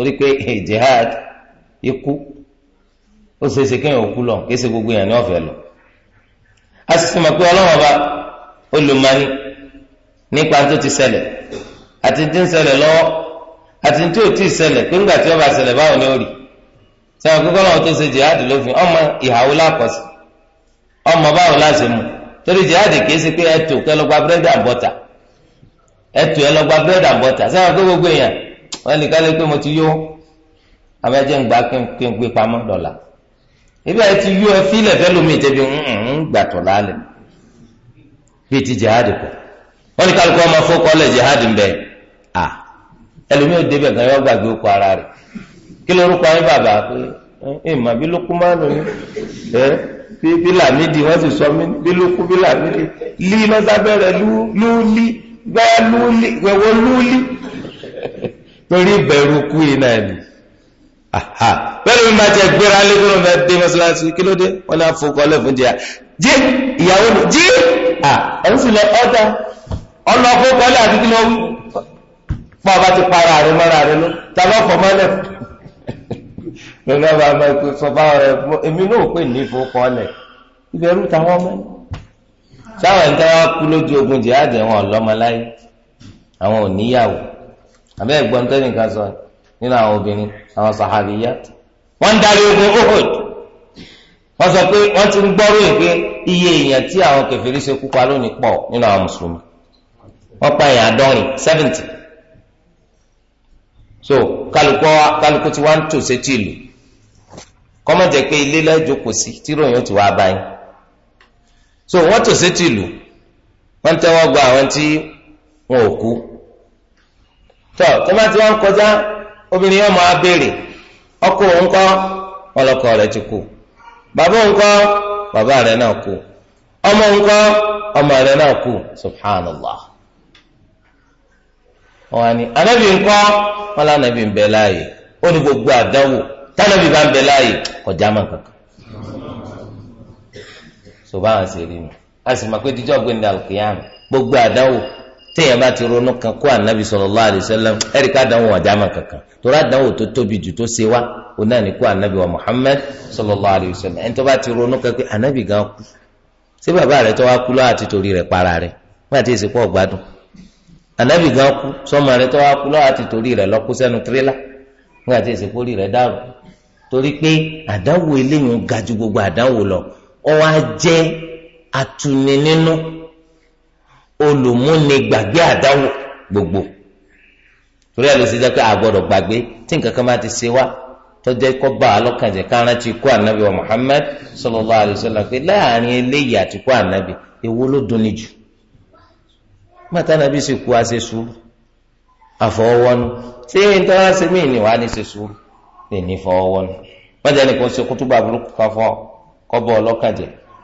ó ṣe ṣe kéèyàn òkú lọ kéèṣe gbogbo èèyàn ní ọ̀fẹ́ lọ. a sì fi mọ̀ pé ọlọ́wọ́n ọba nípa tó ti ṣẹlẹ̀ àti tí ń ṣẹlẹ̀ lọ́wọ́ àti tí ò tí ì ṣẹlẹ̀ pé tí ọba ṣẹlẹ̀ ni ó rì tó ṣe jihadi lófin ọmọ ìhàwó lákọ̀ọ́sì ọmọ láṣẹ mu torí jihadi pé ẹtù àbọ̀tà ẹtù gbogbo ebi àti yú ẹ fílẹ̀ fẹ́ lómi ń gbàtọ̀ lálẹ́ ti jihadi kọ wọn ni kálukọ ọmọ fún kọlẹ jihadi ń bẹ à ẹlòmíì ò débẹ̀ gan yọ gbàgbé ara rẹ̀ kí ló rúkọ ayé bàbá pé ẹ eh, mà bí ẹ eh, bí làmídì wọn sì sọ mí bí lókun bí làmídì lí lọ́sàbẹ̀rẹ̀ lúlí gbẹ́ lúlí *laughs* aha bẹ́ẹ̀ ló ń bá tiẹ̀ gbéra lẹ́gbẹ̀rún bá dé mọ́ṣáláṣí kí ló dé wọ́n lè fọkọ lẹ́fún jẹ́ jí ìyàwó mi jí à ẹ̀rú sì lẹ ọ́dà ọlọ́ọ̀kọ́ kọ́lẹ́ àti kí ló ń pọ̀ bá ti para rẹ̀ mọ́ra rẹ̀ ló tàbí ọkọ̀ mọ́lẹ̀ lọ́nà *laughs* bá a máa sọ bá rẹ̀ èmi náà pè ní ìfowópamọ́lẹ̀ ìbẹ̀rù táwọn ọmọ yìí sáwọn ẹ̀ńtẹ́ wá kú lójú ogun jihad ẹ̀wọ̀n ọ̀lọ́mọláyé àwọn ò níyàwó àbẹ́ ẹ̀gbọ́n tẹ́nìkan sọ ni nínú àwọn obìnrin àwọn sàhábìyà wọ́n ń darí ogun Uhud wọ́n sọ pé wọ́n ti ń gbọ́rọ̀ yìí iye èèyàn tí àwọn kèfèrí ṣekú pa lónìí pọ̀ nínú àwọn mùsùlùmí wọ́n pa èèyàn àádọ́rin seventy so kálukú kálukú tí wọ́n ń tò sétí ìlú kọ́mọ̀jẹ̀ pé ilé lẹ́jọ́ kò sí tí ròyìn ó ti wá báyìí so wọ́n tò sétí ìlú wọ́n tẹ́wọ́ gba àwọn tí wọn ò kú tọ́ tó bá ti wọ́n kọjá. obìnrin yẹn máa béèrè ọkọ òun kọ́ ọlọ́kọ rẹ̀ ti kú bàbá òun kọ́ bàbá rẹ̀ náà kú ọmọ òun kọ́ ọmọ rẹ̀ náà kú subhanallah wọn ni anabi wọn anabi láàyè ó téèyàn bá ti ronú kan kó ànábì sallallahu alaihi wasallam ẹríkà àdánwò àjàmà kankan torí àdánwò tó tóbi jù tó ṣe wá ó náà kó ànábì wa Muhammad sallallahu alaihi wasallam ẹni tó bá ti ronú kan pé ànábì gan kú ṣé bàbá rẹ tó wá kú lọ́wọ́ àti torí rẹ para rẹ wọn àti èsì pọ̀ gbádùn ànábì gan kú sọmọ rẹ tó wá kú lọ́wọ́ àti torí rẹ lọ́kú sẹ́nu tirẹ́là wọn àti èsì pọ̀ rẹ dàrú torí pé àdánwò eléyìí ga olùmúni gbàgbé àdáwò gbogbo torí ẹ ló ṣe jẹ́ pé a gbàgbé tí nǹkan kan ti ṣe wá bá a lọ́kàn ti ànábì wa Muhammad sallallahu alaihi pé láàrin eléyìí àti kó ànábì èwo ló dunni jù mọta ànábì sì kú àṣẹ sùúrù àfọwọ́wọ́nu tí èyí tó mí ni wàá ní ṣe sùúrù lè mọta ẹnìkan ṣe burúkú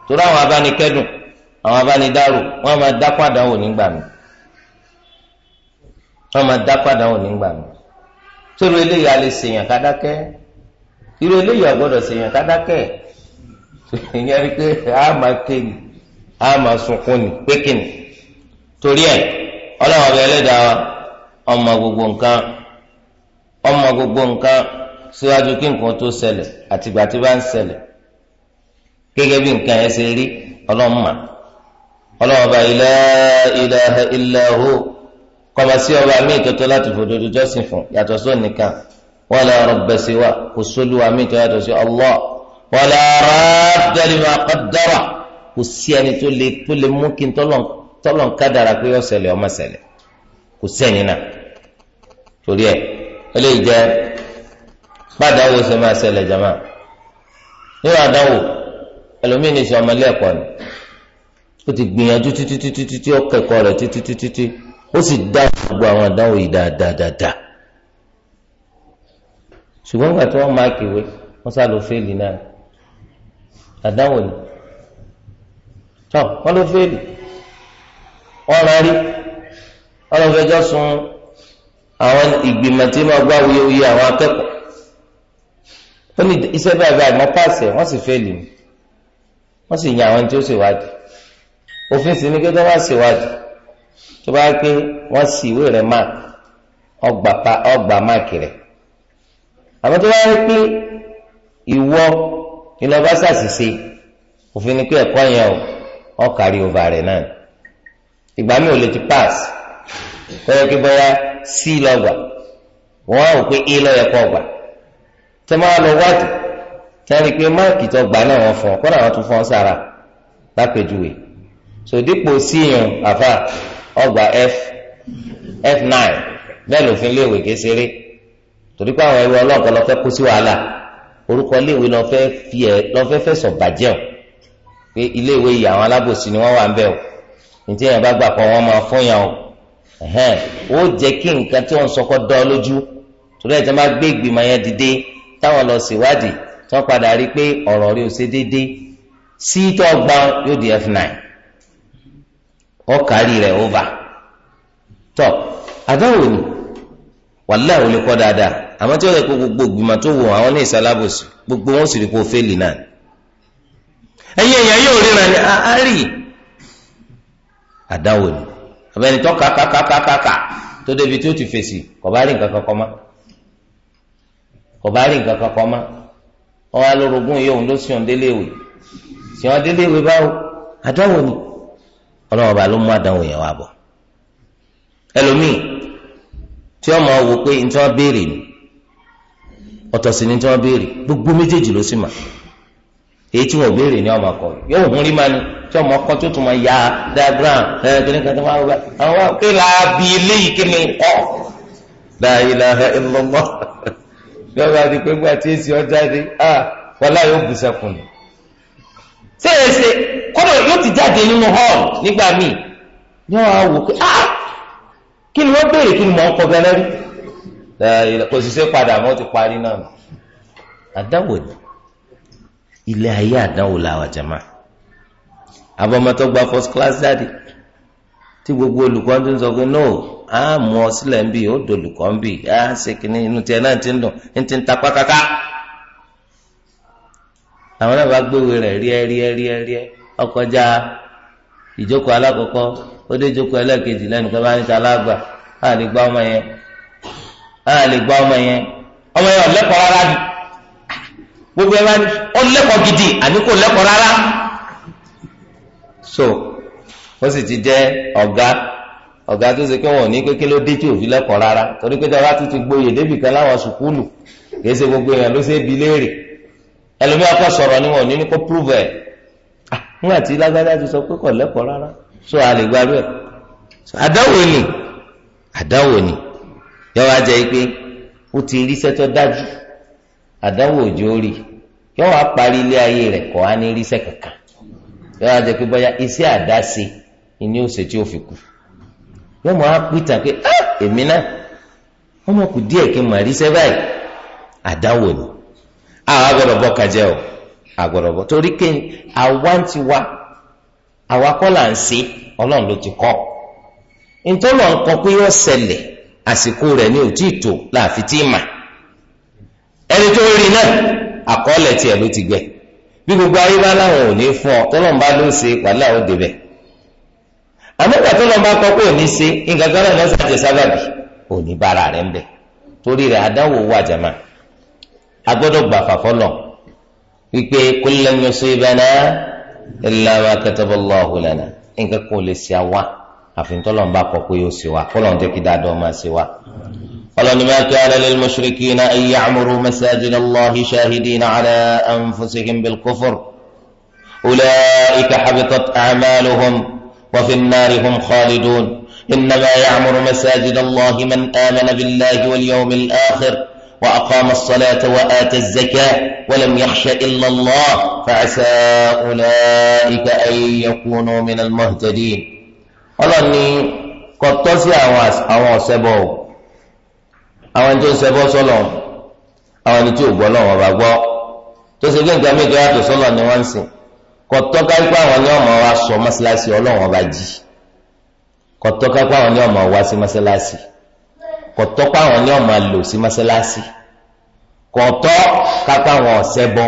torí àwọn àwọn abánidárò wọ́n máa dá padà wò nígbà mi wọ́n máa dá padà wò nígbà mi tóró eléyìí lè ṣèyàn kádákẹ́ irú eléyìí ìyẹn rí pé a máa ké a máa sunkún torí ẹ̀ ọlọ́wọ́ ọmọ gbogbo nǹkan ọmọ gbogbo nǹkan síwájú kí nǹkan tó ṣẹlẹ̀ àtìgbà tí bá ń ṣẹlẹ̀ gẹ́gẹ́ ọlọ́ọ̀bá ilá ilaha illa hu kọba sí ọba míì tó tọ́ láti fòdodo jọ́sìn fún yàtọ̀ sóun nìkan wala rabba siwa kò sólúwa míì tó yàtọ̀ sí Allah wala radda lima qaddara kò sí ẹni tó lè tó lè mú kí n tọ́lọ̀ ń kádàrà pé yọ ṣẹlẹ̀ ọmọ ṣẹlẹ̀ kò sẹ́ni náà torí ẹ eléyìí jẹ gbàdáwò ṣe máa ṣẹlẹ̀ jama nínú àdáwò ẹlòmíì ní ó ti gbìyànjú títí títí títí ó kẹ́kọ̀ọ́ rẹ̀ títí títí títí ó sì dá gbogbo àwọn àdánwò yìí dáadáa dáadáa ṣùgbọ́n nígbà tí wọ́n máa kìwé wọ́n sá lọ fẹ́ẹ̀lì náà àdánwò ni tọ́ wọ́n lọ fẹ́ẹ̀lì wọ́n lọ rí wọ́n lọ fẹjọ́ sun àwọn ìgbìmọ̀ tí wọ́n gbá wuyewuye àwọn akẹ́kọ̀ọ́ ó ní iṣẹ́ báyìí báyìí wọ́n pàṣẹ wọ́n sì fẹ́ẹ̀lì wọ́n sì yan àwọn tí ó ṣèwádìí òfin sì ni pé tó bá ṣèwádìí tó bá pé wọ́n sì ìwé rẹ̀ mark ọgbà mark rẹ̀ àmọ́ tó bá rí pé ìwọ ìlọba ṣàṣìṣe òfin ni pé ẹ̀kọ́ yẹn o ọ kárí ova rẹ̀ náà ìgbà mi ò lè ti pass kọ́yọ́ kí bọ́yá c lọ́gbà wọ́n á rò pé a lọ́yẹ kọ́ gbà tẹ́ máa lọ wádìí tẹ́ pé máàkì tó gbà náà wọ́n fún kọ́ náà wọ́n tún fún sára lápèjúwe. so dípò síyàn àfà ọgbà f f nine bẹ́ẹ̀ lòfin léèwé kéṣeré torí pé àwọn ẹrú ọlọ́ọ̀kan lọ fẹ́ kó sí wàhálà orúkọ léèwé lọ fẹ́ fi fẹ́ o pé iléèwé àwọn alábòsí ni wọ́n wà ń bẹ̀ o ntí yẹn bá gbà pọ̀ wọ́n máa fún yàn o ẹ̀hẹ́n ó jẹ́ kí nǹkan tí wọ́n sọkọ́ padà rí pé ọ̀rọ̀ rí o ṣe déédéé sí tó gbọ́n yóò di f ọkàrí rẹ̀ ova tọ́ àdáwò ni wàlá ò lè kọ́ dáadáa àmọ́ tí ó yẹ kó gbogbo ìgbìmọ̀ tó wò àwọn ní ìsalábòsì gbogbo wọn sì rí kó fẹ́ẹ̀lì náà ẹ̀yin èèyàn yóò ríran ni a rí àdáwò ni àbẹ̀ni tó kàkàkàkàkà tó débi tí ó ti fèsì kò bá rí nǹkan kan kọ́ mọ́ kò bá rí nǹkan kan kọ́ mọ́ wọn wá lórogún yóò ń lọ sí ọ̀ndẹ́lẹ́wé sí ọ̀ndẹ́lẹ́wé báwo àdáwò ni. ọlọ́run ọba ló mú àdánwò yẹn wá bọ̀ ẹlòmíì tí ọmọ wò pé ní tí béèrè ni ọ̀tọ̀ sí ni gbogbo méjèèjì ló sì mà èyí tí wọ́n béèrè ni ọmọ kọ yóò hún rí mani tí ọmọ kọ tó tún mọ ya diagram ẹ àwọn eléyìí kí ni *laughs* di pé gbà tí ṣéèṣe kọ́dọ̀ yóò ti jáde nínú hall nígbà míì yóò wá wò pé ah kí ni wọ́n béèrè kí ni mò ń kọ gẹ́lẹ́ rí kò sì ṣe ti parí náà àdáwò ni ilé ayé àdáwò làwà jẹ́mà gba first class jáde tí gbogbo olùkọ́ ń sọ no a ọ sílẹ̀ ń bì ó dolùkọ́ ń bì á ṣe kìnnìún tiẹ̀ náà ti ń dùn ń ti làwọn náà bá gbéwé rẹ̀ ríẹ́ ríẹ́ ríẹ́ ríẹ́ ọkọjá ìjókòó alákọ̀ọ́kọ́ ó dé ìjókòó ẹlẹ́ẹ̀kejì lẹ́nu kan bá ń ta alágbà á lè gbá ọmọ yẹn á lè gbá ọmọ yẹn ọmọ yẹn ọ̀lẹ́kọ̀ọ́ rárá ni gbogbo ẹ bá ní ọlẹ́kọ̀ọ́ gidi àní kò lẹ́kọ̀ọ́ rárá so ó sì ti jẹ́ ọ̀gá ọ̀gá tó ṣe pé wọn ò ní kékeré ló dé tí òfin lẹ́kọ̀ọ́ rárá torí pé tí a bá tún ti gbóyè débìkan láwọn sùkúlù kì í ṣe gbogbo èèyàn ló ṣe bi léèrè ẹlòmí ọkọ sọrọ ni wọn ò ní ní kó prove ẹ ah, nígbà tí ti sọ pé kò rárá so a lè gbarú ẹ àdáwò ni àdáwò ni yọwọ ajẹ pé ó ti ríṣẹ́ tó dájú àdáwò òjò rí yọwọ ilé ayé rẹ kọ á ní yọwọ ajẹ pé àdáṣe ni ó ṣe tí ó fi kú á pé ah, èmi náà kù kí n ni. àwọn agbọ́dọ̀ bọ́ kàjẹ́ o agbọ́dọ̀ bọ́ torí pé àwa ti wá àwa kọ́ ń ṣe ọlọ́run ló ti kọ́ nítorí wọn kọ pé yóò ṣẹlẹ̀ àsìkò rẹ̀ ní òtí ìtò láàfin tí mà ẹni tó rí náà àkọọ́lẹ̀ tiẹ̀ ló ti gbẹ bí gbogbo ayé bá láwọn ò ní fún ọ tọ́lọ́run bá ló ń ṣe pàdé àwọn débẹ̀ àmọ́gbà tọ́lọ́run bá kọ́ pé ò ní nǹkan kan náà lọ́sàájẹ sábàbí bára rẹ̀ ń bẹ̀ torí rẹ̀ wà jàmáà agbọ́dọ̀ gbà fàfọlọ wípé kullan yusibana illa ma kataballahu lana nǹkan kò lè ṣe àwa àfihàn tọ́lọ́n bá kọ̀ pé yóò ṣe wa kọ́lọ́n jẹ́ kí dáadọ́ máa ṣe wa. ọlọ́ni ma kana lil mushrikina an ya'muru masajida Allahi shahidina ala anfusihim bil kufr ulaika habitat a'maluhum wa fin nari hum khalidun innama ya'muru masajida Allahi man amana billahi wal yawmil akhir. وأقام الصلاة وآتى الزكاة ولم يخش إلا الله فعسى أولئك أن يكونوا من المهتدين ọlọ́run ni kò tọ́ sí àwọn ọ̀sẹ̀bọ̀ o àwọn ẹni tó ń ṣẹbọ sọ́lọ̀ àwọn ẹni tí ò gbọ́ lọ́wọ́ bá gbọ́ tó ṣe gbé nǹkan méjì yàtọ̀ sọ́lọ̀ ni wọ́n ń sìn kò ká pé àwọn ni ọmọ wa sọ mọ́ṣáláṣí ọlọ́wọ́n bá jì kò ká pé àwọn ni ọmọ wa sí mọ́ṣáláṣí kọ̀tọ́ páwọn ni ọmọ lò sí mọ́sálásí kọ̀tọ́ kápá àwọn ọ̀sẹ̀ bọ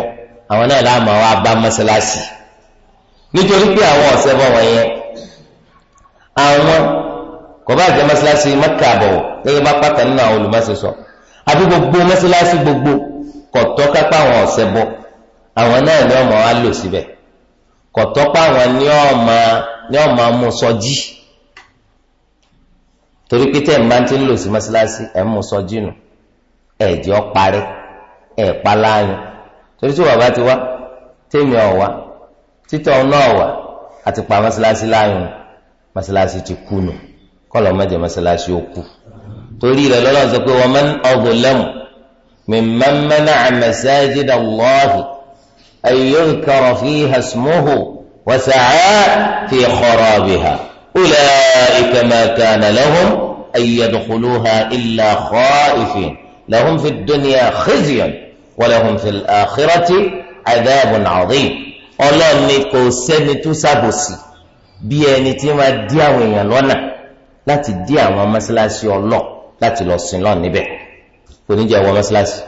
àwọn náà láàmú àwọn abá mọ́sálásí nítorí pé àwọn ọ̀sẹ̀ bọ wọn yẹn àwọn kọ̀bá àjẹ́ mọ́sálásí mẹ́kà àbọ̀wọ̀ gẹ́gẹ́ bá pàtàkì nínú àwọn olùmọ̀ọ́sẹ̀ sọ àbí gbogbo mọ́sálásí gbogbo kọ̀tọ́ kápá àwọn àwọn náà ni ọmọ wa lò síbẹ̀ kọ̀tọ́ páwọn ni ọmọ ni ọmọ amú torí pé tẹ́ ẹ̀ máa ti ń lò sí mọ́ṣáláṣí ẹ̀ ń mú sọ jìnnà ẹ̀ jẹ́ ọ́ parí ẹ̀ pa láàyè torí tí bàbá ti wá tèmi ọ̀wá títọ́ náà wà àti pa mọ́ṣáláṣí láàyè mọ́ṣáláṣí ti kú nù kọ́lọ̀ mọ́jẹ mọ́ṣáláṣí ó kú torí rẹ̀ lọ́lọ́ sọ pé wọ́n mẹ́ni ọ̀gbọ̀n lẹ́mù mimman mana'a masajida Allahi an yudhkara fiha ismuhu wa fi kharabiha. أولئك ما كان لهم أن يدخلوها إلا خائفين لهم في الدنيا خزي ولهم في الآخرة عذاب عظيم ọlọ́run ni kò sẹ́ni tó ṣàbòsí bí ẹni tí máa dí àwọn èèyàn lọ́nà láti dí àwọn mọ́ṣáláṣí ọlọ́ láti lọ sin lọ́ọ̀ níbẹ̀ kò ní jẹ́ wọ mọ́ṣáláṣí.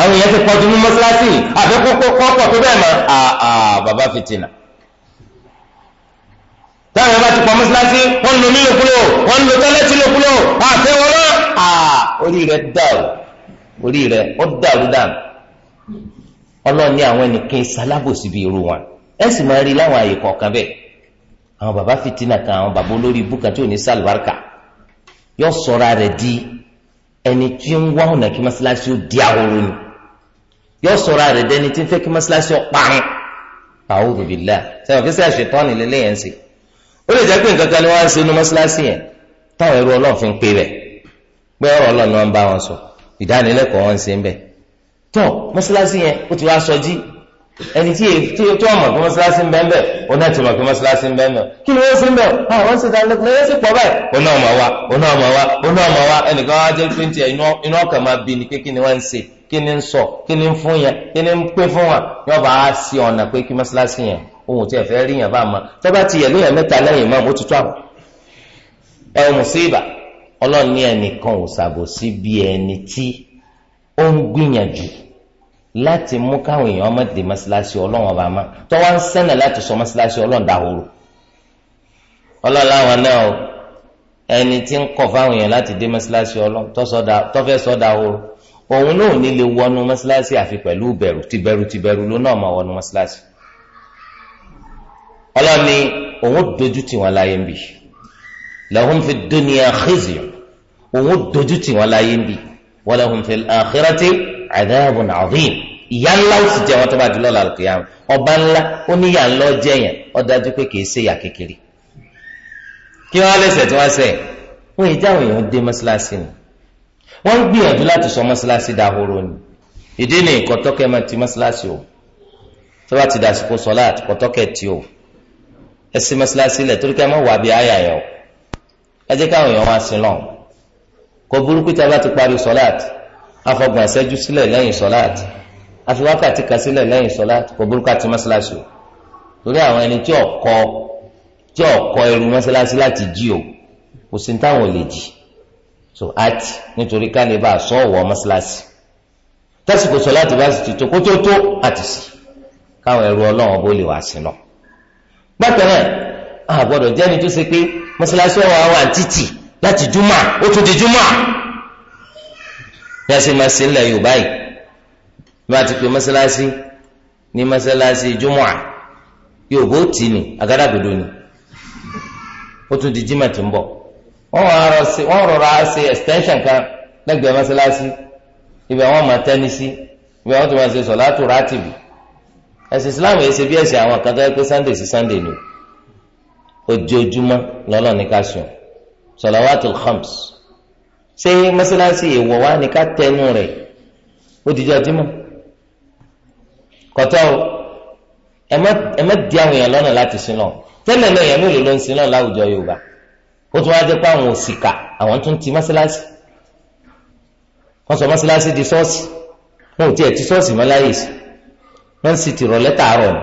àwọn èèyàn ti pọ̀jù ní mọ́ṣáláṣí àfẹ́kọ́kọ́ pọ̀ tó bẹ́ẹ̀ mọ́ àà fìtìnà táwọn bá ti pọ̀ mọ́sálásí wọ́n ń lo mí lókulò wọ́n ń lo tọ́lẹ́tì lókulò àfẹ́ wọn náà à orí rẹ̀ dàrú orí rẹ̀ ó dàrú dànù ọlọ́ọ̀ni àwọn ẹnìkan ìsalábòsí bíi irú wọn ẹ sì máa rí láwọn àyè kọ̀ọ̀kan bẹ́ẹ̀ àwọn bàbá fìtínà kan àwọn bàbá olórí ibú kan tí ò ní sàlùbáríkà yóò sọra rẹ̀ di ẹni tí ń wá ọ̀nà kí mọ́sálásí ó di ahoro ni yóò sọra rẹ̀ dẹni tí ń fẹ́ kí mọ́sálásí ó ó lè jẹ́ pé nǹkan kan ni wọ́n á ṣe inú mọ́ṣáláṣí yẹn táwọn ẹrú ọlọ́run fi ń pè bẹ̀ pé ọ̀rọ̀ ọlọ́run náà ń bá wọn sọ ìdánilẹ́kọ̀ọ́ wọn ń ṣe ń bẹ̀ tó mọ́ṣáláṣí yẹn ó ti wá sọjí ẹni tí e- tí e- wọn ń òun náà ti mọ̀ pé mọ́ṣáláṣí ń bẹ́ẹ̀ kí ni wọ́n ṣe ń bẹ̀ ọ́ ah, wọ́n ṣe dáná lẹ́kùn sí pọ̀ báyìí òun náà mọ̀ wá òun náà mọ̀ wá òun náà mọ̀ wá ẹnìkan wá pé inú ọkàn ni pé kí ni ń kí ni wa yóò bá a sí ọ̀nà pé kí yẹn òun tiẹ̀ fẹ́ rí yẹn bá ma tó bá ti yẹ lóyún mẹ́ta lẹ́yìn máa láti mú káwọn èèyàn má dé mọ́ṣáláṣí ọlọ́run ọba má tọ́wọ́ ń sẹ́nà láti sọ mọ́ṣáláṣí ọlọ́run dahoro ọlọ́láwọn náà o ẹni tí ń kọ̀ fáwọn èèyàn láti dé mọ́ṣáláṣí ọlọ́run tọ́fẹ́ sọ dahoro òun náà ní lè wọnú mọ́ṣáláṣí àfi pẹ̀lú bẹ̀rù tìbẹ̀rù tìbẹ̀rù ló náà máa wọnú mọ́ṣáláṣí ọlọ́ni òun dojú tì wọ́n láyé ń bì fi dunya khizyun òun dojú tì wọ́n láyé ń bì wa lahum fil adhabun adhim ìyá ńlá ó sì jẹ wọn tó bá di lọ́la al-qiyam ọba ńlá ó ní ìyá ńlá ọjẹ́ yẹn ó dájú pé kì í ṣe ìyà kékeré kí wọ́n lẹ́sẹ̀ tí wọ́n sẹ̀ wọ́n èyí táwọn èèyàn dé mọ́ṣáláṣí ni wọ́n ń gbìyànjú láti sọ mọ́ṣáláṣí dahoro ni ìdí ni kọ́tọ́kẹ́ máa ti mọ́ṣáláṣí o tó bá ti dàsìkò sọ́láàtì kọ́tọ́kẹ́ ti o ẹ sí mọ́ṣáláṣí lẹ̀ torí ká má wà bí àyà yẹn o ẹ jẹ́ káwọn èèyàn wá sí náà kò burúkú tí a bá ti parí sọ́láàtì afọgbọ̀n ìṣẹ́jú sílẹ̀ lẹ́yìn sọ́láàtì àfi wákàtí kan sílẹ̀ lẹ́yìn sọ́láàtì kò burúkú àti mọ́ṣáláṣí o torí àwọn ẹni tí ọkọ tí ọkọ irun mọ́ṣáláṣí láti jí o kò sí táwọn lè jí so àti nítorí ká lè bá a sọ ọ̀wọ́ mọ́ṣáláṣí tásìkò sọ́láàtì bá sì ti tó kó tó tó àti sí káwọn ẹrú ọlọ́run bó lè wá sí lọ. bákan náà àgbọ̀dọ̀ jẹ́ni tó ṣe pé mọ́ṣáláṣí ọ̀wọ́ àwọn àǹtítì láti júmọ̀ ó tún di júmọ̀ bí a ṣe máa ṣe ńlẹ̀ yorùbá yìí bí a ti pè mọ́sálásí ní mọ́sálásí júmọ́à yorùbá ó tì ní ni ó tún di jimá tó ń bọ̀ wọ́n rọra ṣe extension kan lẹ́gbẹ̀ẹ́ mọ́sálásí ibẹ̀ wọ́n máa tẹ́ni sí ibẹ̀ wọ́n tún máa ṣe sọ̀látù rátìbù ẹ̀sìn islam yìí ṣe bí ẹ̀sìn àwọn kan tó yẹ pé sunday sí sunday ni ojoojúmọ́ lọ́lọ́ ní ká sùn sọ̀làwátìl khams ṣé mọ́sálásí èèwọ̀ wá ní ká tẹnu rẹ̀ ó ti jọ dímọ̀ kọ́tọ́ o ẹ má di àwọn èèyàn lọ́nà láti sin lọ tẹ́lẹ̀ náà èèyàn mélòó ló ń sin lọ láwùjọ Yorùbá ó tún wá jẹ́ pé àwọn òṣìkà àwọn tún ti mọ́sálásí wọ́n sọ mọ́sálásí di ṣọ́ọ̀ṣì wọn ò tiẹ̀ ti ṣọ́ọ̀ṣì mọ́ láyè sí wọ́n sì ti rọ̀ lẹ́tà àárọ̀ ni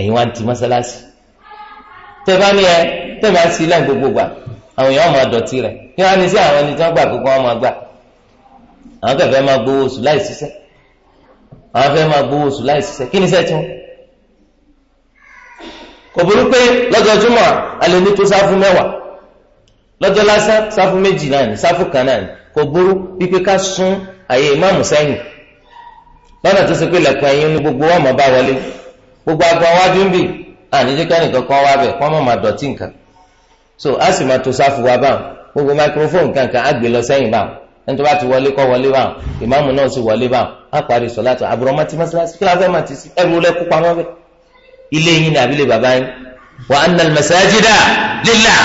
ẹ̀yin wá ń ti mọ́sálásí tẹ́ bá ní ẹ tẹ́ bá sí lẹ́yìn gbogbo àwọn èèyàn máa dọ̀tí rẹ̀ kí wọ́n á ní sí àwọn ẹni tí wọ́n gbà pé kí wọ́n máa gbà àwọn kẹfẹ́ máa gbowó oṣù láì ṣiṣẹ́ àwọn fẹ́ máa gbowó oṣù láì ṣiṣẹ́ kí ni sẹ́ tí wọ́n. kò burú pé lọ́jọ́ júmọ̀ alẹ́ ní tó sáfù mẹ́wàá lọ́jọ́ lásán sáfù méjì náà ní sáfù kan náà ní kò burú wípé ká sún àyè ìmáàmù sẹ́yìn lọ́nà tó ṣe pé lẹ́kùn ẹ̀yìn ní so a sì máa tó sáfù wa báwọn gbogbo microphone kankan á gbé lọ sẹ́yìn báwọn ẹni tó bá ti wọlé kọ́ wọlé báwọn ìmáàmù náà sì wọlé báwọn á parí sọ̀láàtọ̀ àbúrò ọmọ tí mọ́sálásí kí láfẹ́ máa ti sí ẹrú lẹ́kú pamọ́ bẹ́ẹ̀ ilé yín ni àbílẹ̀ bàbá yín wa anna al-masajida lillah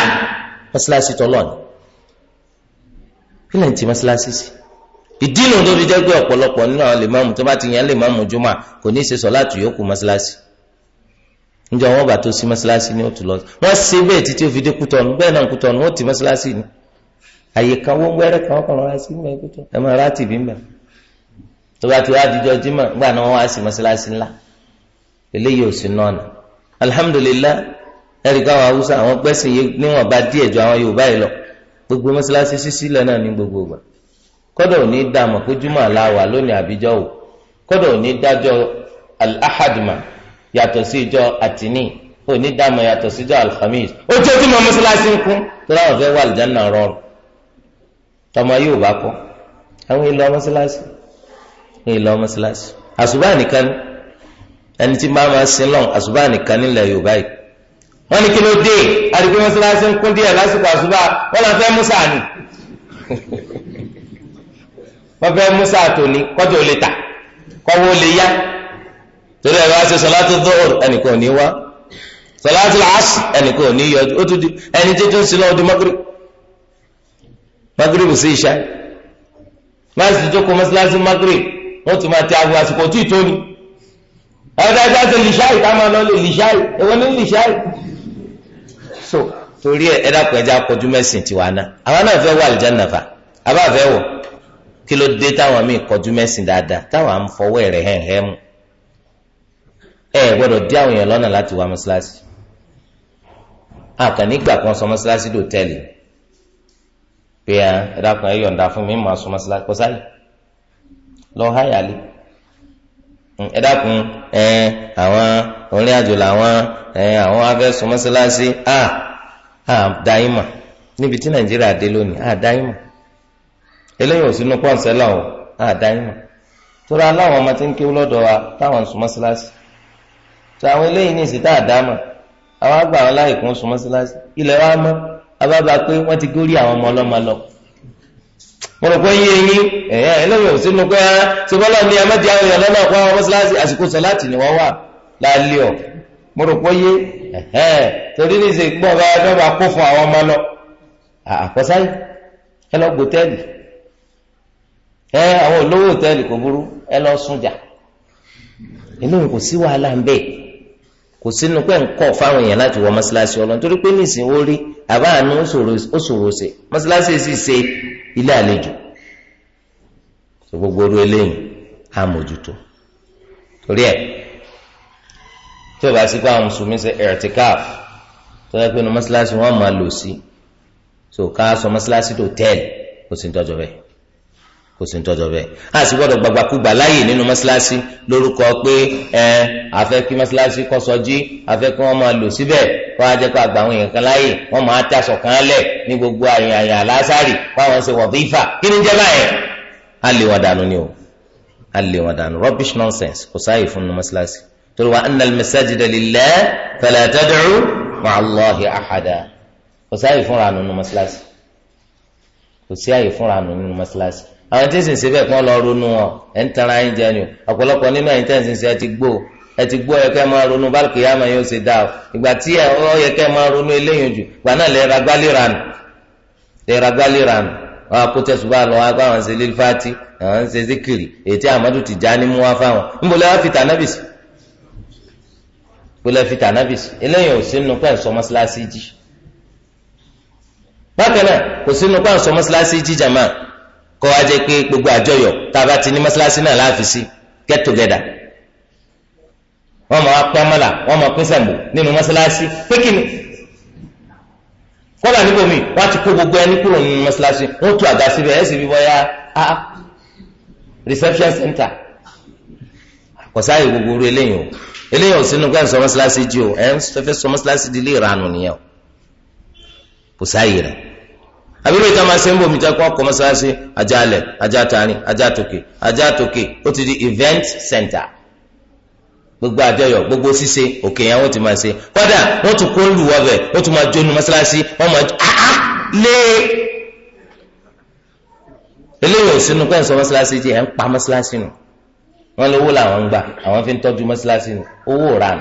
mọ́sálásí tọ́lọ́ ni kí lẹ́yìn tí mọ́sálásí sí ìdí nù tó fi jẹ́ pé ọ̀pọ̀lọpọ̀ nínú àwọn lèmáàmù tó bá ti yàn lèmáàmù jùmọ̀ kò ní í ṣe sọ̀láàtù yòókù mọ́sálásí njẹ wọn bàtó sí mọ́sálásí ni ó tún lọ wọn ṣe bẹ́ẹ̀ títí ó fi dé kútọ̀nù bẹ́ẹ̀ náà kútọ̀nù wọn ti mọ́sálásí ni àyè kan wọ́n wẹ́rẹ́ kan kàn rárá sí nígbà kútọ̀ ẹ máa rá tìbí mbà tó bá ti wá àdìjọ jimá gbà náà wọn á sí mọ́sálásí ńlá eléyìí ò sí nọ́ọ̀nà alhamdulillah ẹ̀rí káwọn haúsá àwọn gbẹ́sìn yìí níwọ̀n bá díẹ̀ ju àwọn yorùbá yìí lọ gbogbo mọ́sálásí sísí lẹ́ náà ní gbogbo ìgbà yàtọ̀ sí ìjọ àtìní onídàmọ̀ yàtọ̀ sí ìjọ alhamis ó tí ó ti mọ mọ́ṣáláṣí ń kún tó láwọn fẹ́ wà lìjánà rọrùn tọmọ yóò bá kọ àwọn ìlọ mọ́ṣáláṣí ìlọ mọ́ṣáláṣí àṣùbà nìkan ẹni tí máa máa sin lọ́n àṣùbà nìkan nílẹ̀ Yorùbá yìí wọ́n ní kí ló dé àdìgbò mọ́ṣáláṣí ń kún díẹ̀ lásìkò àṣùbà wọ́n lọ fẹ́ musa ni *laughs* wọ́n fẹ́ musa tòní kọ́tò torí ẹ bá ṣe sọláàtì dọ́ọ̀r ẹnìkan ò ní wá sọláàtì làásì ẹnìkan ò ní yọjú ó tún di ẹni tó tún sí lọ́wọ́ di magrib magrib sí ìṣá máàsì tó kọ mọ́sálásí magrib wọ́n tún máa ti aago àsìkò tí ì tóni ọ̀dà ẹ̀dá ṣe lìṣáì ká máa lọ lè lìṣáì èwo ní lìṣáì so torí ẹ dàpọ̀ ẹja kọjú mẹ́sìn tiwa náà àwọn náà fẹ́ wọ àlùjánnà fà àbá fẹ́ wọ̀ kí ló dé táwọn míì kọjú mẹ́sìn dáadáa táwọn à ń fọwọ́ ẹ̀rẹ̀ hẹ́hẹ́ mu ẹ gbọ́dọ̀ dí àwọn èèyàn lọ́nà láti wá mọ́ṣáláṣí àkànní ìgbà kan sọ mọ́ṣáláṣí dò tẹ́lẹ̀ pé ẹ dákun ẹ yọ̀ǹda fún mi máa sọ mọ́ṣáláṣí kọ́sáyì lọ háyà lé ẹ dákun ẹ àwọn orin àjò làwọn ẹ àwọn afẹ́ sọ mọ́ṣáláṣí à à dáyìí mà níbi tí nàìjíríà dé lónìí à dáyìí mà eléyìí ò sínú pọ́ǹsẹ́là ò à dáyìí mà tó ra aláwọn ọmọ tí ń kéwú lọ́dọ̀ wa táwọn sọ mọ́ṣáláṣí tó àwọn eléyìí ní ìsìtá àdámà àwọn àgbà àwọn láì kún sùn mọ́sálásí ilẹ̀ wa mọ́ abába pé wọ́n ti górí àwọn ọmọ ọlọ́mọ lọ. mo rò pé yé eyín ẹ̀yà ẹlẹ́yìn ò sínú pé ṣe bọ́lá ni ẹ̀mẹ́dì àwọn èèyàn lọ́nà ọ̀pọ̀ àwọn mọ́sálásí àsìkò sọ láti ni wọ́n wà lálẹ́ ọ̀ mo rò pé yé ẹ̀hẹ́ torí ní ìsìn gbọ́n bá ẹgbẹ́ bá kó fún àwọn ọmọ lọ. àkọsáyé ẹ lọ gbòtẹ́ẹ̀lì ẹ àwọn olówó òtẹ́ẹ̀lì kò burú ẹ lọ sùn jà eléyìí kò sí wàhálà ń bẹ́ẹ̀ kò sínú pé nǹkan fáwọn èèyàn láti wọ mọ́ṣáláṣí ọlọ́run torí pé nísìnyí ó rí àbá àánú ó ṣòro ṣe mọ́ṣáláṣí sì ṣe ilé àlejò tó gbogbo orú eléyìí á mójútó torí ẹ tí o bá sí pé àwọn mùsùlùmí ṣe ẹ̀rẹ̀tìkáf tó yẹ pé mọ́ṣáláṣí wọn máa lò sí so ká sọ mọ́ṣáláṣí tó tẹ́ẹ̀lì kò sí ní tọ́jọ́ bẹ́ẹ̀ kò sí ntọ́jọ́ bẹ́ẹ̀ a sì gbọ́dọ̀ gbàgbàkúgbà láàyè nínú mọ́ṣáláṣí lórúkọ pé ẹ afẹ́ kí mọ́ṣáláṣí kọ́ sọjí afẹ́ kí wọ́n máa lò síbẹ̀ wọ́n á jẹ́ kó àgbà àwọn èèyàn kan láàyè wọ́n máa tàṣọ kan lẹ̀ ní gbogbo àyàn àyàn báwọn ṣe wọ̀ fífà kí ni jẹ́ báyẹn. a lè wọn dànù ni o a lè wọn dànù rubbish nonsense kò sáàyè fún mọ́ṣáláṣí torí wa anna al-masajida lillahi fala tad'u ma'a Allahi ahada kò sáàyè kò sí àyè fúnra nínú mọ́ṣáláṣí àwọn tí ń sìn síbẹ̀ kàn lọ ronú wọn ẹ̀ ń tanra yín jẹ ni o ọ̀pọ̀lọpọ̀ nínú ẹ̀yin tẹ̀ ń sìn sí ẹ ti gbó ẹ ti gbó ẹ máa ronú o ìgbà tí ẹ ọ máa ronú eléyìí jù gbà náà lè ra gbálí lè ra gbálí wọn á kó tẹ̀sùn bá lọ wọn á ṣe àwọn ṣe zikiri Amadu Tijani mú wá fáwọn níbo lẹ́wọ́ fi kó wá jẹ́ pé gbogbo àjọyọ̀ tá a bá ti ní mọ́ṣáláṣí náà láàfin sí get together wọ́n máa pín amọ́là wọ́n máa pín sàǹbò nínú mọ́ṣáláṣí pé kí ni kọ́lá níbo mi wọ́n ti kó gbogbo ẹni kúrò nínú mọ́ṣáláṣí wọ́n tú àga síbẹ̀ ẹ̀ sì fi bọ́yá a ah, ah, reception center kò sáàyè gbogbo orí eléyìí o eléyìí ò sínú gbẹ́ sọ mọ́ṣáláṣí jí o ẹ̀ ń fẹ́ sọ mọ́ṣáláṣí di ilé ìranù nìyẹn o kò sáàyè rẹ̀ àbílẹ̀ ìta máa ṣe ń bò mí jẹ́ kó ọkọ̀ mọ́ṣáláṣí ajá alẹ̀ ajá tarin ajá tòkè ajá tòkè ó ti di event center gbogbo àjọyọ̀ gbogbo ṣíṣe òkè yẹn wọ́n ti máa ṣe kódà wọ́n tún kó lù wọ́ bẹ̀ wọ́n tún máa jónu mọ́ṣáláṣí wọ́n máa áá ah, ah, lé eléyìí ò sínú pẹ́ǹsọ mọ́ṣáláṣí jẹ́ ẹ̀ ń pa mọ́ṣáláṣí nù wọ́n lówó làwọn ń gbà àwọn fi ń tọ́jú mọ́ṣáláṣí nù owó ràn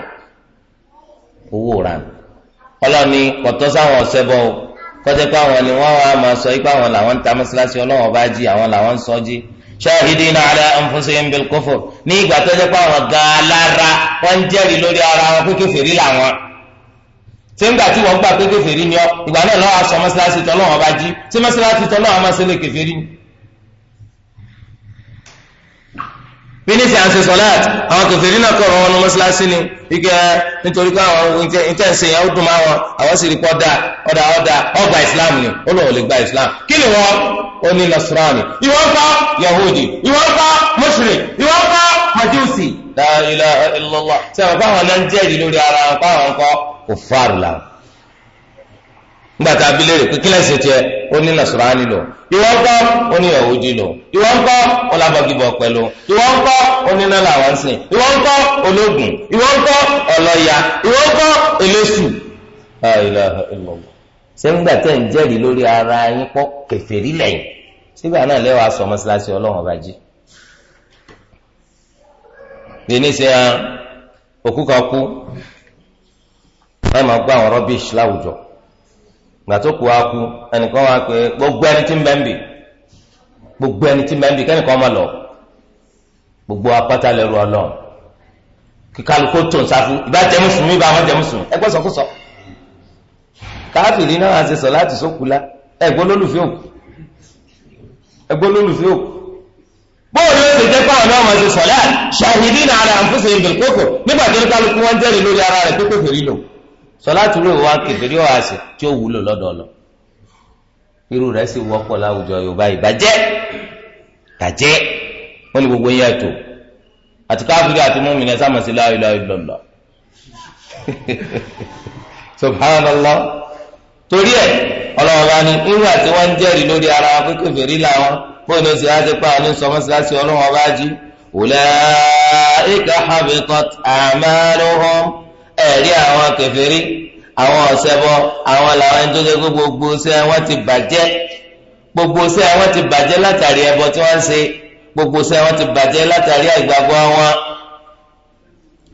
owó ràn ọlọ́ni kọ̀tọ́ sáwọn ọ̀sẹ̀ bọ́ ọ kọjá pé àwọn ni wọ́n wá máa sọ pé àwọn làwọn ń ta mọ́sálásí ọlọ́wọ́n bá jí àwọn làwọn ń sọ jí shahidina ala anfusihim bil kufr ní ìgbà tó jẹ́ pé àwọn gan-an lára wọ́n ń jẹ́rìí lórí ara wọn pé kèfèrí làwọn ṣé ńgbà tí wọ́n gbà pé kèfèrí ni ọ ìgbà náà lọ́wọ́ aṣọ mọ́sálásí tọ́lọ́wọ́n bá jí ṣé mọ́sálásí tọ́lọ́wọ́n máa ṣe lè kèfèrí ni bí ní sàn ṣe sọláàtì àwọn kẹfìrí náà kọrọ wọn ní mọ́ṣáláṣí ni ike nítorí pé àwọn nǹkan ṣe yẹn ó dùn máa wọn àwọn sì rí pọ́ dáa ọ̀dà ọ̀dà ọgbà ìsìláàmù ni ó lọ́wọ́ lè gba ìsìláàmù kí ni wọ́n ó ní nasrani ìwọ ń yahudi ìwọ ń kọ́ mushrik ìwọ ń kọ́ majusi. la ilaha illallah sẹ́wọ̀n báwọn náà ń jẹ́rìí lórí ara wọn báwọn ń kọ́ kò fáàrù làwọn ngbàtà abilé rẹ kékeré ẹsẹ tiẹ ó ní nasarani lò ìwọ ńkọ́ ó ní yahudi lò ìwọ ńkọ́ ó lábàgìbọ pẹ̀lú ìwọ ńkọ́ ó ní nàlà wánsì ìwọ ńkọ́ ológun ìwọ ńkọ́ ọlọ́ya ìwọ ńkọ́ eléṣù. ṣé ń gbà tẹ́ ń jẹ́rìí lórí ara yín pọ́ kẹfẹ́rí lẹ́yìn sígbà náà lẹ́wàá sọ mọ́ṣáláṣí ọlọ́run ọba jí. bíní ṣe òkú kan kú ẹ máa gbọ́ àwọn rọ́bìṣ láwùjọ gbàtó kù ẹnìkan wá pé gbogbo ẹni tí ń bẹ́ ń bì gbogbo ẹni tí ń ń bì kẹ́nìkan lọ gbogbo apáta lẹ́rù ọlọ́run kíkálukó tó ń sáfù ìbá jẹ́ mùsùlùmí ìbá wọn jẹ́ mùsùlùmí ẹgbẹ́ sọkúsọ káfíìrì náà ṣe sọ láti sókùlá ẹgbẹ́ olólùfẹ́ òkú ẹgbẹ́ olólùfẹ́ òkú bóòlù ó ti jẹ́ káwọn náà ṣe ṣàhìdí náà rẹ̀ sọláàtì rẹ̀ wá kẹfẹ́rí ọ̀hásẹ̀ tí ó wúlò lọ́dọ̀ lọ irú rẹ̀ sì wọ́pọ̀ láwùjọ yorùbá ìbàjẹ́ tàjẹ́ wọ́n lè gbogbo yẹ ètò àti káfíńdì àti mọ́mìnà sàmùsí la ilaha illallah *laughs* subhanallah torí ẹ̀ ọlọ́run bá ní irú àti wọ́n ń jẹ́rìí lórí ara wọn pé kẹfẹ́rí làwọn bóyá ó sì á pa àwọn oníṣọ́mọ́síláṣí ọlọ́run ọba jí ulaika habitat a'maluhum ẹ̀rí àwọn kèfèrí àwọn ọ̀sẹ̀bọ àwọn làwọn ẹni tó ṣe pé gbogbo iṣẹ́ wọn ti bàjẹ́ gbogbo iṣẹ́ wọn ti bàjẹ́ látàrí ẹbọ tí wọ́n ń ṣe gbogbo iṣẹ́ wọn ti bàjẹ́ látàrí àìgbàgbọ́ wọn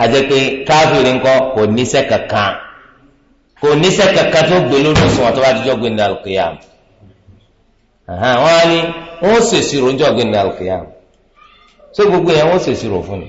àjẹpé káfíìrì ńkọ kò níṣẹ́ kankan kò níṣẹ́ kankan tó gbé lórí òṣùwọ̀n tó bá dijọ́ gbé ní alùkìyàm wọ́n á ní wọ́n ṣèṣirò ń jọ́ gbé ní alùkìyàm ṣé gbogbo yẹn wọ́n ṣèṣirò fún mi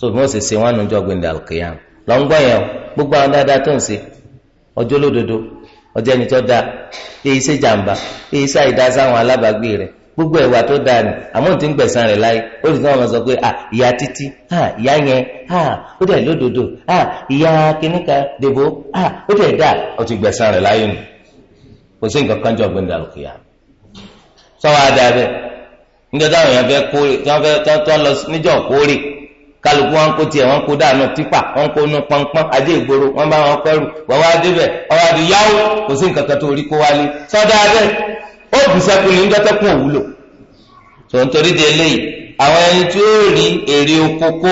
so bí wọ́n ṣe a wọn ànújọ́ gbẹ̀ndẹ̀ alkiyam lọ́ngbọ́ yẹn gbogbo àwọn dáadáa tó ń ṣe ọjọ́ lódodo ọjọ́ ẹni tó dáa èyí èyí gbogbo ẹ̀wà tó da ni àmọ́ tí ń gbẹ̀san rẹ̀ láyé ó lè fún sọ pé ìyá títí ìyá yẹn ó dẹ̀ lódodo ìyá dèbò ó dẹ̀ ó ti láyé kò sí nǹkan kan jọ alkiyam táwọn èèyàn kálukú wọn kó tiẹ̀ wọn kó dànù tipa wọn kó nu pọnpọn ajé ìgboro wọn bá wọn kẹrù wọn wá débẹ̀ ọwọ́ adi yáwó kò sí nǹkan kan tó rí kó wálé sọ́dọ̀ abẹ́ ó bùsẹ̀kù ní dọ́tẹ́kùn òwúlò tó ń torí de eléyìí àwọn ẹni tí ó rí èrè okoko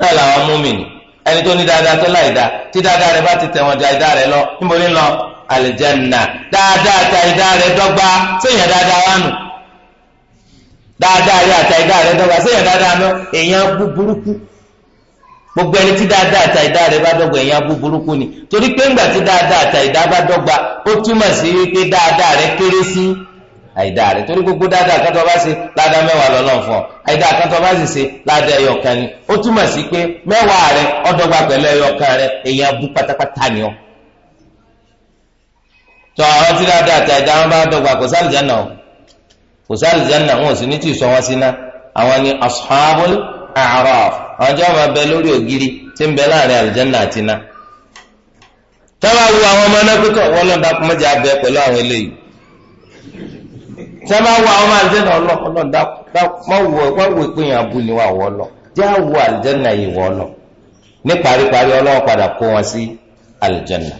náà làwọn múmìnì ẹni tó ní dáadáa tó láì dáa tí dáadáa rẹ bá ti tẹ̀ wọn dáadáa rẹ lọ níbo ní lọ àlìjánnà dáadáa ta ìdá rẹ dọ́gba séèyàn dáadáa wánu dáadáa rí àtà ìdá rẹ dọ́gba sẹ́yìn dáadáa lọ èèyàn bú burúkú gbogbo ẹni tí dáadáa àtà ìdá rẹ bá dọ́gba èèyàn bú burúkú ni torí pé ńgbà tí dáadáa àtà ìdá bá dọ́gba ó túmọ̀ sí wípé dáadáa rẹ kéré sí àìdá rẹ torí gbogbo dáadáa kan tó bá ṣe ládàá mẹ́wàá lọ́lọ́run fún ọ àìdá kan tó bá sì ṣe ládàá ẹyọkan ni ó túmọ̀ sí pé mẹ́wàá rẹ pẹ̀lú ẹyọkan rẹ èèyàn bú pátápátá ni ọ. àwọn tí dáadáa àtà ìdá wọn bá kò kò sí àlùjáná wọn ò sì ní tì sọ wọn síná àwọn ni ashabul a'raf àwọn tí wọn máa bẹ lórí ògiri tí ń bẹ láàrin àlùjáná àti iná táwa wu àwọn ọmọ náà pípọ̀ wọn lọ́dà kó mọ́jà abẹ pẹ̀lú àwọn eléyìí táwa wu àwọn ọmọ àlùjáná ọlọ́dà wọ́n wù pé yàn abú ni wà wọ́ lọ jẹ́ àwọ̀ àlùjáná yìí wọ́ lọ ní paríparí ọlọ́wọ́ padà kó wọn sí àlùjáná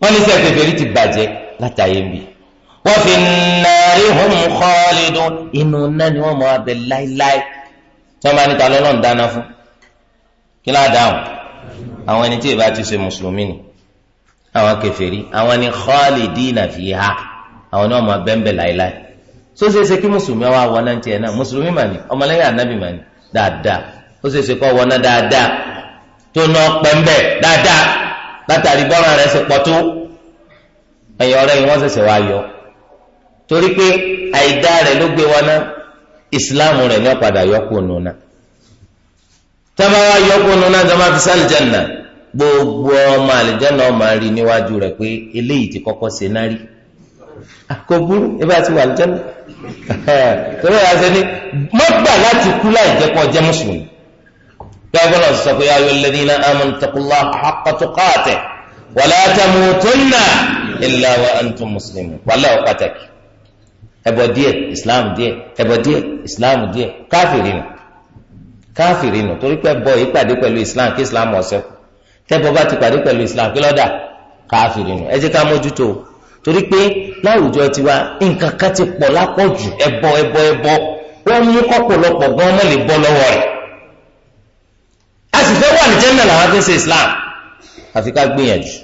wọ́n ní sẹ́kẹ̀fẹ̀rí ti bàjẹ́ látàyè ń wa fi nnari hum khalidun inú náà ni wọ́n mọ abẹ láíláí tí wọ́n bá níta lọ́nà ń dáná fún kí láà dáhùn àwọn ẹni tí ìbá ti ṣe mùsùlùmí ni àwọn kèfèrí àwọn ni khalidina fiha àwọn ni wọ́n mọ abẹ ń bẹ láíláí so ṣe ṣe kí mùsùlùmí wa wọ náà tiẹ̀ náà mùsùlùmí mà ní ọmọlẹ́yìn ànábì mà ní dáadáa ó ṣe ṣe kọ́ wọ náà dáadáa tó ná pẹ́ńbẹ́ dáadáa látàrí bọ́ràn rẹ̀ ṣe pọ̀ tó ẹ̀yìn ọ̀rẹ́ yìí wọ́n ṣẹ̀ṣẹ̀ wá yọ torí pé àìdá rẹ̀ ló gbé wọn náà ìsìláàmù rẹ̀ ní ọ̀padà yọkùnù náà tábà wá yọkùnù náà tó máa fi sá àlìjánà gbogbo ọmọ àlìjánà ọmọ rí níwájú rẹ̀ pé eléyìí ti kọ́kọ́ ṣe náà rí kò burú ebí àti wà àlìjánà *laughs* torí ẹ̀ ṣe ni mọ́gbà láti kú láì jẹ́ kó jẹ́ mùsùlùmí gbàgbọ́n sọ pé ayọ̀ alladhina amanu taqullaha haqqa tuqatihi wa la tamutunna illa wa antum muslimun wàlẹ́ ọ̀ ẹbọ díẹ̀ islam díẹ̀ ẹbọ díẹ̀ islam díẹ̀ káfìrì nù káfìrì nù torí pé bọ ìpàdé pẹ̀lú islam kí islam ọ̀sẹ̀ tẹ́bọ bá ti pàdé pẹ̀lú islam kí lọ́dà káfìrì nù ẹ jẹ́ ká mójútó torí pé láwùjọ tiwa nǹkan kan ti pọ̀ lápọ̀jù ẹbọ ẹbọ ẹbọ wọ́n mú kọ́pọ̀lọpọ̀ gan ọmọ lè bọ́ lọ́wọ́ rẹ̀ a sì fẹ́ wà ní jẹ́ńdà làwọn fi ń ṣe islam àfi ká gbìyànjú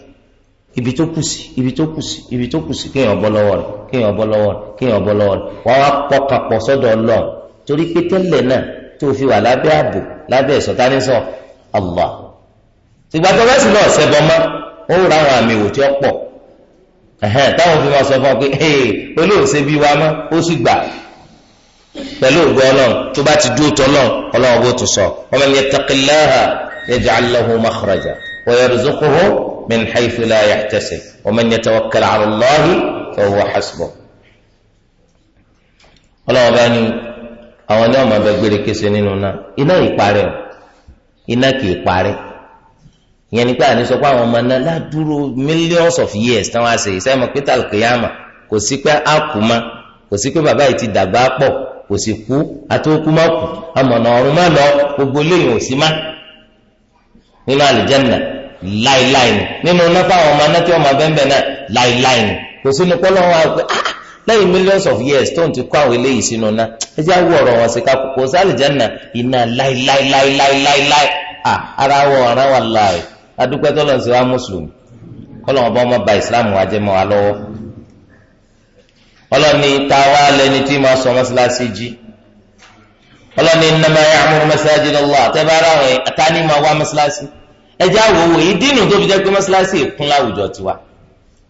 ibi tó kù sí ibi tó kù sí ibi tó kù sí kéèyàn bọ́ lọ́wọ́ rẹ̀ kéèyàn bọ́ lọ́wọ́ rẹ̀ kéèyàn bọ́ lọ́wọ́ rẹ̀ wàá wá pọkàpọ̀ sọ́dọ̀ ọlọ́run torí pé tẹ́lẹ̀ náà tó fi wà lábẹ́ ààbò lábẹ́ ìsọ̀tánísọ̀ allah ìgbà tó bá sì lọ ṣẹbọ mọ́ ó rà àwọn àmì ìwò tí ó pọ̀ táwọn fi máa sọ fún ọ pé olóòṣè bí wa mọ́ ó sì gbà pẹ̀lú ògbó ọlọ́run tó bá ti dúró tọ́ náà ọlọ́run bó tún sọ wa man yattaqillaha yaj'al lahu makhraja wa yarzuqhu من حيث لا يحتسب ومن يتوكل على الله فهو حسبه ọlọ́wọ́ bá ní àwọn ní ọmọ abẹ́gbére kése nínú náà iná ìparẹ́ o iná kì parẹ́ ìyẹn nípa àní pé àwọn millions of years táwọn àṣẹ ìsẹ́mọ̀ pété alkiyama kò sí pé á kú ma kò sí pé bàbá yìí ti dàgbà pọ̀ kò sì kú àtòkú má kú amọ̀nà ọ̀run láìláì nínú nípa àwọn ọmọ anáti ọmọ abẹ́ńbẹ́ náà láìláì kò sínú pé ọlọ́run àwọn pé ah lẹ́yìn millions of years tóun ti kó àwọn eléyìí sínú náà ẹ jẹ́ àwọn ọ̀rọ̀ wọn sí ká kò sí àlìjánà iná láìláìláìláìláì ah ara wọ ara wà láì adúpẹ́ tó lọ́n sí wa mùsùlùmí kọ́lọ́n ọba ọmọ ba ìsìláàmù wa jẹ́ mọ́ wa lọ́wọ́ ọlọ́ni ta wá lẹni tí ma sọ mọ́sálásí jí ọlọ́ni nàmáyà àmúrú mọ́sálásí lọ́wọ́ àtẹ́bárà rẹ̀ àtàní ma wá mọ́sálásí ẹjẹ́ àwòwò yìí dínú tó fi jẹ́ pé mọ́ṣáláṣí èkún láwùjọ tiwa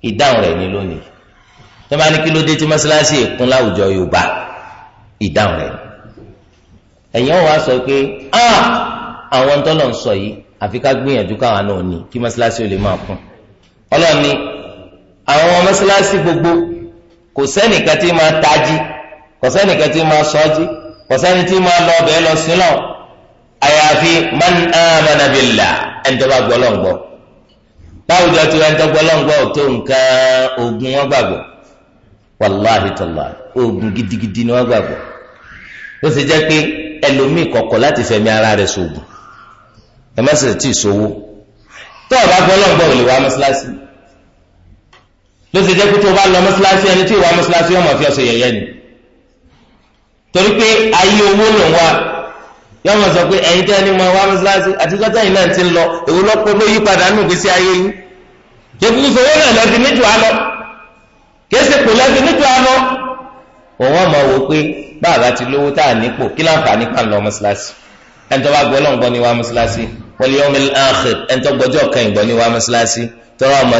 ìdáhùn rẹ̀ ní lónìí tó bá ní kí ló dé tí mọ́ṣáláṣí èkún láwùjọ Yorùbá ìdáhùn rẹ̀ ẹ̀yìn ọ̀wá sọ pé ah, àwọn tọ́lọ̀ ń sọ yìí àfi ká gbìyànjú káwọn náà ní kí mọ́ṣáláṣí ò lè máa kún ọlọ́ọ̀ni àwọn mọ́ṣáláṣí gbogbo kò sẹ́nìkan tí máa tají kò sẹ́nìkan tí máa sọ́jí kò sẹ́ni tí máa lọ bẹ́ẹ̀ lọ sílọ̀ àyàfi man amana billah ẹnitọ́ba gbọ́ lọ́n gbọ́ láwùjọ tí wọ́n ẹnitọ́gbọ́ lọ́n gbọ́ tó nǹkan ogun wọn gbàgbọ́ wàláhì tọ́lá ogun gidigidi ni wọ́n gbàgbọ́ ó sì jẹ́ pé ẹlòmíì kọ̀kọ̀ láti fẹ̀mí ara rẹ̀ sògùn ẹ má sì tí ì sowó tó o bá gbọ́ lọ́n gbọ́ ò lè wá mọ́ṣáláṣí ló sì jẹ́ pé tó o bá lọ mọ́ṣáláṣí ẹni tí ì wá mọ́ṣáláṣí ọmọ fi ọ̀sẹ̀ yẹ̀yẹ́ ni torí pé ayé owó lòun wá yọọ ma sọ pé ẹ̀yin tẹ́ ẹni mọ wá mọ́sálásí àti sọ́jà yìí náà ti ń lọ èwo lọ́pọ̀ ló yí padà nù gbèsè ayé yìí ṣèkú sọ̀rọ̀ náà lẹ́bi níjù alọ́ kéésì kò lẹ́bi níjù alọ́ wọ́n wọ́n máa wò pé báàbá ti lówó tá à nípò kí láǹfààní kan lọ mọ́sálásí ẹni tó bá gbọ́ lọ́ngbọ́n ni wá mọ́sálásí wal yawmil akhir ẹni tó gbọ́jọ́ kan ìgbọ́ ni wá mọ́sálásí tọ́ra ọmọ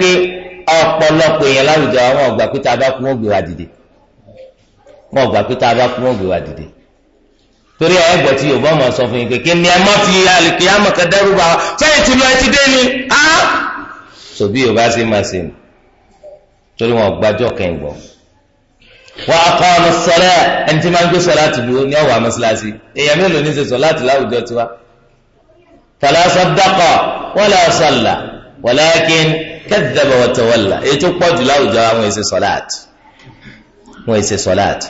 pé ọ̀pọ̀lọpọ̀ èèyàn láwùjọ àwọn ọ̀gbà pé tá a bá kú wọn gbé wa dìde wọn ọ̀gbà pé tá a bá kú wọn gbé wa dìde torí ẹ gbọ́ tí yorùbá ọmọ sọ fún yín pé kí ni ẹ mọ́ ti àlìkè àmọ̀kẹ́ dẹ́rù bá tí lọ ti dé ni á. sòbí yorùbá ṣe máa ṣe ni torí wọn gbàjọ́ kẹ́yìn gbọ́ wà ọmọ sọlẹ̀ ẹni tí máa ń gbé sọlá ti dúró ní ọ̀wà mọ́ṣáláṣí èèyàn mélòó ní sẹ̀sọ̀ láti láwùjọ tiwa. tàlásọ dákọ̀ wọ́n lọ sọ̀là wọ́lẹ́kìn kadhaba wa tawalla ètò pọ̀jù láwùjọ àwọn èsè sọ̀láàtì wọn èsè sọ̀láàtì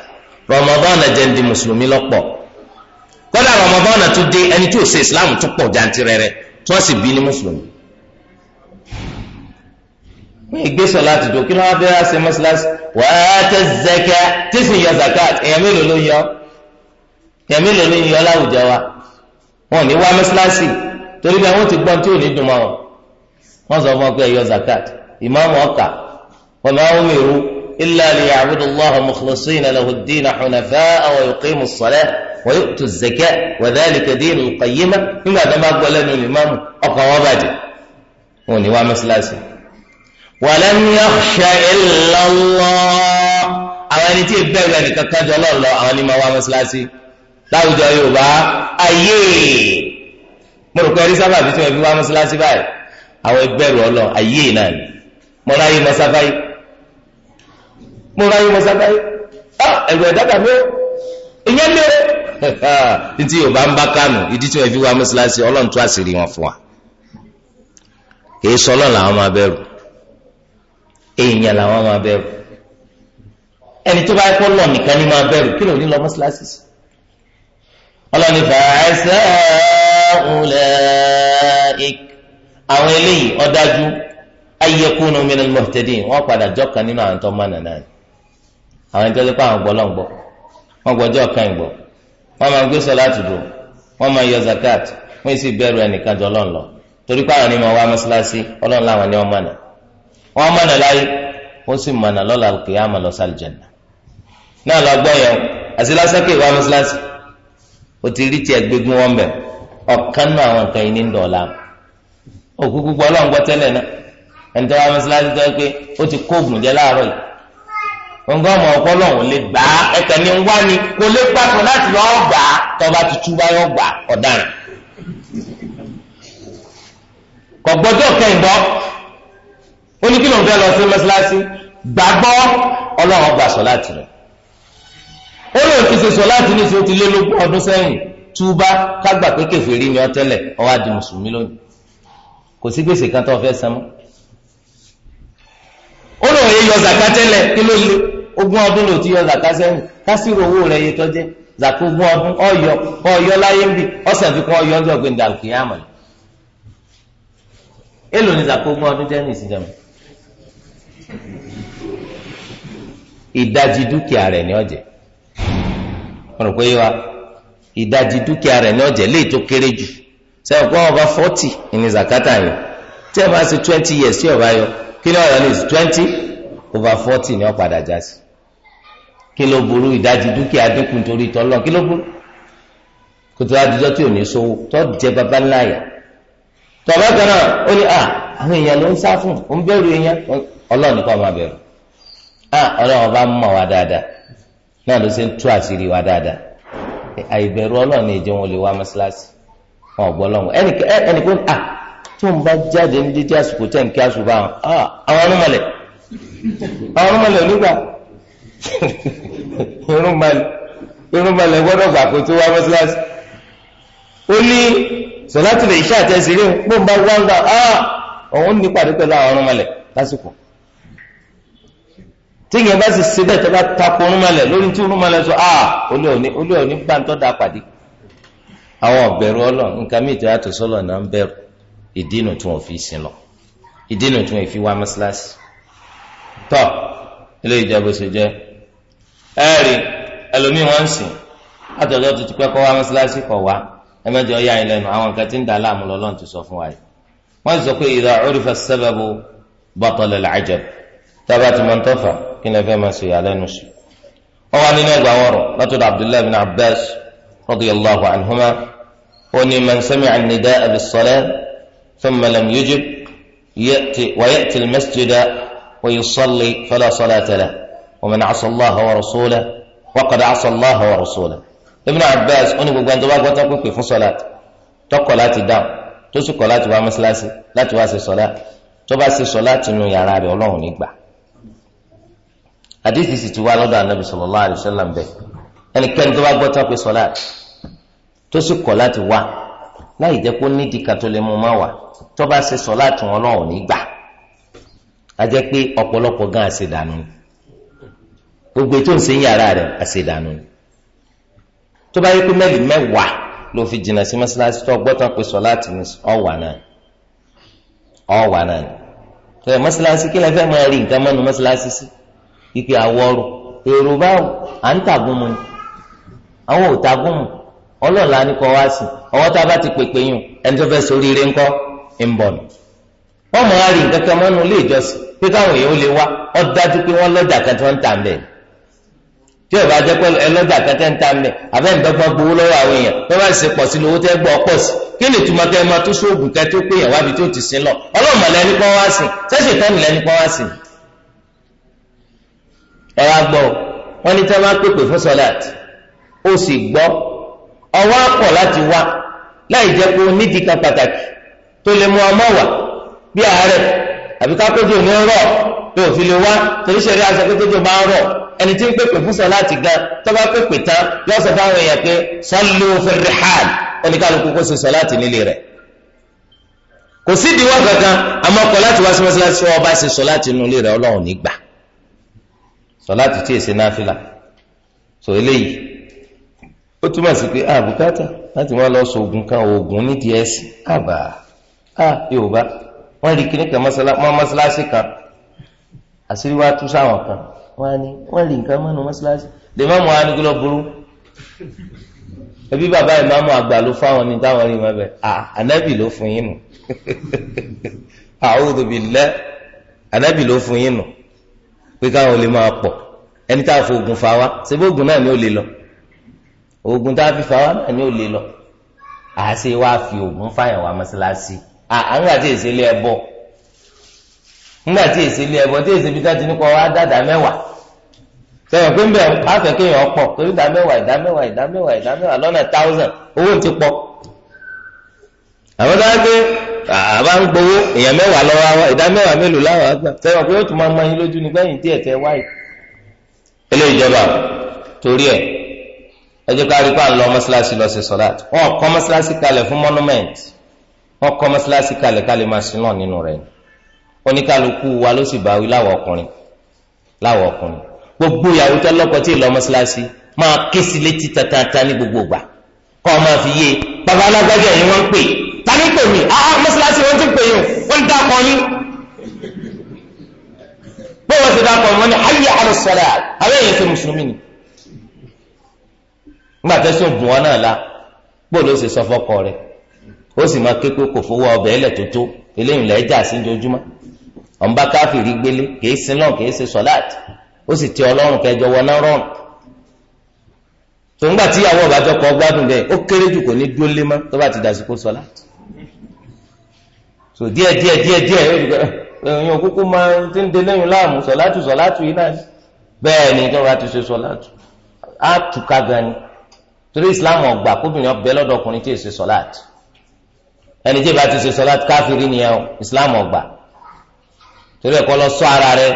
rọmọbọ́ọ̀nà jẹ́ ndí mùsùlùmí lọ́pọ̀ kọ́dà rọmọbọ́ọ̀nà tó dé ẹni tó ṣe islam tó pọ̀ jantirẹrẹ tí wọ́n sì bí ní mùsùlùmí. wọ́n gbé sọ̀láàtì tó kí lọ́wọ́ bẹ́ẹ̀ ṣe mọ́ṣáláṣí wàá tẹ zẹ́kẹ́ tí sì yọ zakat èèyàn mélòó ló yọ yọ wọ́n sọ fún ọ pé ẹ̀yọ zakat ìmáàmù ọkà wa ma umiru illa liya'budu Allaha mukhlisina lahu ad-din hunafa'a wa yuqimu as-salata wa yu'tu az-zakata wa dhalika dinu al-qayyimah nígbà tó bá gbọ́ lẹ́nu ìmáàmù ọkà wọn bàjẹ́ wọn ò ní wá mẹ́sàlásì. wa lam yakhsha àwọn ẹni tí ìbẹ̀rù ẹnì kankan jọ lọ́ọ̀lọ́ àwọn ni máa wá láwùjọ yorùbá ayé mo rò pé ẹrí àwọn ẹgbẹ́ rẹ̀ ọlọ́ ayé náà ni mo ráyè mọ́sáfáyé mo ráyè mọ́sáfáyé ọ ẹ̀rù ẹ̀dá tàbí ó ìyẹn lé *laughs* títí yorùbá ń bá kánù ìdí tí wọn fi wá mọ́sálásí ọlọ́run tó àṣírí wọn fún wa èyí sọlọ́ làwọn máa bẹ̀rù èèyàn làwọn máa bẹ̀rù ẹni tó bá kọ́ lọ nìkan ni máa bẹ̀rù kí ló ní lọ mọ́sálásí sí ọlọ́ni fàáṣẹ́ ọ̀hún lẹ́ẹ̀kì. àwọn eléyìí ọdájú ayẹkùnú min al-muhtadin padà jọ́kan nínú àwọn tó mọ̀ nàná àwọn ẹni pa àwọn gbọ́ lọ́ngbọ́ wọ́n gbọ́jọ́ kan ìgbọ́ máa gbé dùn wọn máa yọ zakat wọ́n sì bẹ̀rù ẹnìkan jọ lọ́n lọ torí àwọn wá ọlọ́run láwọn mọ̀nà mọ̀nà láyé sì mọ̀nà lọ́la lọ náà lọ gbọ́ yẹn òkú gbogbo ọlọ́run gbọ́ tẹ́lẹ̀ náà ẹni tó wá mọ́sálásí tó yẹ pé ó ti kó ògùn jẹ láàárọ̀ yìí nǹkan ọmọ ọkọ lọ́hùn lè gbà á ẹ̀tẹ̀ ni wá ni kò lè pàtó láti lọ́ọ́ gbà á tọba tuntun bá yọ gbà ọ̀daràn kò gbọ́dọ̀ ó ní kí ló ń fẹ́ lọ sí mọ́sálásí gbàgbọ́ kò sí gbèsè kan tó fẹ́ san mọ́ ó lọ yẹ yọ zaka tẹ́lẹ̀ kí ló lé ogún ọdún ló ti yọ zaka sẹ́yìn kásìrò owó rẹ̀ yẹ tọ́jẹ́ ọdún ọyọ ọyọ láyé ń bì fi kún ọyọ ọjọ́ gbẹ̀ndà èlò ni zaka ogún ọdún ní ìdajì dúkìá ní ìdajì dúkìá sẹ́yìn kọ́ ọba forty ìní zakata yẹn tí ẹ bá sí twenty years tí ọba yọ kí ni ọ̀yọ́ ní twenty over forty ni ọ padà já sí kí ló burú ìdajì dúkìá dínkù nítorí tọ́lọ́ kí ló burú kòtò àdìjọ́ tí ò ní sówó tó jẹ bàbá ńlá yà kan náà ó ní à àwọn èèyàn ló ń sá fún ń bẹ̀rù èèyàn ọlọ́run à ọ̀gbọ́lọ́wọ́ ẹnì pé à tó ń bá jáde ní dídí àsìkò tẹ̀ ń kí aṣọ bá wọn àwọn ọlọ́mọlẹ̀ àwọn ọlọ́mọlẹ̀ onígbà *laughs* irúnmalẹ̀ irúnmalẹ̀ gbọ́dọ̀ gbà kó tó wá mọ́sálásí ó ní sọ̀láàtì lè ṣe àtẹ̀sí rí pé ń bá gbangba ọ̀hún ní pàdé pẹ̀lú àwọn ọlọ́mọlẹ̀ lásìkò tíyẹn bá sì ṣe bẹ́ẹ̀ tó bá takò irúnmalẹ̀ lórí tí irúnmalẹ̀ sọ olú ẹ̀ ní bá ń tọ́ da pàdé àwọn ọ̀bẹ̀rù ọlọ́run nǹkan mìíràn tó yàtọ̀ sọ́lọ̀ náà ń bẹ̀rù ìdínà tí wọ́n fi sin lọ ìdínà tí wọ́n fi wá mọ́ṣáláṣí tọ́ ilé ìjọba ṣe jẹ́ ẹ rí ẹlòmíì wọ́n ń sìn látọ̀jọ́ tó ti pẹ́ kọ́ wá mọ́ṣáláṣí kọ̀ wá ẹ mẹ́jọ yá ilẹ̀ nù àwọn nǹkan tí ń dà láàmú lọ́lọ́run ti sọ fún wa yìí wọ́n sọ pé ìdá òrìfà sábàbù bọ́tọ̀lẹ̀ làjẹb tábà tí mo ń tọ́fà kí ni ẹ fẹ́ máa ṣe ìyàlẹ́nu sí. wọ́n wá nínú ẹgbàá wọ̀rọ̀ látọ̀dọ̀ Abdullahi bin Abbas radiyallahu anhuma وني من سمع النداء بالصلاة ثم لم يجب يأتي ويأتي المسجد ويصلي فلا صلاة له ومن عصى الله ورسوله وقد عصى الله ورسوله ابن عباس أني بقول دباك وتقول في صلاة تقول لا تدام تسكو لا تبقى مسلاسي لا تواسي صلاة تباسي صلاة إنه يا رابي الله نقبع حديثي ستوالد النبي صلى الله عليه وسلم به أني كان دباك وتقول صلاة tó sì kọ̀ láti wá láì jẹ́ pé ó nídìí kan tó lè mú má wà tó bá ṣe sọ láti wọn náà ò ní gbà á jẹ́ pé ọ̀pọ̀lọpọ̀ gan àṣedànù ni gbogbo ètò ń ṣe ń yàrá rẹ̀ àṣedànù ni tó bá yẹ pé mẹ́lì mẹ́wàá ló fi jìnnà sí mọ́ṣáláṣí tó gbọ́tàn pé sọ láti ní ọ̀wà náà ọ̀wà náà ni tẹ mọ́sálásí kí lẹ́fẹ́ máa rí nǹkan mọ́nu mọ́sálásí sí ike àwọ̀rù èrò báwò à ń tàgùn mu ni àwọn ò tàgùn mu ọlọ́ọ̀la ni kò wá sí ọwọ́ tá a bá ti pèpè yùn ẹni tó fẹ́ sórí ire ńkọ́ ń bọ̀ nù. wọ́n mọ̀ á rí nǹkan kan mọ́nú ilé ìjọsìn pé káwọn èèyàn ó lè wá ó dájú pé wọ́n lọ́jà kan tí wọ́n ń tà ń bẹ̀. tí ò bá jẹ́ pé ẹlọ́jà kan tẹ́ ń tà ń bẹ̀ abẹ́ ìdọ́gba gbowó lọ́wọ́ àwọn èèyàn tó bá ṣe pọ̀ sí lówó tẹ́ gbọ́ pọ̀ sí kí ni ìtumọ̀ kẹ́ máa tó sóògùn kẹ́ tó pé yẹn wá ọwọ́ àpọ̀ láti wá láì jẹ́ pé onídìí kan pàtàkì tó lè mú ọmọ wà bí àárẹ̀ àbí kákójú ní rọ̀ tó fi lè wá torí ṣẹ̀rí aṣọ pé tójú máa ń rọ̀ ẹni tí ń pèpè fún sọ láti gan tó bá pèpè tán lọ́sọ̀ fáwọn èèyàn pé sallu fi rihal oníkálukú kó ṣe sọ láti nílé rẹ̀ kò sí ìdíwọ́ kankan àmọ́ kọ láti wá sí mọ́sálásí wọn bá ṣe sọ láti inú rẹ̀ ọlọ́run nígbà sọ láti tí náà fìlà sọ eléyìí ó túmọ̀ sí pé àbùkátà láti wọ́n lọ sọ̀gùn kan oògùn nídìí ẹ̀sìn àbà á yorùbá wọ́n rí kíní kan wọ́n mọ́ṣáláṣí kan àṣírí wá tú sáwọn kan wọ́n á ní wọ́n rí nǹkan mọ́nu mọ́ṣáláṣí lèmọ́ mu á ní kí ló burú ẹbí bàbá ìmáàmù àgbà ló fáwọn ní táwọn rí wọn bẹ ànábì ló fún yín nù *laughs* a'udhu billahi ànábì ló fún yín nù pé káwọn ò lè máa pọ̀ ẹni tá a fọ oògùn fa wa ṣe bó oògùn náà ni ó lè lọ oògùn tá a fi fà wá náà ni ó lè lọ àṣẹ wa fi oògùn fàyàn wá mọ́ṣáláṣí àǹgbà tí èsì ilé ẹbọ ńgbà tí èsì ilé ẹbọ tí èsì ibi tá ti ní kọ wá dàda mẹ́wàá pé ń bẹ̀ afẹ́ kéèyàn pọ̀ torí ìdá mẹ́wàá ìdá mẹ́wàá ìdá mẹ́wàá ìdá mẹ́wàá lọ́nà thousand owó ti pọ̀ àwọn tó wá gbé àbá ń gbowó èèyàn mẹ́wàá lọ́wọ́ àwọn ìdá mẹ́wàá mélòó láwọn àgbà sẹ́yìn pé ó tún máa mọ yín lójú ní gbẹ̀yìn tí ẹ̀ ẹ jẹ́ ká rí pa ń lọ mọ́ṣáláṣí lọ sí sọ́lá wọn kọ́ mọ́ṣáláṣí kalẹ̀ fún monument wọn kọ́ mọ́ṣáláṣí kalẹ̀ ká lè máa sin náà nínú rẹ̀ oníkálukú wa ló sì bá wí láwọ̀ ọkùnrin láwọ̀ ọkùnrin gbogbo ìyàwó tẹ́ lọ́kọ tí ì lọ mọ́ṣáláṣí máa ké sí létí tatata ní gbogbo ìgbà kọ́ máa fi yé baba alágbájá yìí wọ́n pè tani pè mí ah, ah, mọ́ṣáláṣí wọ́n ti pè yín wọ́n dá kan ní bó wọ́n ti dá kan wọ́n ayé àlọ́ àwọn èèyàn ti mùsùlùmí ni. nígbà tẹ́sí ògùn wọn náà la pọ̀ ló ṣe sọ fọ́kọ rẹ̀ ó sì máa ké pé kò fowó ọbẹ̀ ẹlẹ̀ tó tó eléyìí lẹ́ẹ̀ jà sí ojoojúmọ́ ọ̀n bá káfíìrì gbélé kìí sin náà kìí ṣe sọ́láàtì ó sì ti ọlọ́run kẹjọ wọn náà rọrùn gbádùn bẹ́ẹ̀ ó kéré jù kò ní dúró lé so máa ti ń láàmú yìí náà bẹ́ẹ̀ ni tó bá ti ṣe torí islam ọgbà kóbìnrin ọbẹ lọ́dọ̀ ọkùnrin tí ì ṣe sọláàt ẹni tí ì bá ti ṣe sọláàt káfíìrì nìyẹn o islam ọgbà torí ẹ̀kọ́ lọ sọ ara rẹ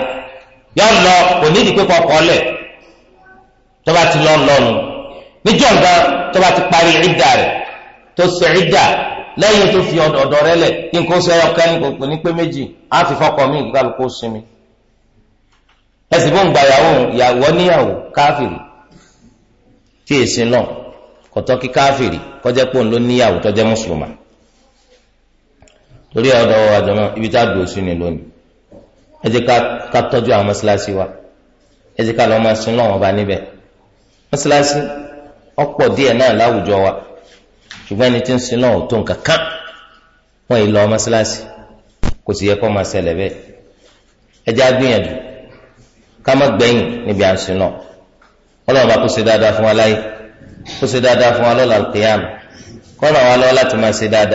yọ lọ kò ní ìdíkpé kọkọ lẹ tó bá ti lọ lọnu níjọ nǹkan tó bá ti parí ìdá rẹ tó ṣe ìdá lẹ́yìn tó fi ọ̀dọ̀ rẹ lẹ kí n kó sọ ẹyọ kẹ́ni kò ní pé méjì á fi fọkọ mi kí kálukú sinmi ẹsìn fún gbàyàwó ìyàwó níyàwó káfíìrì tí èsì náà kọtọ kí káfìrí kọjá pé òun ló níyàwó tọjá mùsùlùmá torí ọ̀dọ̀ àjọmọ ibi tá a dùn sí ni lónìí ẹ jẹ́ ká tọ́jú àwọn mọ́ṣáláṣí wa ẹ jẹ́ ká lọ máa sin lọ́wọ́ ọba níbẹ̀ mọ́ṣáláṣí ọ̀pọ̀ díẹ̀ náà láwùjọ wa ṣùgbọ́n ẹni tí ń sin lọ́wọ́ tó nǹkan kán wọ́n yìí lọ mọ́ṣáláṣí kò sì yẹ kó máa ṣẹlẹ̀ bẹ́ẹ̀ ẹ á gbìyànjú ká má gbẹ̀yìn níbi à ń sin náà ọlọ́run bá kó ṣe dáadáa fún wa láyé kó ṣe dáadáa fún wa lọ́la kìyàm kọ́nà wa lọ́wọ́ láti máa ṣe dáadáa.